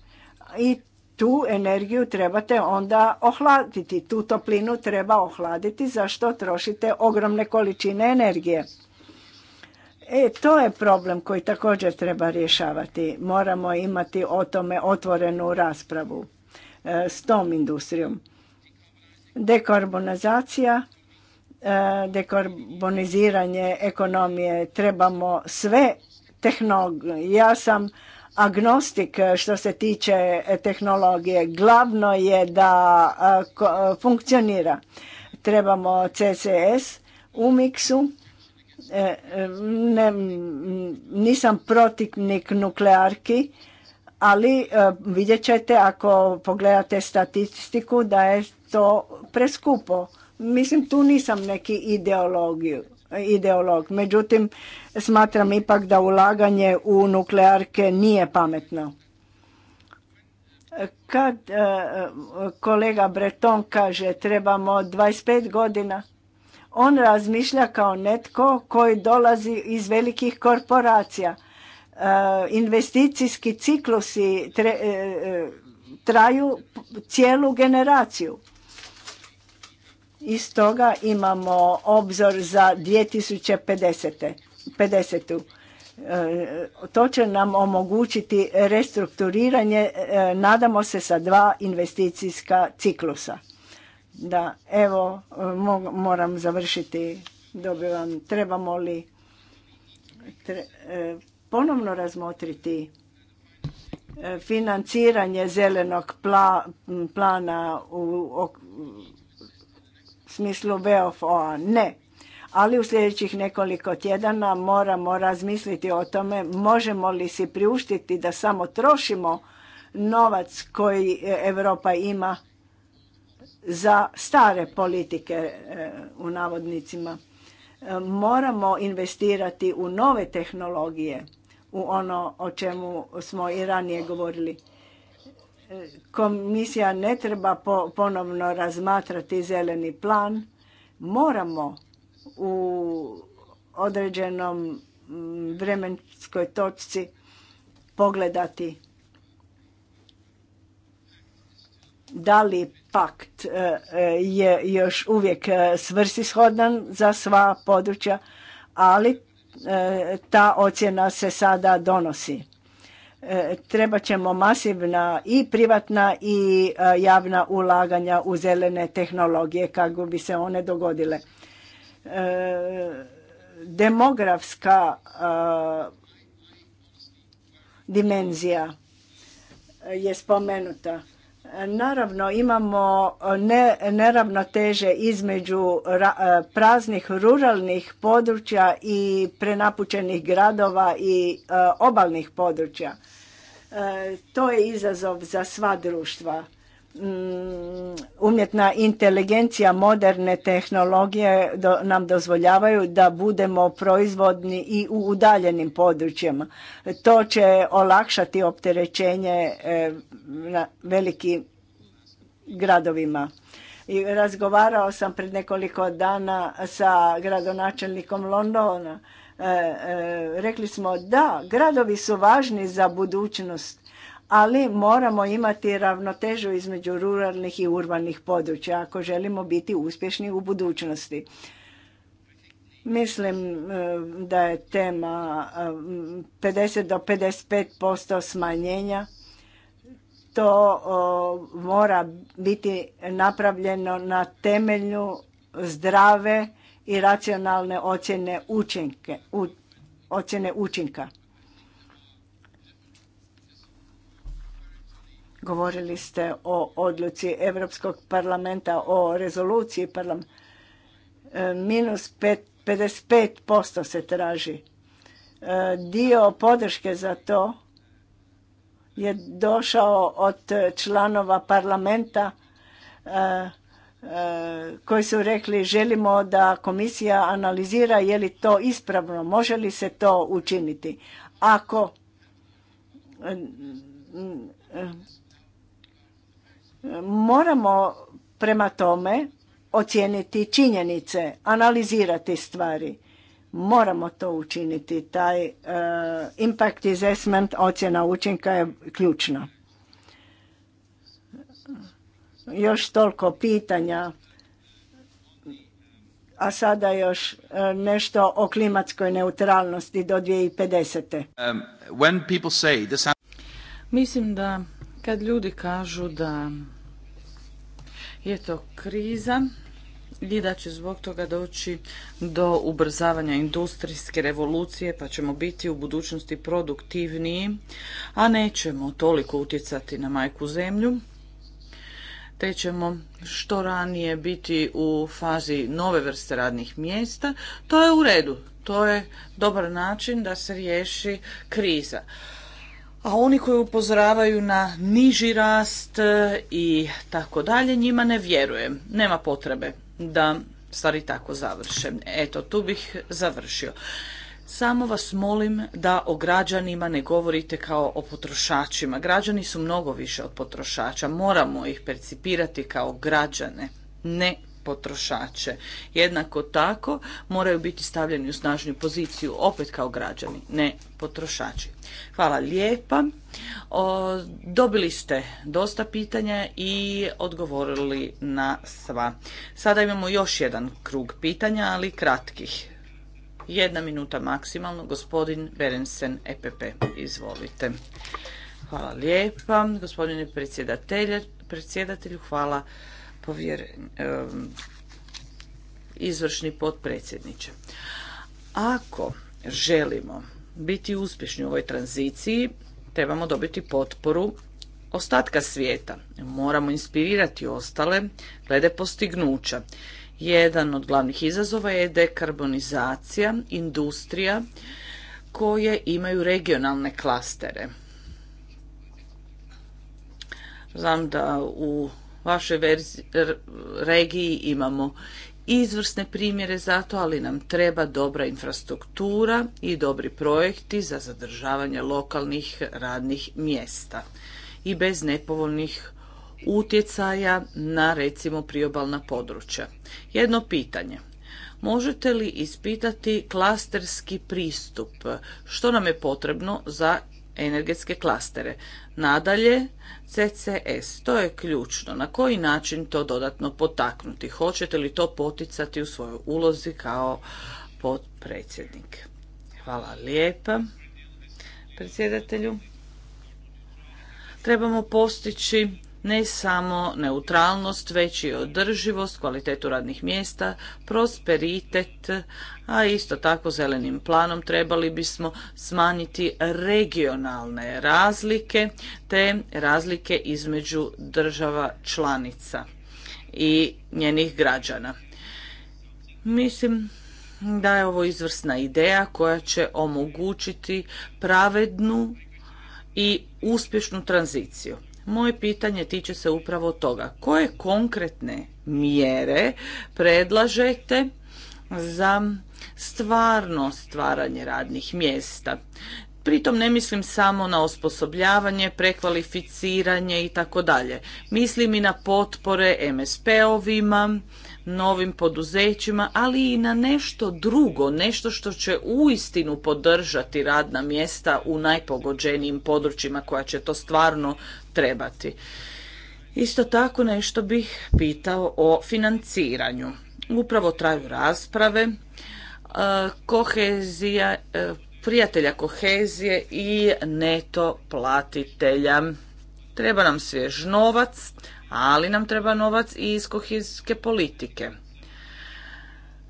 i tu energiju trebate onda ohladiti, tu toplinu treba ohladiti za što trošite ogromne količine energije. E, to je problem koji također treba rješavati. Moramo imati o tome otvorenu raspravu. E, s tom industrijom. Dekarbonizacija, e, dekarboniziranje ekonomije, trebamo sve tehnologije. Ja sam agnostik e, što se tiče tehnologije. Glavno je da funkcionira. Trebamo CCS u miksu. nisam protivnik nuklearki ali e, vidjet ćete ako pogledate statistiku da je to preskupo. Mislim tu nisam neki ideologiju ideolog. Međutim, smatram ipak da ulaganje u nuklearke nije pametno. Kad e, kolega Breton kaže trebamo 25 godina, on razmišlja kao netko koji dolazi iz velikih korporacija. Eh, investicijski ciklusi eh, eh, traju cijelu generaciju. I toga imamo obzor za 2050. 50. To će nam omogućiti restrukturiranje, nadamo se, sa dva investicijska ciklusa. Da, evo, moram završiti. Dobivam, trebamo li ponovno razmotriti e, financiranje zelenog plana u, smislu VFO-a. Ne. Ali u sljedećih nekoliko tjedana moramo razmisliti o tome možemo li si priuštiti da samo trošimo novac koji e, Europa ima za stare politike e, u navodnicima. Moramo investirati u nove tehnologije u ono o čemu smo i ranije govorili. Komisija ne treba ponovno razmatrati zeleni plan. Moramo u određenom mm, vremenskoj točci pogledati da li pakt e, e, je još uvijek e, svrsishodan za sva područja, ali E, ta ocjena se sada donosi. E, treba ćemo masivna i privatna i e, javna ulaganja u zelene tehnologije kako bi se one dogodile. Demografska dimenzija je spomenuta Naravno imamo eh, neravnoteže između eh, praznih ruralnih područja i prenapučenih gradova i eh, obalnih područja. to je izazov za sva društva. Mm, umjetna inteligencija, moderne tehnologije nam dozvoljavaju da budemo proizvodni i u udaljenim područjima. To će olakšati opterećenje e, na velikim gradovima. I razgovarao sam pred nekoliko dana sa gradonačelnikom Londona. E, e, rekli smo da, gradovi su važni za budućnost ali moramo imati ravnotežu između ruralnih i urbanih područja ako želimo biti uspješni u budućnosti. Mislim e, da je tema 50 e, do 55% posto smanjenja. To mora biti napravljeno na temelju zdrave i racionalne ocjene učinke, ocjene učinka. Govorili ste o odluci Europskog parlamenta, o rezoluciji parlamenta. Minus 55% se traži. E, dio podrške za to je došao od članova parlamenta e, e, koji su rekli želimo da komisija analizira je li to ispravno, može li se to učiniti. Ako Moramo prema tome ocijeniti činjenice, analizirati stvari. Moramo to učiniti. Taj uh, impact assessment, ocjena učinka je ključna. Još toliko pitanja. A sada još e, nešto o klimatskoj neutralnosti do 2050. Um, when say this... Mislim da kad ljudi kažu da je to kriza i da će zbog toga doći do ubrzavanja industrijske revolucije pa ćemo biti u budućnosti produktivniji, a nećemo toliko utjecati na majku zemlju, te ćemo što ranije biti u fazi nove vrste radnih mjesta, to je u redu. To je dobar način da se riješi kriza a oni koji upozoravaju na niži rast e, i tako dalje, njima ne vjerujem. Nema potrebe da stvari tako završe. Eto, tu bih završio. Samo vas molim da o građanima ne govorite kao o potrošačima. Građani su mnogo više od potrošača. Moramo ih percipirati kao građane, ne potrošače. Jednako tako moraju biti stavljeni u snažnu poziciju opet kao građani, ne potrošači. Hvala lijepa. dobili ste dosta pitanja i odgovorili na sva. Sada imamo još jedan krug pitanja, ali kratkih. Jedna minuta maksimalno. Gospodin Berensen, EPP, izvolite. Hvala lijepa. Gospodine predsjedatelju, hvala povjer, izvršni potpredsjedniče. Ako želimo biti uspješni u ovoj tranziciji, trebamo dobiti potporu ostatka svijeta. Moramo inspirirati ostale glede postignuća. Jedan od glavnih izazova je dekarbonizacija industrija koje imaju regionalne klastere. Znam da u vašoj regiji imamo izvrsne primjere za to, ali nam treba dobra infrastruktura i dobri projekti za zadržavanje lokalnih radnih mjesta i bez nepovoljnih utjecaja na recimo priobalna područja. Jedno pitanje. Možete li ispitati klasterski pristup? Što nam je potrebno za energetske klastere. Nadalje, CCS, to je ključno. Na koji način to dodatno potaknuti? Hoćete li to poticati u svojoj ulozi kao potpredsjednik? Hvala lijepa predsjedatelju. Trebamo postići ne samo neutralnost, već i održivost, kvalitetu radnih mjesta, prosperitet, a isto tako zelenim planom trebali bismo smanjiti regionalne razlike te razlike između država članica i njenih građana. Mislim da je ovo izvrsna ideja koja će omogućiti pravednu i uspješnu tranziciju. Moje pitanje tiče se upravo toga. Koje konkretne mjere predlažete za stvarno stvaranje radnih mjesta? Pritom ne mislim samo na osposobljavanje, prekvalificiranje i tako dalje. Mislim i na potpore MSP-ovima, novim poduzećima, ali i na nešto drugo, nešto što će uistinu podržati radna mjesta u najpogođenijim područjima koja će to stvarno trebati. Isto tako nešto bih pitao o financiranju. Upravo traju rasprave, e, kohezija, e, prijatelja kohezije i neto platitelja. Treba nam svjež novac, ali nam treba novac i iz kohezijske politike.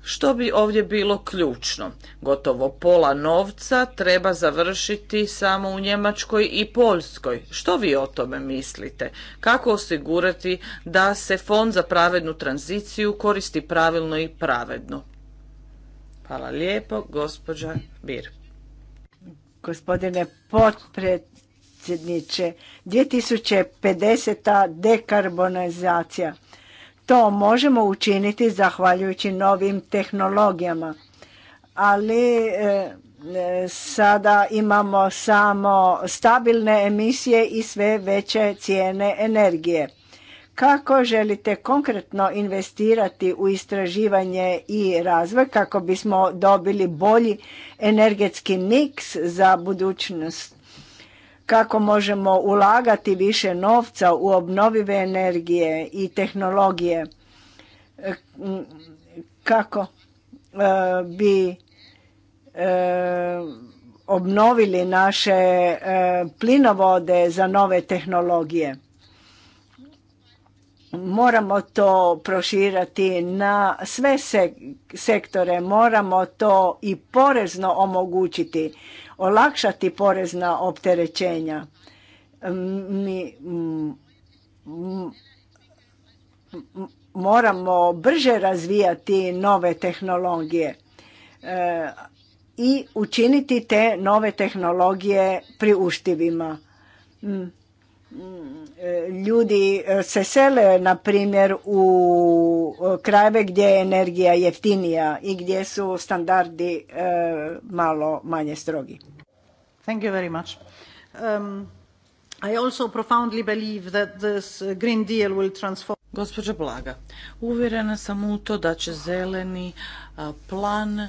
Što bi ovdje bilo ključno? Gotovo pola novca treba završiti samo u Njemačkoj i Poljskoj. Što vi o tome mislite? Kako osigurati da se fond za pravednu tranziciju koristi pravilno i pravedno? Hvala lijepo, gospođa Bir. Gospodine potpredsjedniče, 2050. dekarbonizacija to možemo učiniti zahvaljujući novim tehnologijama, ali e, e, sada imamo samo stabilne emisije i sve veće cijene energije. Kako želite konkretno investirati u istraživanje i razvoj kako bismo dobili bolji energetski miks za budućnost? kako možemo ulagati više novca u obnovive energije i tehnologije, e, kako e, bi e, obnovili naše plinovode za nove tehnologije. Moramo to proširati na sve sektore, moramo to i porezno omogućiti olakšati porezna opterećenja. Mi moramo brže razvijati nove tehnologije e, i učiniti te nove tehnologije priuštivima. Mm, mm. E, ljudi e, se sele na primjer u e, krajeve gdje je energija jeftinija i gdje su standardi malo manje strogi. Thank you very much. Um, I also profoundly believe that this Green Deal will transform gospođa Blaga, uvjerena sam u to da će zeleni plan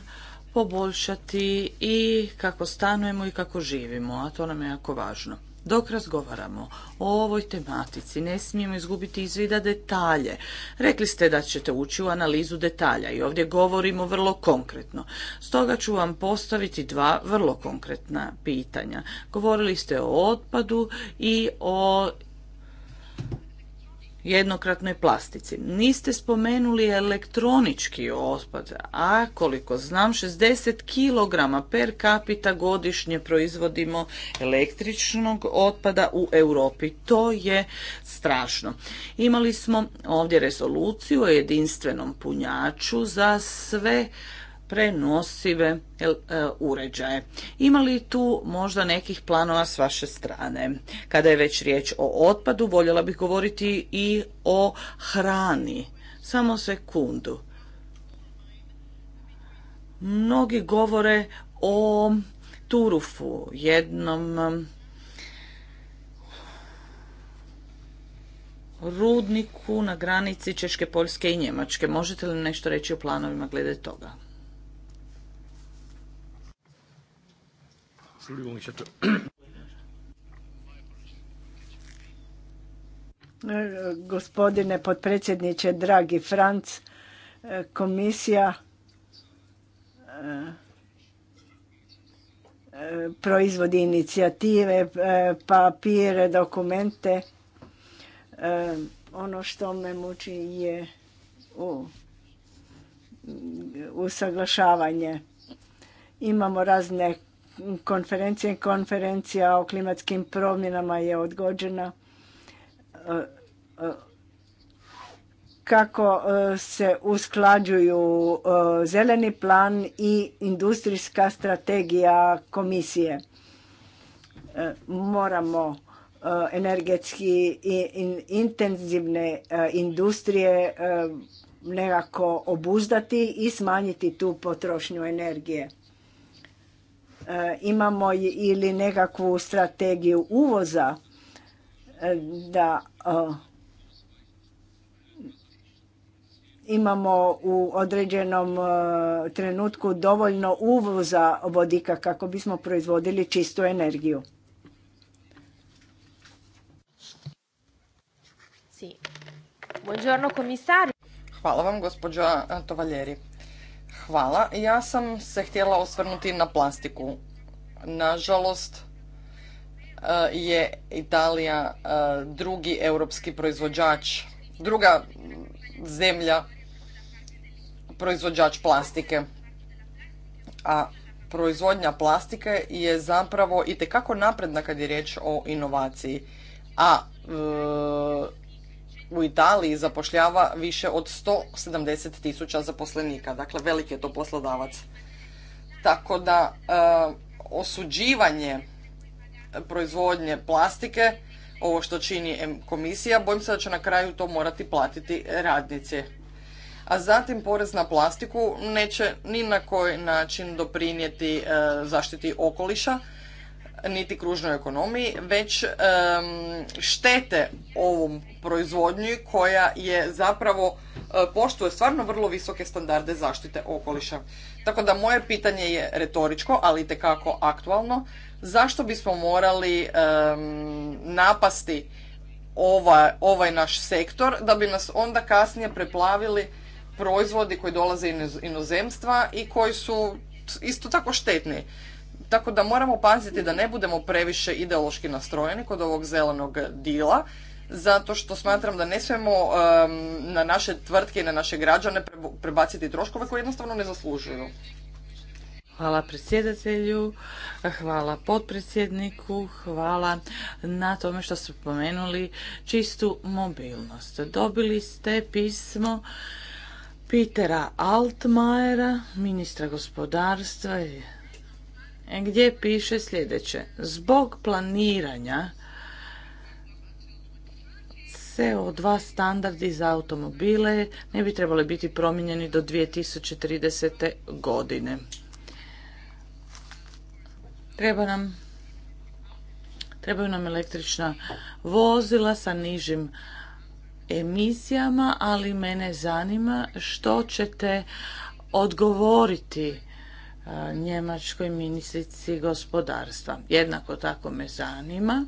poboljšati i kako stanujemo i kako živimo, a to nam je jako važno dok razgovaramo o ovoj tematici ne smijemo izgubiti izvida detalje. Rekli ste da ćete ući u analizu detalja i ovdje govorimo vrlo konkretno. Stoga ću vam postaviti dva vrlo konkretna pitanja. Govorili ste o otpadu i o jednokratnoj plastici. Niste spomenuli elektronički otpad, a koliko znam 60 kg per capita godišnje proizvodimo električnog otpada u Europi. To je strašno. Imali smo ovdje rezoluciju o jedinstvenom punjaču za sve prenosive e, uređaje. Ima li tu možda nekih planova s vaše strane? Kada je već riječ o otpadu, voljela bih govoriti i o hrani. Samo sekundu. Mnogi govore o Turufu, jednom rudniku na granici Češke, Poljske i Njemačke. Možete li nešto reći o planovima glede toga? Gospodine potpredsjedniče, dragi Franc, komisija proizvodi inicijative, papire, dokumente. Ono što me muči je usaglašavanje. Imamo razne konferencije. Konferencija o klimatskim promjenama je odgođena. E, e, kako e, se usklađuju zeleni plan i industrijska strategija komisije. Moramo energetski i intenzivne industrije nekako obuzdati i smanjiti tu potrošnju energije. E, imamo ili nekakvu strategiju uvoza e, da e, imamo u određenom trenutku dovoljno uvoza vodika kako bismo proizvodili čistu energiju. Hvala vam, gospođo Tovaljeri. Hvala. Ja sam se htjela osvrnuti na plastiku. Nažalost e, je Italija e, drugi europski proizvođač, druga zemlja proizvođač plastike. A proizvodnja plastike je zapravo i tekako napredna kad je riječ o inovaciji. A e, u Italiji zapošljava više od 170 tisuća zaposlenika. Dakle, veliki je to poslodavac. Tako da e, osuđivanje proizvodnje plastike, ovo što čini komisija, bojim se da će na kraju to morati platiti radnici. A zatim porez na plastiku neće ni na koji način doprinijeti e, zaštiti okoliša, niti kružnoj ekonomiji, već štete ovom proizvodnju koja je zapravo e, poštuje stvarno vrlo visoke standarde zaštite okoliša. Tako da moje pitanje je retoričko, ali i tekako aktualno. Zašto bismo morali napasti ovaj, ovaj naš sektor da bi nas onda kasnije preplavili proizvodi koji dolaze iz inozemstva i koji su isto tako štetni. Tako da moramo paziti da ne budemo previše ideološki nastrojeni kod ovog zelenog dila, zato što smatram da ne smijemo na naše tvrtke i na naše građane prebaciti troškove koje jednostavno ne zaslužuju. Hvala predsjedatelju, hvala potpredsjedniku, hvala na tome što ste pomenuli čistu mobilnost. Dobili ste pismo Pitera Altmajera, ministra gospodarstva i gdje piše sljedeće. Zbog planiranja CO2 standardi za automobile ne bi trebali biti promijenjeni do 2030. godine. Treba nam, trebaju nam električna vozila sa nižim emisijama, ali mene zanima što ćete odgovoriti njemačkoj ministrici gospodarstva. Jednako tako me zanima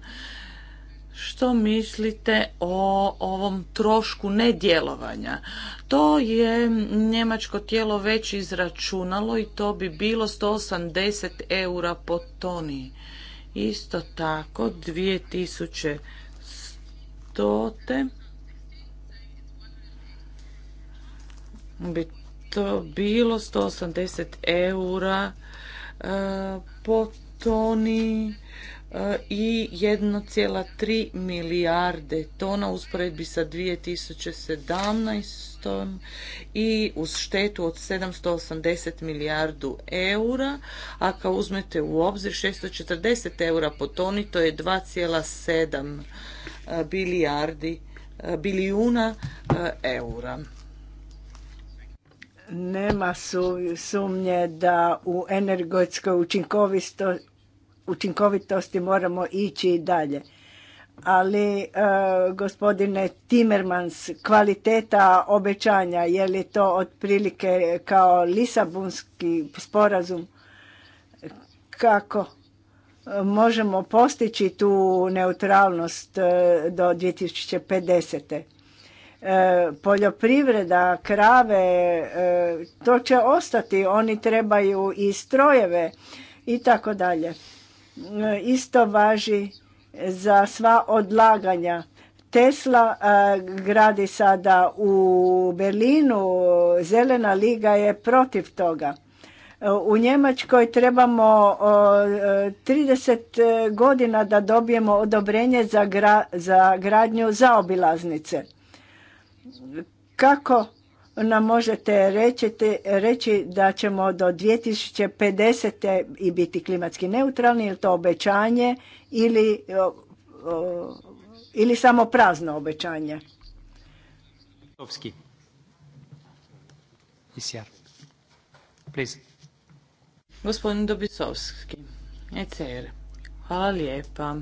što mislite o ovom trošku nedjelovanja. To je njemačko tijelo već izračunalo i to bi bilo 180 eura po toni. Isto tako 2100 bi to bilo 180 eura e, po toni e, i 1,3 milijarde tona usporedbi sa 2017. i uz štetu od 780 milijardu eura, a kao uzmete u obzir 640 eura po toni, to je 2,7 e, bilijuna eura. Nema sumnje da u energetskoj učinkovitosti moramo ići i dalje. Ali, e, gospodine Timmermans, kvaliteta obećanja, je li to otprilike kao Lisabonski sporazum? Kako možemo postići tu neutralnost e, do 2050. E, poljoprivreda, krave, e, to će ostati, oni trebaju i strojeve i tako dalje. E, isto važi za sva odlaganja. Tesla gradi sada u Berlinu, Zelena liga je protiv toga. U Njemačkoj trebamo 30 godina da dobijemo odobrenje za, za gradnju zaobilaznice kako nam možete reći, reći da ćemo do 2050. i biti klimatski neutralni, ili to obećanje ili, ili samo prazno obećanje? Ovski. Please. Gospodin Dobisovski, ECR. Hvala lijepa.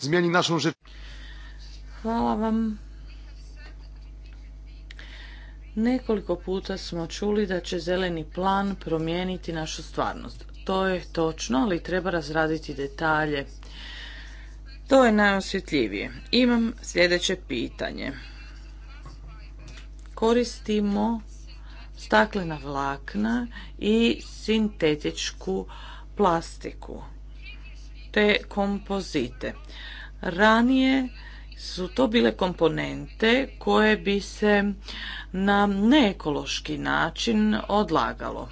Zmijeni našom Hvala vam. Nekoliko puta smo čuli da će zeleni plan promijeniti našu stvarnost. To je točno, ali treba razraditi detalje. To je najosjetljivije. Imam sljedeće pitanje. Koristimo staklena vlakna i sintetičku plastiku te kompozite. Ranije su to bile komponente koje bi se na neekološki način odlagalo.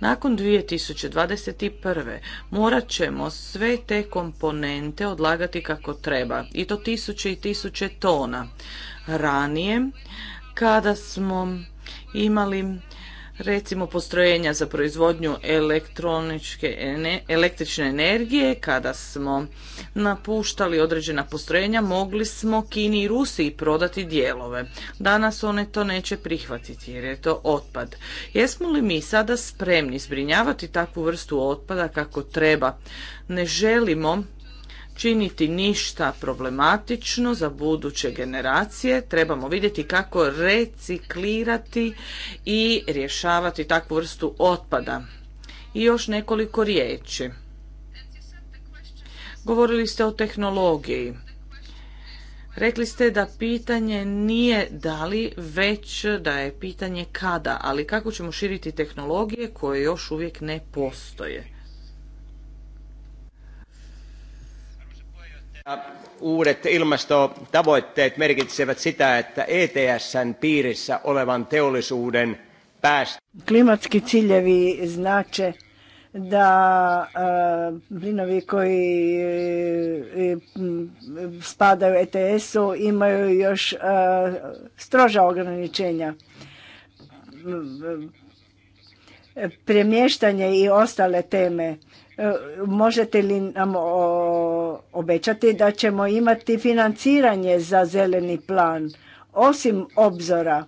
Nakon 2021. morat ćemo sve te komponente odlagati kako treba i to tisuće i tisuće tona. Ranije kada smo imali recimo postrojenja za proizvodnju elektroničke električne energije kada smo napuštali određena postrojenja mogli smo Kini i Rusiji prodati dijelove. Danas one to neće prihvatiti jer je to otpad. Jesmo li mi sada spremni zbrinjavati takvu vrstu otpada kako treba? Ne želimo činiti ništa problematično za buduće generacije, trebamo vidjeti kako reciklirati i rješavati takvu vrstu otpada. I još nekoliko riječi. Govorili ste o tehnologiji. Rekli ste da pitanje nije da li, već da je pitanje kada, ali kako ćemo širiti tehnologije koje još uvijek ne postoje. Uudet ilmastotavoitteet merkitsevät sitä, että ETSn piirissä olevan teollisuuden Klimatski ciljevi znače da e, plinovi koji e, spadaju ETS-u imaju još e, stroža ograničenja. Premještanje i ostale teme Možete li nam obećati da ćemo imati financiranje za zeleni plan, osim obzora,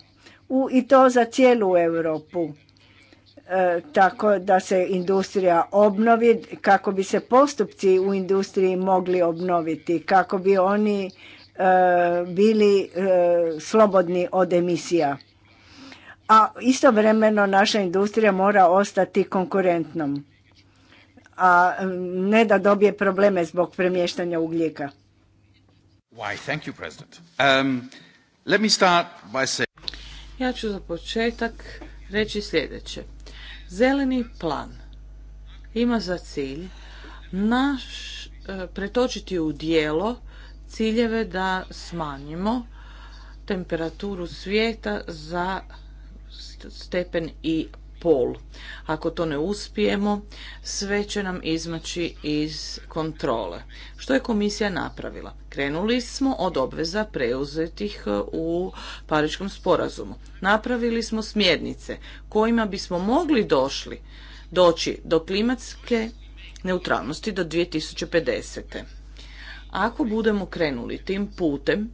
u, i to za cijelu Europu, e, tako da se industrija obnovi, kako bi se postupci u industriji mogli obnoviti, kako bi oni e, bili e, slobodni od emisija. A istovremeno naša industrija mora ostati konkurentnom a ne da dobije probleme zbog premještanja ugljika. Ja ću za početak reći sljedeće. Zeleni plan ima za cilj naš e, pretočiti u dijelo ciljeve da smanjimo temperaturu svijeta za stepen i pol. Ako to ne uspijemo, sve će nam izmaći iz kontrole. Što je komisija napravila? Krenuli smo od obveza preuzetih e, u Pariškom sporazumu. Napravili smo smjernice kojima bismo mogli došli doći do klimatske neutralnosti do 2050. Ako budemo krenuli tim putem,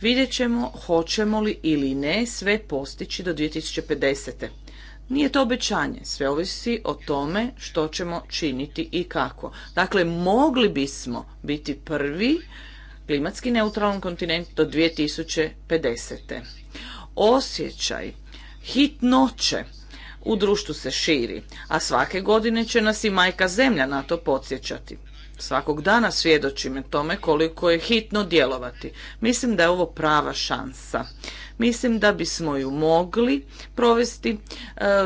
vidjet ćemo hoćemo li ili ne sve postići do 2050. Nije to obećanje, sve ovisi o tome što ćemo činiti i kako. Dakle, mogli bismo biti prvi klimatski neutralan kontinent do 2050. Osjećaj hitnoće u društvu se širi, a svake godine će nas i majka zemlja na to podsjećati. Svakog dana svjedočim tome koliko je hitno djelovati. Mislim da je ovo prava šansa. Mislim da bismo ju mogli provesti e,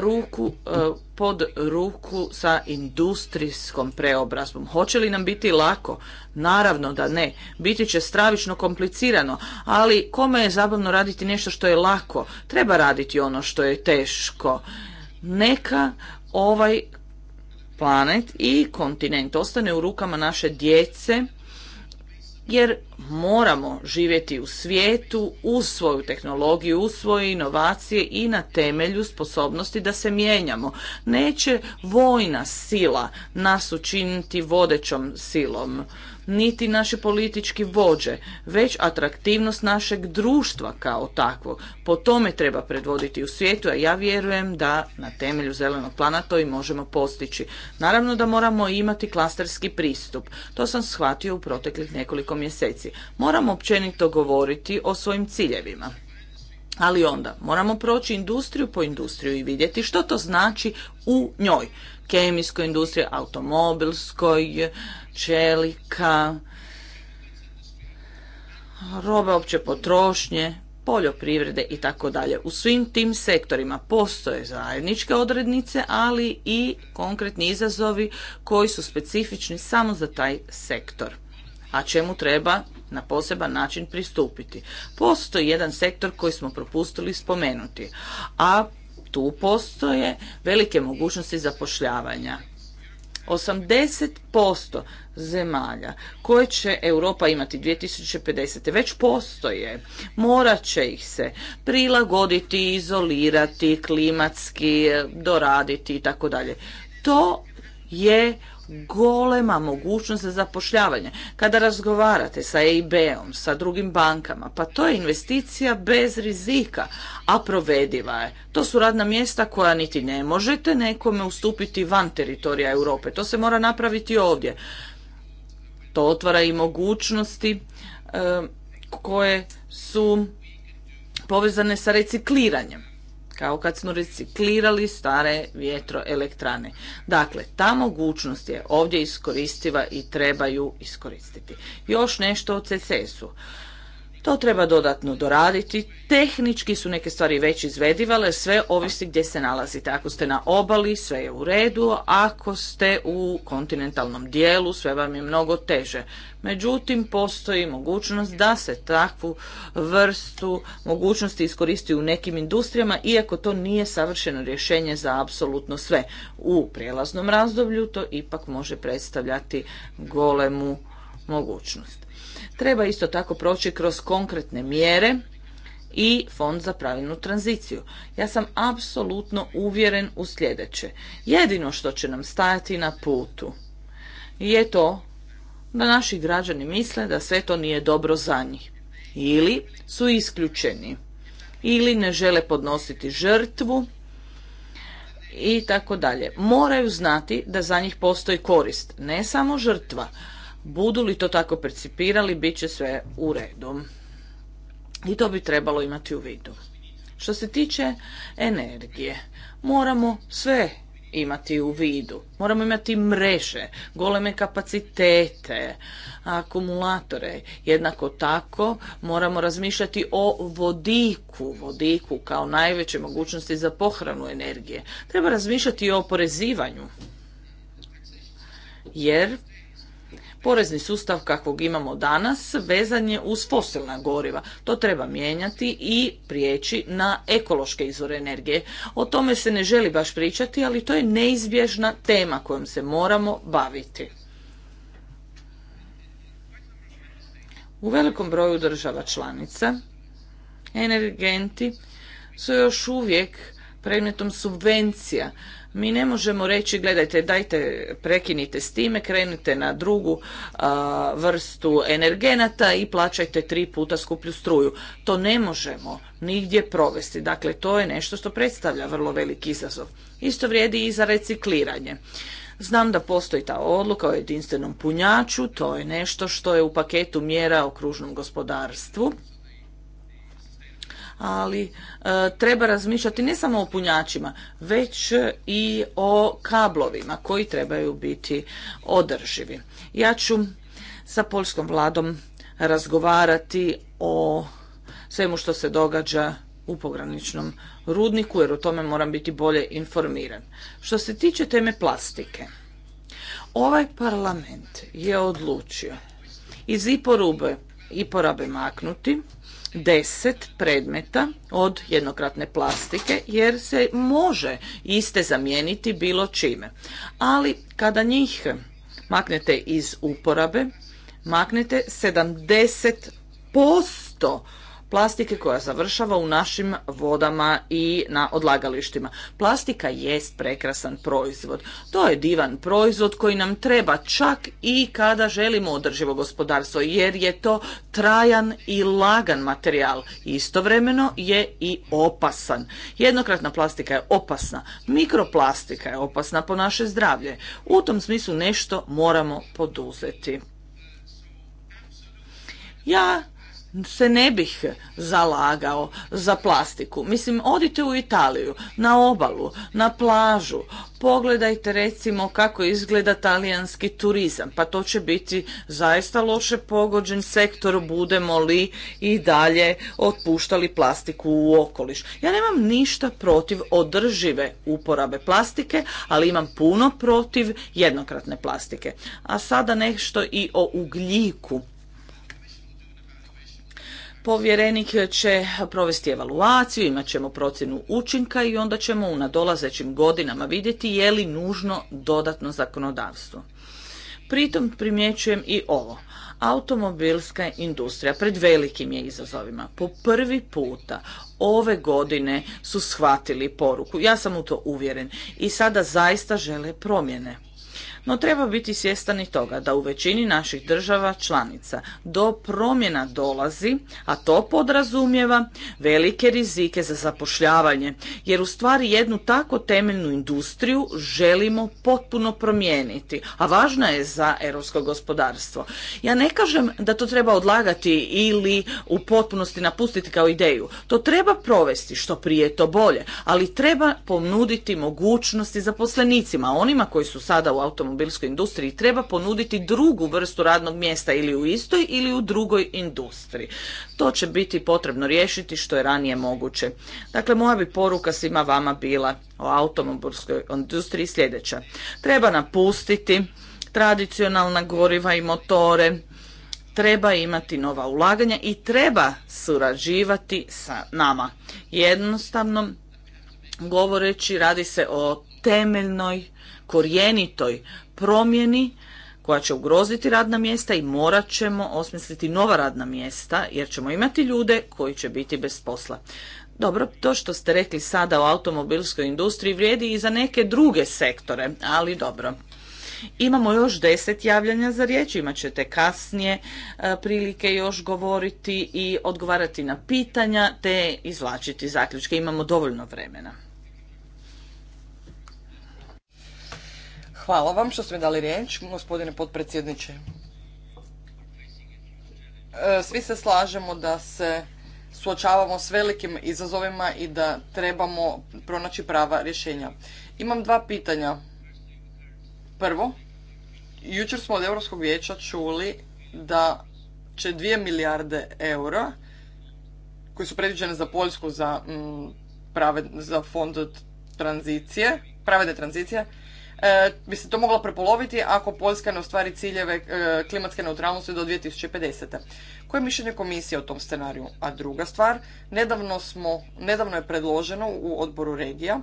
ruku e, pod ruku sa industrijskom preobrazbom. Hoće li nam biti lako? Naravno da ne. Biti će stravično komplicirano, ali kome je zabavno raditi nešto što je lako? Treba raditi ono što je teško. Neka ovaj planet i kontinent ostane u rukama naše djece jer moramo živjeti u svijetu u svoju tehnologiju, u svoje inovacije i na temelju sposobnosti da se mijenjamo. Neće vojna sila nas učiniti vodećom silom niti naše politički vođe, već atraktivnost našeg društva kao takvog. Po tome treba predvoditi u svijetu, a ja vjerujem da na temelju zelenog plana to i možemo postići. Naravno da moramo imati klasterski pristup. To sam shvatio u proteklih nekoliko mjeseci. Moramo općenito govoriti o svojim ciljevima. Ali onda moramo proći industriju po industriju i vidjeti što to znači u njoj kemijskoj industriji, automobilskoj, čelika, robe opće potrošnje, poljoprivrede i tako dalje. U svim tim sektorima postoje zajedničke odrednice, ali i konkretni izazovi koji su specifični samo za taj sektor, a čemu treba na poseban način pristupiti. Postoji jedan sektor koji smo propustili spomenuti, a tu postoje velike mogućnosti zapošljavanja. 80% zemalja koje će Europa imati 2050. već postoje. Morat će ih se prilagoditi, izolirati, klimatski, doraditi i tako dalje. To je golema mogućnost za zapošljavanje. Kada razgovarate sa EIB-om, sa drugim bankama, pa to je investicija bez rizika, a provediva je. To su radna mjesta koja niti ne možete nekome ustupiti van teritorija Europe. To se mora napraviti ovdje. To otvara i mogućnosti eh, koje su povezane sa recikliranjem kao kad smo reciklirali stare vjetroelektrane. Dakle, ta mogućnost je ovdje iskoristiva i treba ju iskoristiti. Još nešto o CCS-u. To treba dodatno doraditi. Tehnički su neke stvari već izvedivale, sve ovisi gdje se nalazite. Ako ste na obali, sve je u redu, ako ste u kontinentalnom dijelu, sve vam je mnogo teže. Međutim, postoji mogućnost da se takvu vrstu mogućnosti iskoristi u nekim industrijama, iako to nije savršeno rješenje za apsolutno sve. U prijelaznom razdoblju to ipak može predstavljati golemu mogućnost treba isto tako proći kroz konkretne mjere i fond za pravilnu tranziciju. Ja sam apsolutno uvjeren u sljedeće. Jedino što će nam stajati na putu je to da naši građani misle da sve to nije dobro za njih. Ili su isključeni. Ili ne žele podnositi žrtvu i tako dalje. Moraju znati da za njih postoji korist. Ne samo žrtva, budu li to tako percipirali, bit će sve u redu. I to bi trebalo imati u vidu. Što se tiče energije, moramo sve imati u vidu. Moramo imati mreže, goleme kapacitete, akumulatore. Jednako tako moramo razmišljati o vodiku, vodiku kao najveće mogućnosti za pohranu energije. Treba razmišljati i o oporezivanju. Jer Porezni sustav kakvog imamo danas vezan je uz fosilna goriva. To treba mijenjati i prijeći na ekološke izvore energije. O tome se ne želi baš pričati, ali to je neizbježna tema kojom se moramo baviti. U velikom broju država članica energenti su još uvijek predmetom subvencija mi ne možemo reći, gledajte, dajte, prekinite s time, krenite na drugu vrstu energenata i plaćajte tri puta skuplju struju. To ne možemo nigdje provesti. Dakle, to je nešto što predstavlja vrlo veliki izazov. Isto vrijedi i za recikliranje. Znam da postoji ta odluka o jedinstvenom punjaču, to je nešto što je u paketu mjera o kružnom gospodarstvu ali e, treba razmišljati ne samo o punjačima, već i o kablovima koji trebaju biti održivi. Ja ću sa poljskom vladom razgovarati o svemu što se događa u pograničnom rudniku, jer o tome moram biti bolje informiran. Što se tiče teme plastike, ovaj parlament je odlučio iz iporube, iporabe maknuti deset predmeta od jednokratne plastike jer se može iste zamijeniti bilo čime. Ali kada njih maknete iz uporabe, maknete 70% plastike koja završava u našim vodama i na odlagalištima. Plastika jest prekrasan proizvod. To je divan proizvod koji nam treba čak i kada želimo održivo gospodarstvo jer je to trajan i lagan materijal. Istovremeno je i opasan. Jednokratna plastika je opasna. Mikroplastika je opasna po naše zdravlje. U tom smislu nešto moramo poduzeti. Ja se ne bih zalagao za plastiku. Mislim, odite u Italiju, na obalu, na plažu, pogledajte recimo kako izgleda talijanski turizam, pa to će biti zaista loše pogođen sektor budemo li i dalje otpuštali plastiku u okoliš. Ja nemam ništa protiv održive uporabe plastike, ali imam puno protiv jednokratne plastike. A sada nešto i o ugljiku Povjerenik će provesti evaluaciju, imat ćemo procjenu učinka i onda ćemo u nadolazećim godinama vidjeti je li nužno dodatno zakonodavstvo. Pritom primjećujem i ovo. Automobilska industrija pred velikim je izazovima. Po prvi puta ove godine su shvatili poruku. Ja sam u to uvjeren i sada zaista žele promjene. No treba biti svjestan i toga da u većini naših država članica do promjena dolazi, a to podrazumijeva velike rizike za zapošljavanje, jer u stvari jednu tako temeljnu industriju želimo potpuno promijeniti, a važna je za europsko gospodarstvo. Ja ne kažem da to treba odlagati ili u potpunosti napustiti kao ideju. To treba provesti što prije to bolje, ali treba ponuditi mogućnosti zaposlenicima, onima koji su sada u automobilu automobilskoj industriji treba ponuditi drugu vrstu radnog mjesta ili u istoj ili u drugoj industriji. To će biti potrebno riješiti što je ranije moguće. Dakle, moja bi poruka svima vama bila o automobilskoj industriji sljedeća. Treba napustiti tradicionalna goriva i motore, treba imati nova ulaganja i treba surađivati sa nama. Jednostavno, govoreći, radi se o temeljnoj korjenitoj promjeni koja će ugroziti radna mjesta i morat ćemo osmisliti nova radna mjesta jer ćemo imati ljude koji će biti bez posla. Dobro, to što ste rekli sada o automobilskoj industriji vrijedi i za neke druge sektore, ali dobro. Imamo još deset javljanja za riječ, imat ćete kasnije e, prilike još govoriti i odgovarati na pitanja te izvlačiti zaključke. Imamo dovoljno vremena. Hvala vam što ste mi dali riječ, gospodine potpredsjedniče. E, svi se slažemo da se suočavamo s velikim izazovima i da trebamo pronaći prava rješenja. Imam dva pitanja. Prvo, jučer smo od Europskog vijeća čuli da će 2 milijarde eura koji su predviđene za Poljsku za, mm, za fond tranzicije, pravedne tranzicije, E, bi se to mogla prepoloviti ako Poljska ne ostvari ciljeve e, klimatske neutralnosti do 2050. Koje je mišljenje komisije o tom scenariju? A druga stvar, nedavno, smo, nedavno je predloženo u odboru regija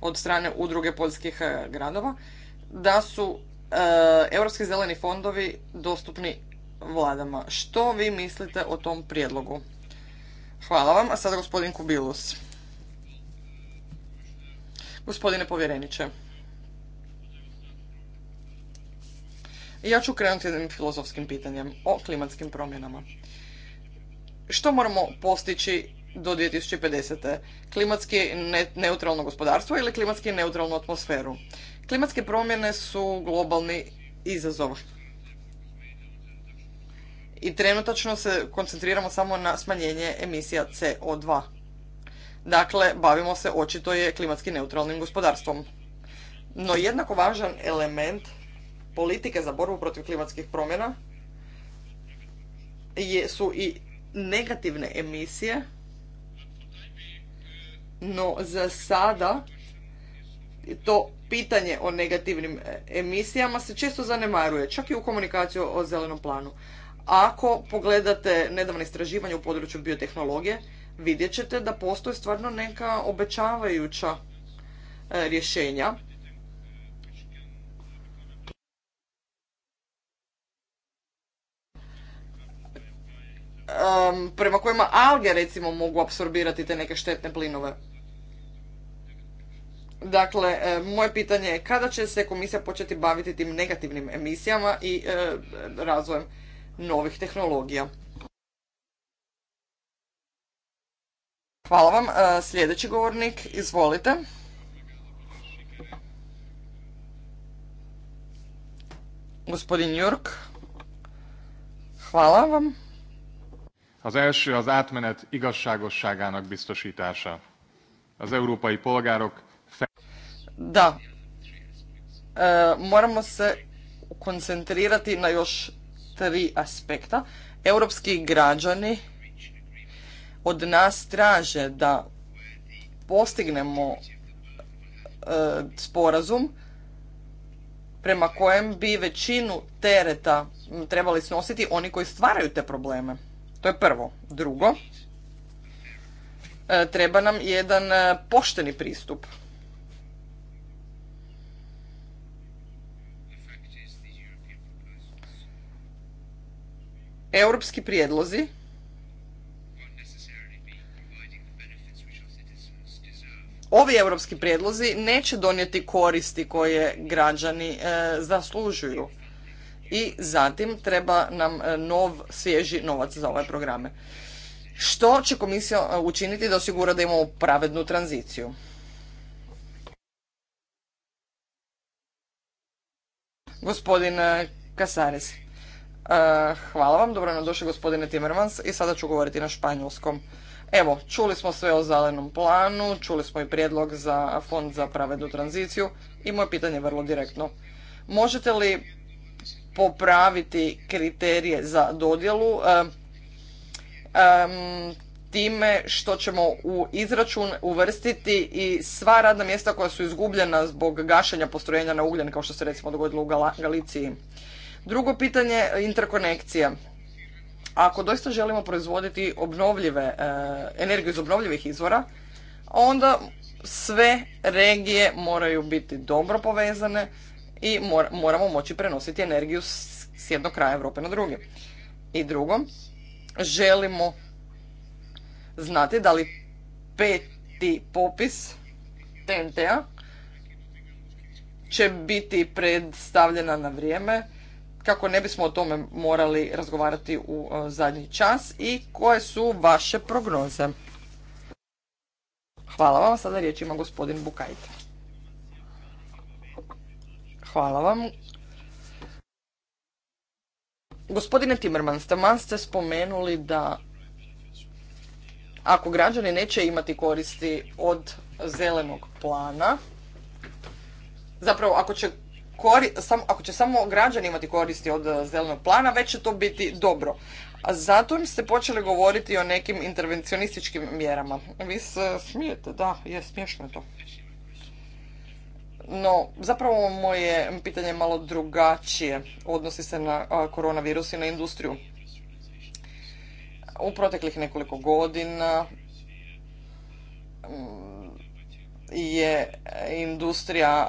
od strane udruge poljskih e, gradova da su europski zeleni fondovi dostupni vladama. Što vi mislite o tom prijedlogu? Hvala vam, a sad gospodin Kubilus. Gospodine povjereniče, ja ću krenuti jednim filozofskim pitanjem o klimatskim promjenama. Što moramo postići do 2050. Klimatski neutralno gospodarstvo ili klimatski neutralnu atmosferu. Klimatske promjene su globalni izazov. I trenutačno se koncentriramo samo na smanjenje emisija CO2. Dakle, bavimo se očito je klimatski neutralnim gospodarstvom. No jednako važan element politike za borbu protiv klimatskih promjena su i negativne emisije, no za sada to pitanje o negativnim e, emisijama se često zanemaruje, čak i u komunikaciju o zelenom planu. Ako pogledate nedavno istraživanje u području biotehnologije, vidjet ćete da postoje stvarno neka obećavajuća e, rješenja. prema kojima alge recimo mogu apsorbirati te neke štetne plinove. Dakle, e, moje pitanje je kada će se komisija početi baviti tim negativnim emisijama i e, razvojem novih tehnologija. Hvala vam. E, sljedeći govornik, izvolite. Gospodin Jurk, hvala vam. Az első az átmenet igazságosságának biztosítása. Az európai polgárok... Da. E, moramo se koncentrirati na još tri aspekta. Europski građani od nas traže da postignemo e, sporazum prema kojem bi većinu tereta trebali snositi oni koji stvaraju te probleme. To je prvo. Drugo, e, treba nam jedan e, pošteni pristup. Europski prijedlozi ovi europski prijedlozi neće donijeti koristi koje građani e, zaslužuju. I zatim treba nam e, nov, svježi novac za ove programe. Što će komisija e, učiniti da osigura da imamo pravednu tranziciju? Gospodin Kasares. Hvala vam, dobro nam došli gospodine Timmermans i sada ću govoriti na španjolskom. Evo, čuli smo sve o zelenom planu, čuli smo i prijedlog za fond za pravednu tranziciju i moje pitanje je vrlo direktno. Možete li popraviti kriterije za dodjelu time što ćemo u izračun uvrstiti i sva radna mjesta koja su izgubljena zbog gašenja postrojenja na ugljen, kao što se recimo dogodilo u Galiciji. Drugo pitanje, interkonekcija. Ako doista želimo proizvoditi obnovljive, e, energiju iz obnovljivih izvora, onda sve regije moraju biti dobro povezane i moramo moći prenositi energiju s jednog kraja Europe na drugi. I drugo, želimo znati da li peti popis TNT-a će biti predstavljena na vrijeme kako ne bismo o tome morali razgovarati u e, zadnji čas i koje su vaše prognoze. Hvala vam, sada riječ ima gospodin Bukajta. Hvala vam. Gospodine ste man ste spomenuli da ako građani neće imati koristi od zelenog plana, zapravo ako će ako će samo građani imati koristi od eh, zelenog plana, već će to biti dobro. A zato im ste počeli govoriti o nekim intervencionističkim mjerama. Vi se smijete, da, je smiješno to. No, zapravo moje pitanje je malo drugačije. Odnosi se na eh, koronavirus i na industriju. U proteklih nekoliko godina mm, je e, industrija,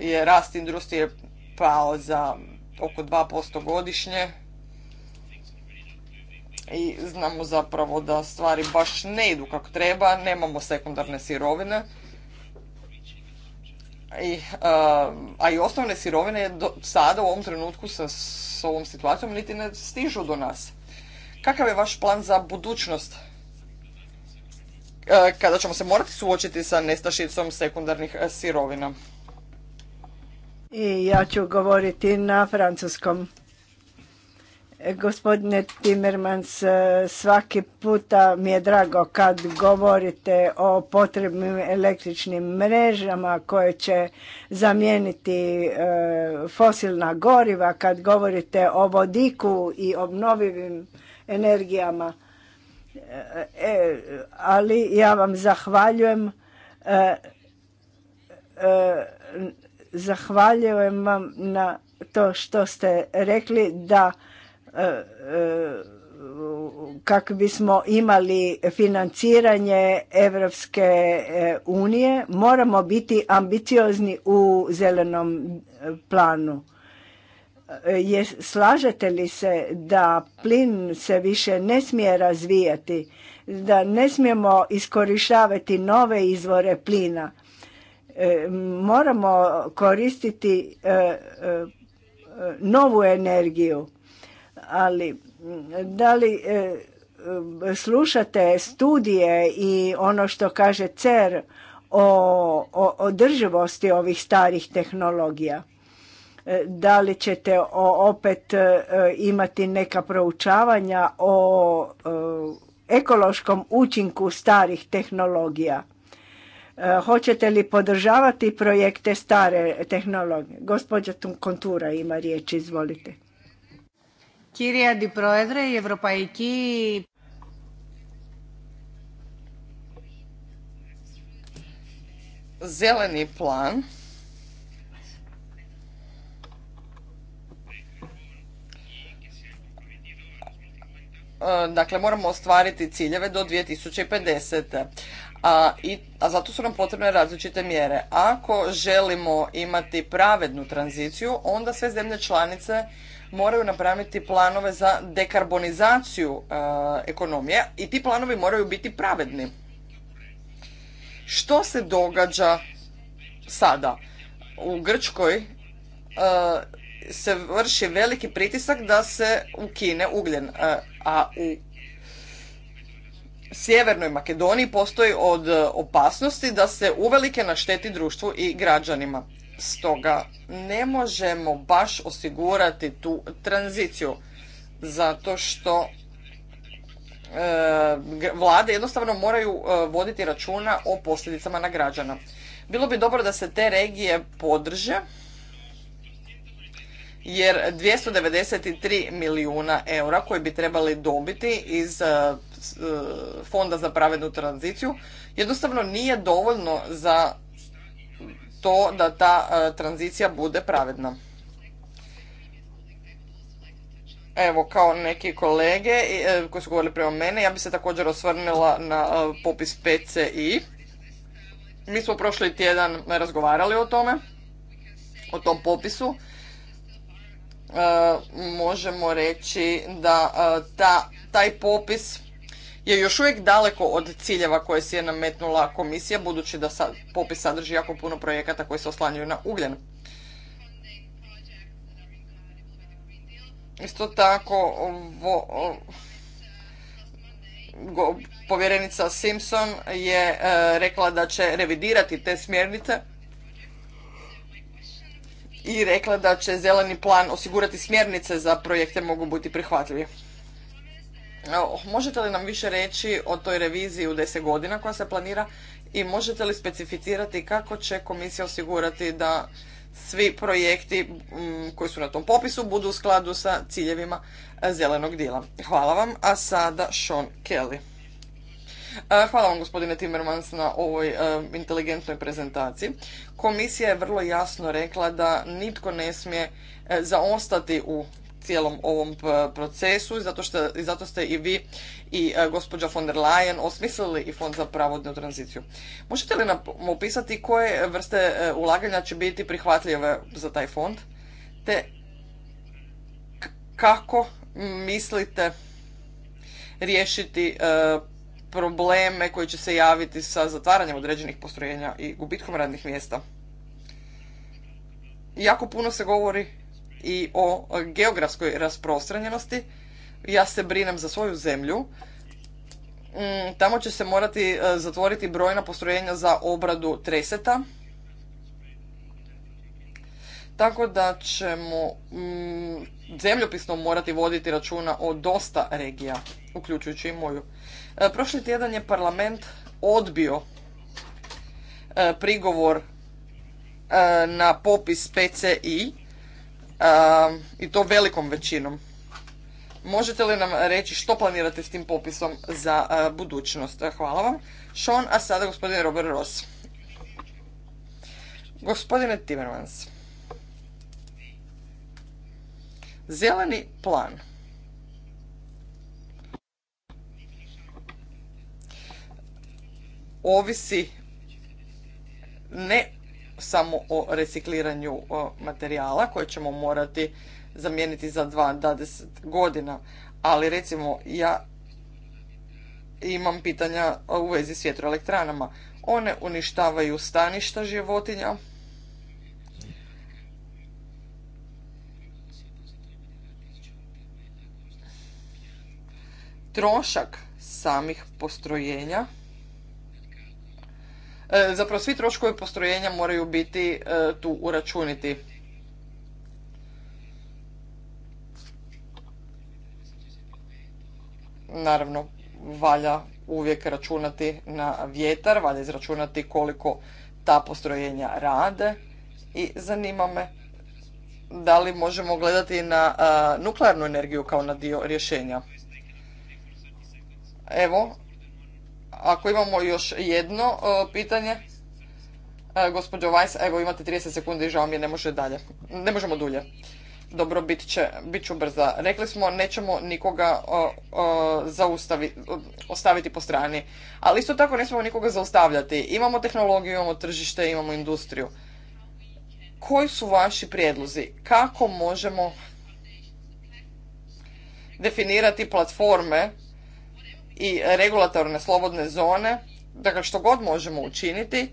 je rast industrije pao za oko 2% godišnje i znamo zapravo da stvari baš ne idu kako treba, nemamo sekundarne sirovine. I, e, a i osnovne sirovine do, sada u ovom trenutku sa s ovom situacijom niti ne stižu do nas. Kakav je vaš plan za budućnost Eh, kada ćemo se morati suočiti sa nestašicom sekundarnih eh, sirovina. I ja ću govoriti na francuskom. Eh, gospodine Timmermans, svaki puta mi je drago kad govorite o potrebnim električnim mrežama koje će zamijeniti fosilna goriva, kad govorite o vodiku i obnovivim energijama E, ali ja vam zahvaljujem e, e, zahvaljujem vam na to što ste rekli da e, e, kako bismo imali financiranje Evropske unije moramo biti ambiciozni u zelenom planu E, je, slažete li se da plin se više ne smije razvijati, da ne smijemo iskorištavati nove izvore plina? E, moramo koristiti e, novu energiju, ali da li slušate studije i ono što kaže CER o održivosti ovih starih tehnologija? E, da li ćete opet e, imati neka proučavanja o e, ekološkom učinku starih tehnologija? Hoćete li podržavati projekte stare tehnologije? Gospođa Kontura ima riječ, izvolite. Kirija di i Zeleni plan E, dakle moramo ostvariti ciljeve do 2050. A, i, a zato su nam potrebne različite mjere. Ako želimo imati pravednu tranziciju, onda sve zemlje članice moraju napraviti planove za dekarbonizaciju e, ekonomije i ti planovi moraju biti pravedni. Što se događa sada? U Grčkoj e, se vrši veliki pritisak da se ukine ugljen a u Sjevernoj Makedoniji postoji od opasnosti da se uvelike našteti društvu i građanima. Stoga ne možemo baš osigurati tu tranziciju zato što e, vlade jednostavno moraju e, voditi računa o posljedicama na građana. Bilo bi dobro da se te regije podrže jer 293 milijuna eura koje bi trebali dobiti iz e, e, Fonda za pravednu tranziciju jednostavno nije dovoljno za to da ta e, tranzicija bude pravedna. Evo, kao neki kolege koji su govorili prema mene, ja bi se također osvrnila na popis PCI. Mi smo prošli tjedan razgovarali o tome, o tom popisu možemo reći da e, ta, taj popis je još uvijek daleko od ciljeva koje si je nametnula komisija, budući da sad popis sadrži jako puno projekata koji se oslanjuju na ugljen. Isto tako, povjerenica Simpson je e, rekla da će revidirati te smjernice i rekla da će zeleni plan osigurati smjernice za projekte mogu biti prihvatljivi. Možete li nam više reći o toj reviziji u 10 godina koja se planira i možete li specificirati kako će komisija osigurati da svi projekti mm, koji su na tom popisu budu u skladu sa ciljevima e, zelenog dila. Hvala vam, a sada Sean Kelly. E, hvala vam gospodine Timmermans na ovoj e, inteligentnoj prezentaciji. Komisija je vrlo jasno rekla da nitko ne smije e, zaostati u cijelom ovom procesu i zato ste i vi i gospođa von der Leyen osmislili i Fond za pravodnu tranziciju. Možete li nam opisati koje vrste ulaganja će biti prihvatljive za taj fond te kako mislite riješiti probleme koji će se javiti sa zatvaranjem određenih postrojenja i gubitkom radnih mjesta. Jako puno se govori i o geografskoj rasprostranjenosti. Ja se brinem za svoju zemlju. Mm, tamo će se morati e, zatvoriti brojna postrojenja za obradu treseta. Tako da ćemo mm, zemljopisno morati voditi računa o dosta regija, uključujući i moju. E, prošli tjedan je parlament odbio e, prigovor e, na popis PCI i to velikom većinom. Možete li nam reći što planirate s tim popisom za budućnost? Hvala vam. Sean, a sada gospodine Robert Ross. Gospodine Timmermans. Zeleni plan. ovisi ne samo o recikliranju materijala koje ćemo morati zamijeniti za 20 godina, ali recimo ja imam pitanja u vezi s vjetroelektranama. One uništavaju staništa životinja, trošak samih postrojenja E, zapravo svi troškovi postrojenja moraju biti e, tu uračuniti. Naravno, valja uvijek računati na vjetar, valja izračunati koliko ta postrojenja rade i zanima me da li možemo gledati na e, nuklearnu energiju kao na dio rješenja. Evo, ako imamo još jedno e, pitanje, e, gospođo Vajs, evo imate 30 sekundi i žao mi je, ne može dalje. Ne možemo dulje. Dobro, bit, će, bit ću brza. Rekli smo, nećemo nikoga ostaviti po strani. Ali isto tako ne smemo nikoga zaustavljati. Imamo tehnologiju, imamo tržište, imamo industriju. Koji su vaši prijedlozi? Kako možemo definirati platforme i regulatorne slobodne zone, dakle što god možemo učiniti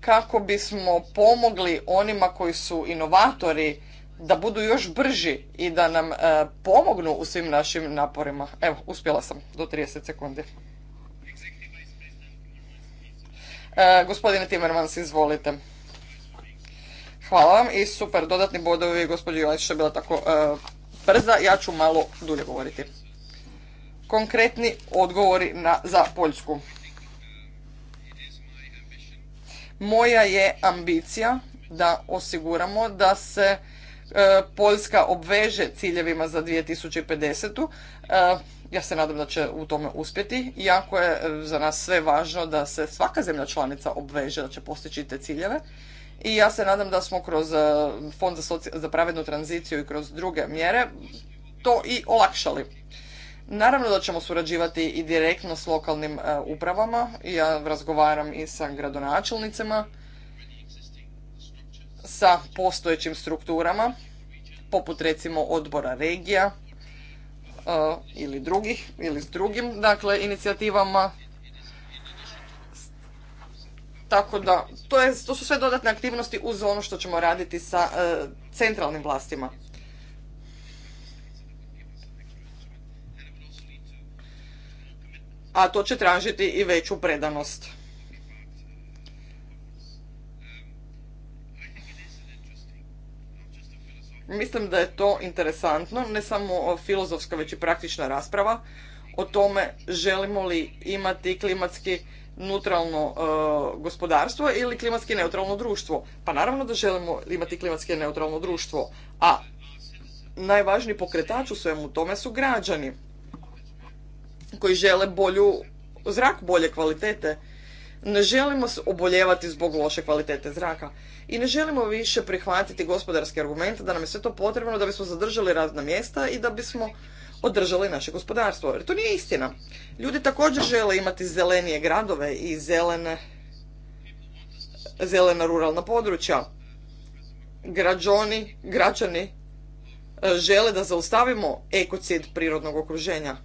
kako bismo pomogli onima koji su inovatori da budu još brži i da nam e, pomognu u svim našim naporima. Evo, uspjela sam do 30 sekundi. E, gospodine Timmermans, izvolite. Hvala vam i super dodatni bodovi, gospođo Jović, je bila tako e, brza. ja ću malo dulje govoriti konkretni odgovori na, za Poljsku. Moja je ambicija da osiguramo da se e, Poljska obveže ciljevima za 2050. E, ja se nadam da će u tome uspjeti. iako je e, za nas sve važno da se svaka zemlja članica obveže da će postići te ciljeve. I ja se nadam da smo kroz Fond za, za pravednu tranziciju i kroz druge mjere to i olakšali. Naravno da ćemo surađivati i direktno s lokalnim e, upravama. Ja razgovaram i sa gradonačelnicima, sa postojećim strukturama, poput recimo odbora regija e, ili drugih, ili s drugim, dakle, inicijativama. Tako da, to, to su sve dodatne aktivnosti uz ono što ćemo raditi sa e, centralnim vlastima. a to će tražiti i veću predanost. Mislim da je to interesantno, ne samo filozofska, već i praktična rasprava o tome želimo li imati klimatski neutralno e, gospodarstvo ili klimatski neutralno društvo. Pa naravno da želimo imati klimatski neutralno društvo, a najvažniji pokretač u svemu tome su građani koji žele bolju zrak bolje kvalitete. Ne želimo oboljevati zbog loše kvalitete zraka i ne želimo više prihvatiti gospodarske argumente da nam je sve to potrebno da bismo zadržali razna mjesta i da bismo održali naše gospodarstvo. Jer to nije istina. Ljudi također žele imati zelenije gradove i zelene, zelena ruralna područja. Građani, građani e, žele da zaustavimo ekocid prirodnog okruženja.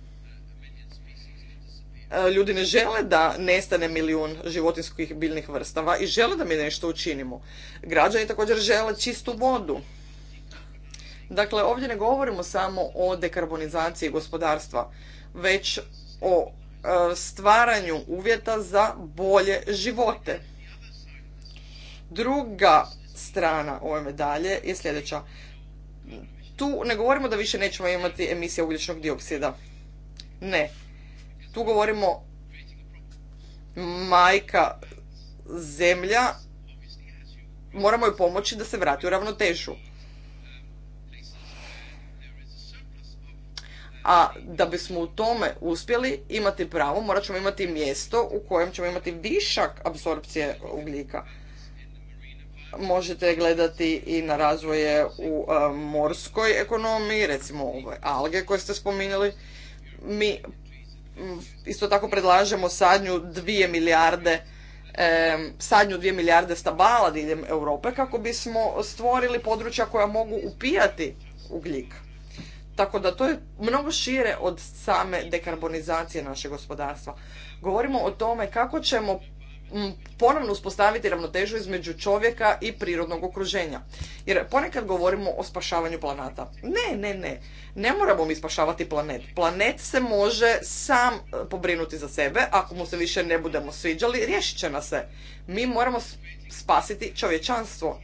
E, ljudi ne žele da nestane milijun životinskih biljnih vrstava i žele da mi nešto učinimo. Građani također žele čistu vodu. Dakle, ovdje ne govorimo samo o dekarbonizaciji gospodarstva, već o e, stvaranju uvjeta za bolje živote. Druga strana ove medalje je sljedeća. Tu ne govorimo da više nećemo imati emisije ugljičnog dioksida. Ne, tu govorimo majka zemlja, moramo joj pomoći da se vrati u ravnotežu. A da bismo u tome uspjeli imati pravo, morat ćemo imati mjesto u kojem ćemo imati višak apsorpcije ugljika. Možete gledati i na razvoje u e, morskoj ekonomiji, recimo ove alge koje ste spominjali. Mi Mm. isto tako predlažemo sadnju dvije milijarde sadnju dvije milijarde stabala diljem Europe kako bismo stvorili područja koja mogu upijati ugljik. Tako da to je mnogo šire od same dekarbonizacije našeg gospodarstva. Govorimo o tome kako ćemo ponovno uspostaviti ravnotežu između čovjeka i prirodnog okruženja. Jer ponekad govorimo o spašavanju planeta. Ne, ne, ne. Ne moramo mi spašavati planet. Planet se može sam e, pobrinuti za sebe. Ako mu se više ne budemo sviđali, riješit će nas se. Mi moramo spasiti čovječanstvo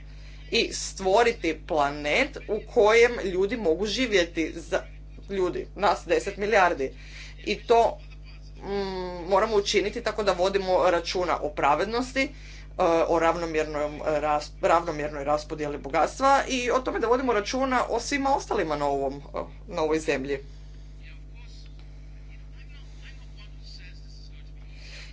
i stvoriti planet u kojem ljudi mogu živjeti za ljudi, nas 10 milijardi. I to Mm, moramo učiniti tako da vodimo računa o pravednosti, e, o e, ravnomjernoj raspodjeli bogatstva i o tome da vodimo računa o svima ostalima e, na, ovoj zemlji.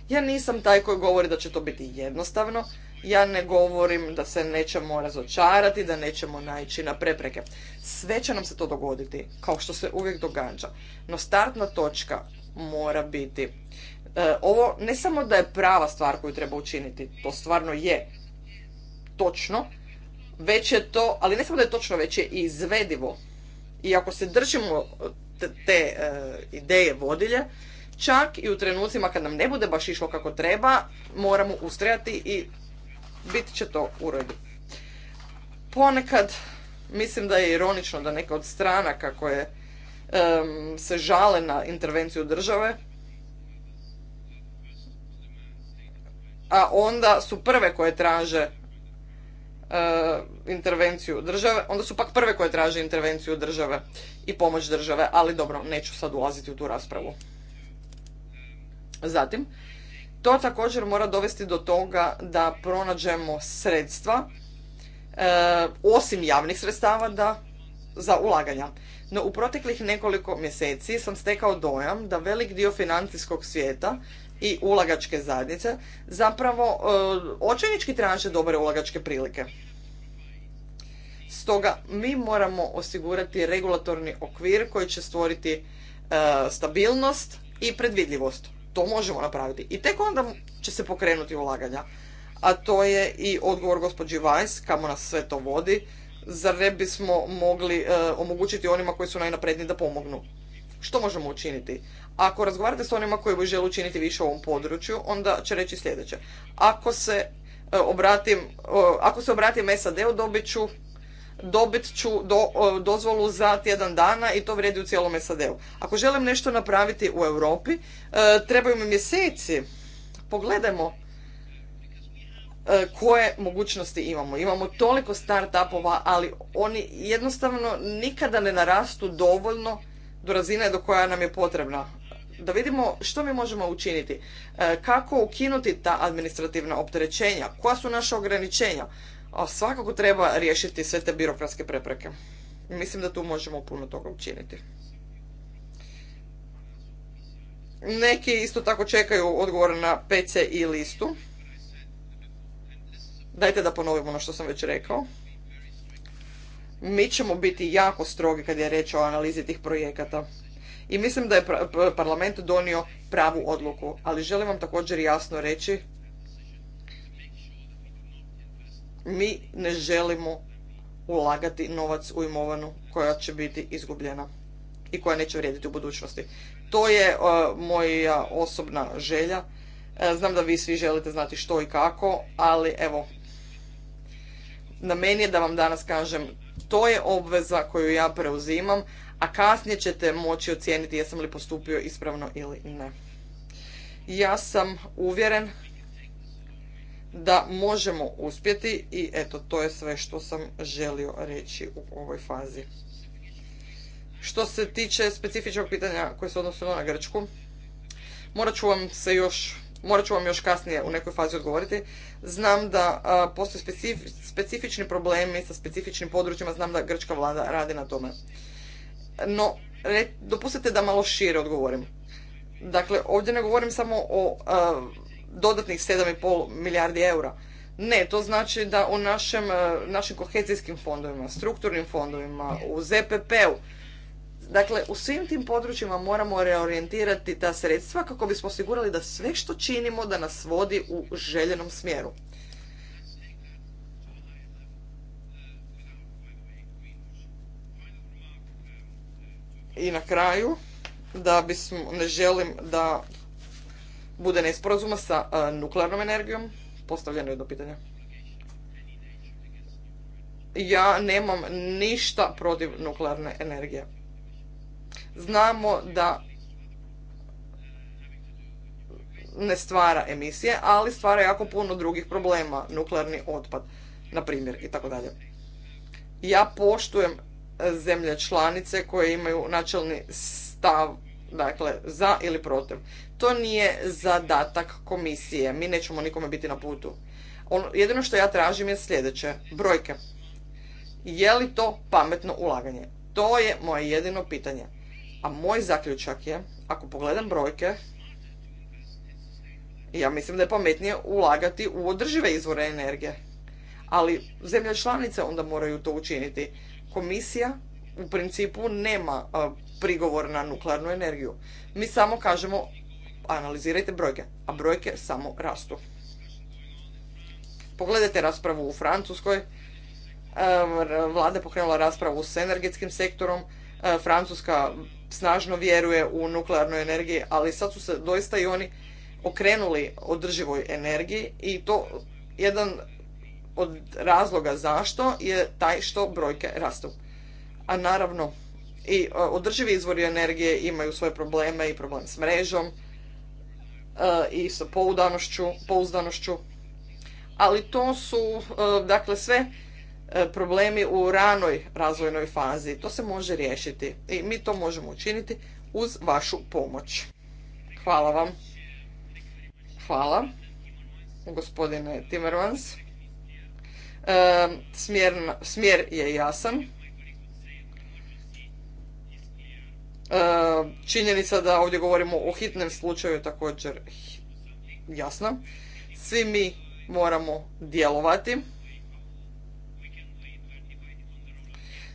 Ja nisam taj koji govori da će to biti jednostavno. Ja ne govorim da se nećemo razočarati, da nećemo naići na prepreke. Sve će nam se to dogoditi, kao što se uvijek događa. No startna točka mora biti. E, ovo ne samo da je prava stvar koju treba učiniti, to stvarno je točno, već je to, ali ne samo da je točno, već je i izvedivo. I ako se držimo te, e, ideje vodilje, čak i u trenucima kad nam ne bude baš išlo kako treba, moramo ustrajati i bit će to u redu. Ponekad mislim da je ironično da neka od stranaka koje se žale na intervenciju države, a onda su prve koje traže eh, intervenciju države, onda su pak prve koje traže intervenciju države i pomoć države, ali dobro, neću sad ulaziti u tu raspravu. Zatim, to također mora dovesti do toga da pronađemo sredstva, eh, osim javnih sredstava, da, za ulaganja. No u proteklih nekoliko mjeseci sam stekao dojam da velik dio financijskog svijeta i ulagačke zajednice zapravo e, očajnički traže dobre ulagačke prilike. Stoga mi moramo osigurati regulatorni okvir koji će stvoriti e, stabilnost i predvidljivost. To možemo napraviti. I tek onda će se pokrenuti ulaganja. A to je i odgovor gospođi Vajs, kamo nas sve to vodi zar ne bismo mogli e, omogućiti onima koji su najnapredniji da pomognu? Što možemo učiniti? Ako razgovarate s onima koji žele učiniti više u ovom području, onda će reći sljedeće. Ako se e, obratim, e, ako se obratim SAD-u dobit ću dobit ću do, dozvolu za tjedan dana i to vrijedi u cijelom SAD-u. Ako želim nešto napraviti u Europi, trebaju mi mjeseci. Pogledajmo E, koje mogućnosti imamo. Imamo toliko start-upova, ali oni jednostavno nikada ne narastu dovoljno do razine do koja nam je potrebna. Da vidimo što mi možemo učiniti, e, kako ukinuti ta administrativna opterećenja, koja su naša ograničenja. svakako treba riješiti sve te birokratske prepreke. Mislim da tu možemo puno toga učiniti. Neki isto tako čekaju odgovor na PC i listu. Dajte da ponovimo ono što sam već rekao. Mi ćemo biti jako strogi kad je reč o analizi tih projekata. I mislim da je parlament donio pravu odluku, ali želim vam također jasno reći mi ne želimo ulagati novac u imovanu koja će biti izgubljena i koja neće vrijediti u budućnosti. To je e, moja osobna želja. E, znam da vi svi želite znati što i kako, ali evo, na meni je da vam danas kažem to je obveza koju ja preuzimam, a kasnije ćete moći ocijeniti jesam li postupio ispravno ili ne. Ja sam uvjeren da možemo uspjeti i eto to je sve što sam želio reći u ovoj fazi. Što se tiče specifičnog pitanja koje se odnosilo na Grčku, morat ću vam se još morat ću vam još kasnije u nekoj fazi odgovoriti, znam da postoje specifični problemi sa specifičnim područjima, znam da grčka vlada radi na tome. No, dopustite da malo šire odgovorim. Dakle, ovdje ne govorim samo o dodatnih 7,5 milijardi eura. Ne, to znači da u našim kohezijskim fondovima, strukturnim fondovima, u ZPP-u, Dakle, u svim tim područjima moramo reorijentirati ta sredstva kako bismo osigurali da sve što činimo da nas vodi u željenom smjeru. I na kraju, da bismo, ne želim da bude nesporazuma sa e, nuklearnom energijom, postavljeno jedno pitanja. Ja nemam ništa protiv nuklearne energije. Znamo da ne stvara emisije, ali stvara jako puno drugih problema, nuklearni otpad, na primjer, i tako dalje. Ja poštujem zemlje članice koje imaju načelni stav, dakle, za ili protiv. To nije zadatak komisije, mi nećemo nikome biti na putu. Ono, jedino što ja tražim je sljedeće, brojke. Je li to pametno ulaganje? To je moje jedino pitanje. A moj zaključak je, ako pogledam brojke, ja mislim da je pametnije ulagati u održive izvore energije. Ali zemlje članice onda moraju to učiniti. Komisija u principu nema prigovor na nuklearnu energiju. Mi samo kažemo analizirajte brojke, a brojke samo rastu. Pogledajte raspravu u Francuskoj. E, vlada je pokrenula raspravu s energetskim sektorom. E, Francuska snažno vjeruje u nuklearnoj energiji, ali sad su se doista i oni okrenuli održivoj energiji i to jedan od razloga zašto je taj što brojke rastu. A naravno i e, održivi izvori energije imaju svoje probleme i problem s mrežom e, i sa pouzdanošću, pouzdanošću. Ali to su e, dakle sve E, problemi u ranoj razvojnoj fazi. To se može riješiti i mi to možemo učiniti uz vašu pomoć. Hvala vam. Hvala, gospodine Timmermans. E, smjer, je jasan. E, činjenica da ovdje govorimo o hitnem slučaju je također jasna. Svi mi moramo djelovati.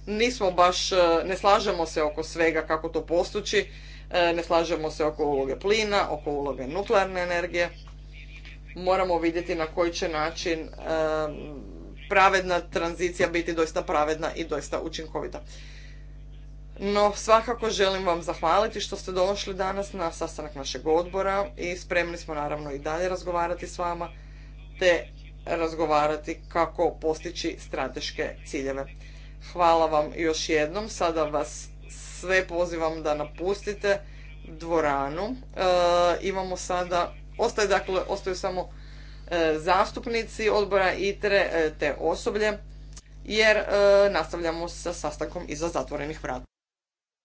nismo baš, e, ne slažemo se oko svega kako to postući, e, ne slažemo se oko uloge plina, oko uloge nuklearne energije. Moramo vidjeti na koji će način e, pravedna tranzicija biti doista pravedna i doista učinkovita. No, svakako želim vam zahvaliti što ste došli danas na sastanak našeg odbora i spremni smo naravno i dalje razgovarati s vama te razgovarati kako postići strateške ciljeve. Hvala vam još jednom. Sada vas sve pozivam da napustite dvoranu. E, imamo sada, ostaje dakle, ostaju samo e, zastupnici odbora ITRE e, te osoblje jer nastavljamo sa sastankom iza zatvorenih vrata.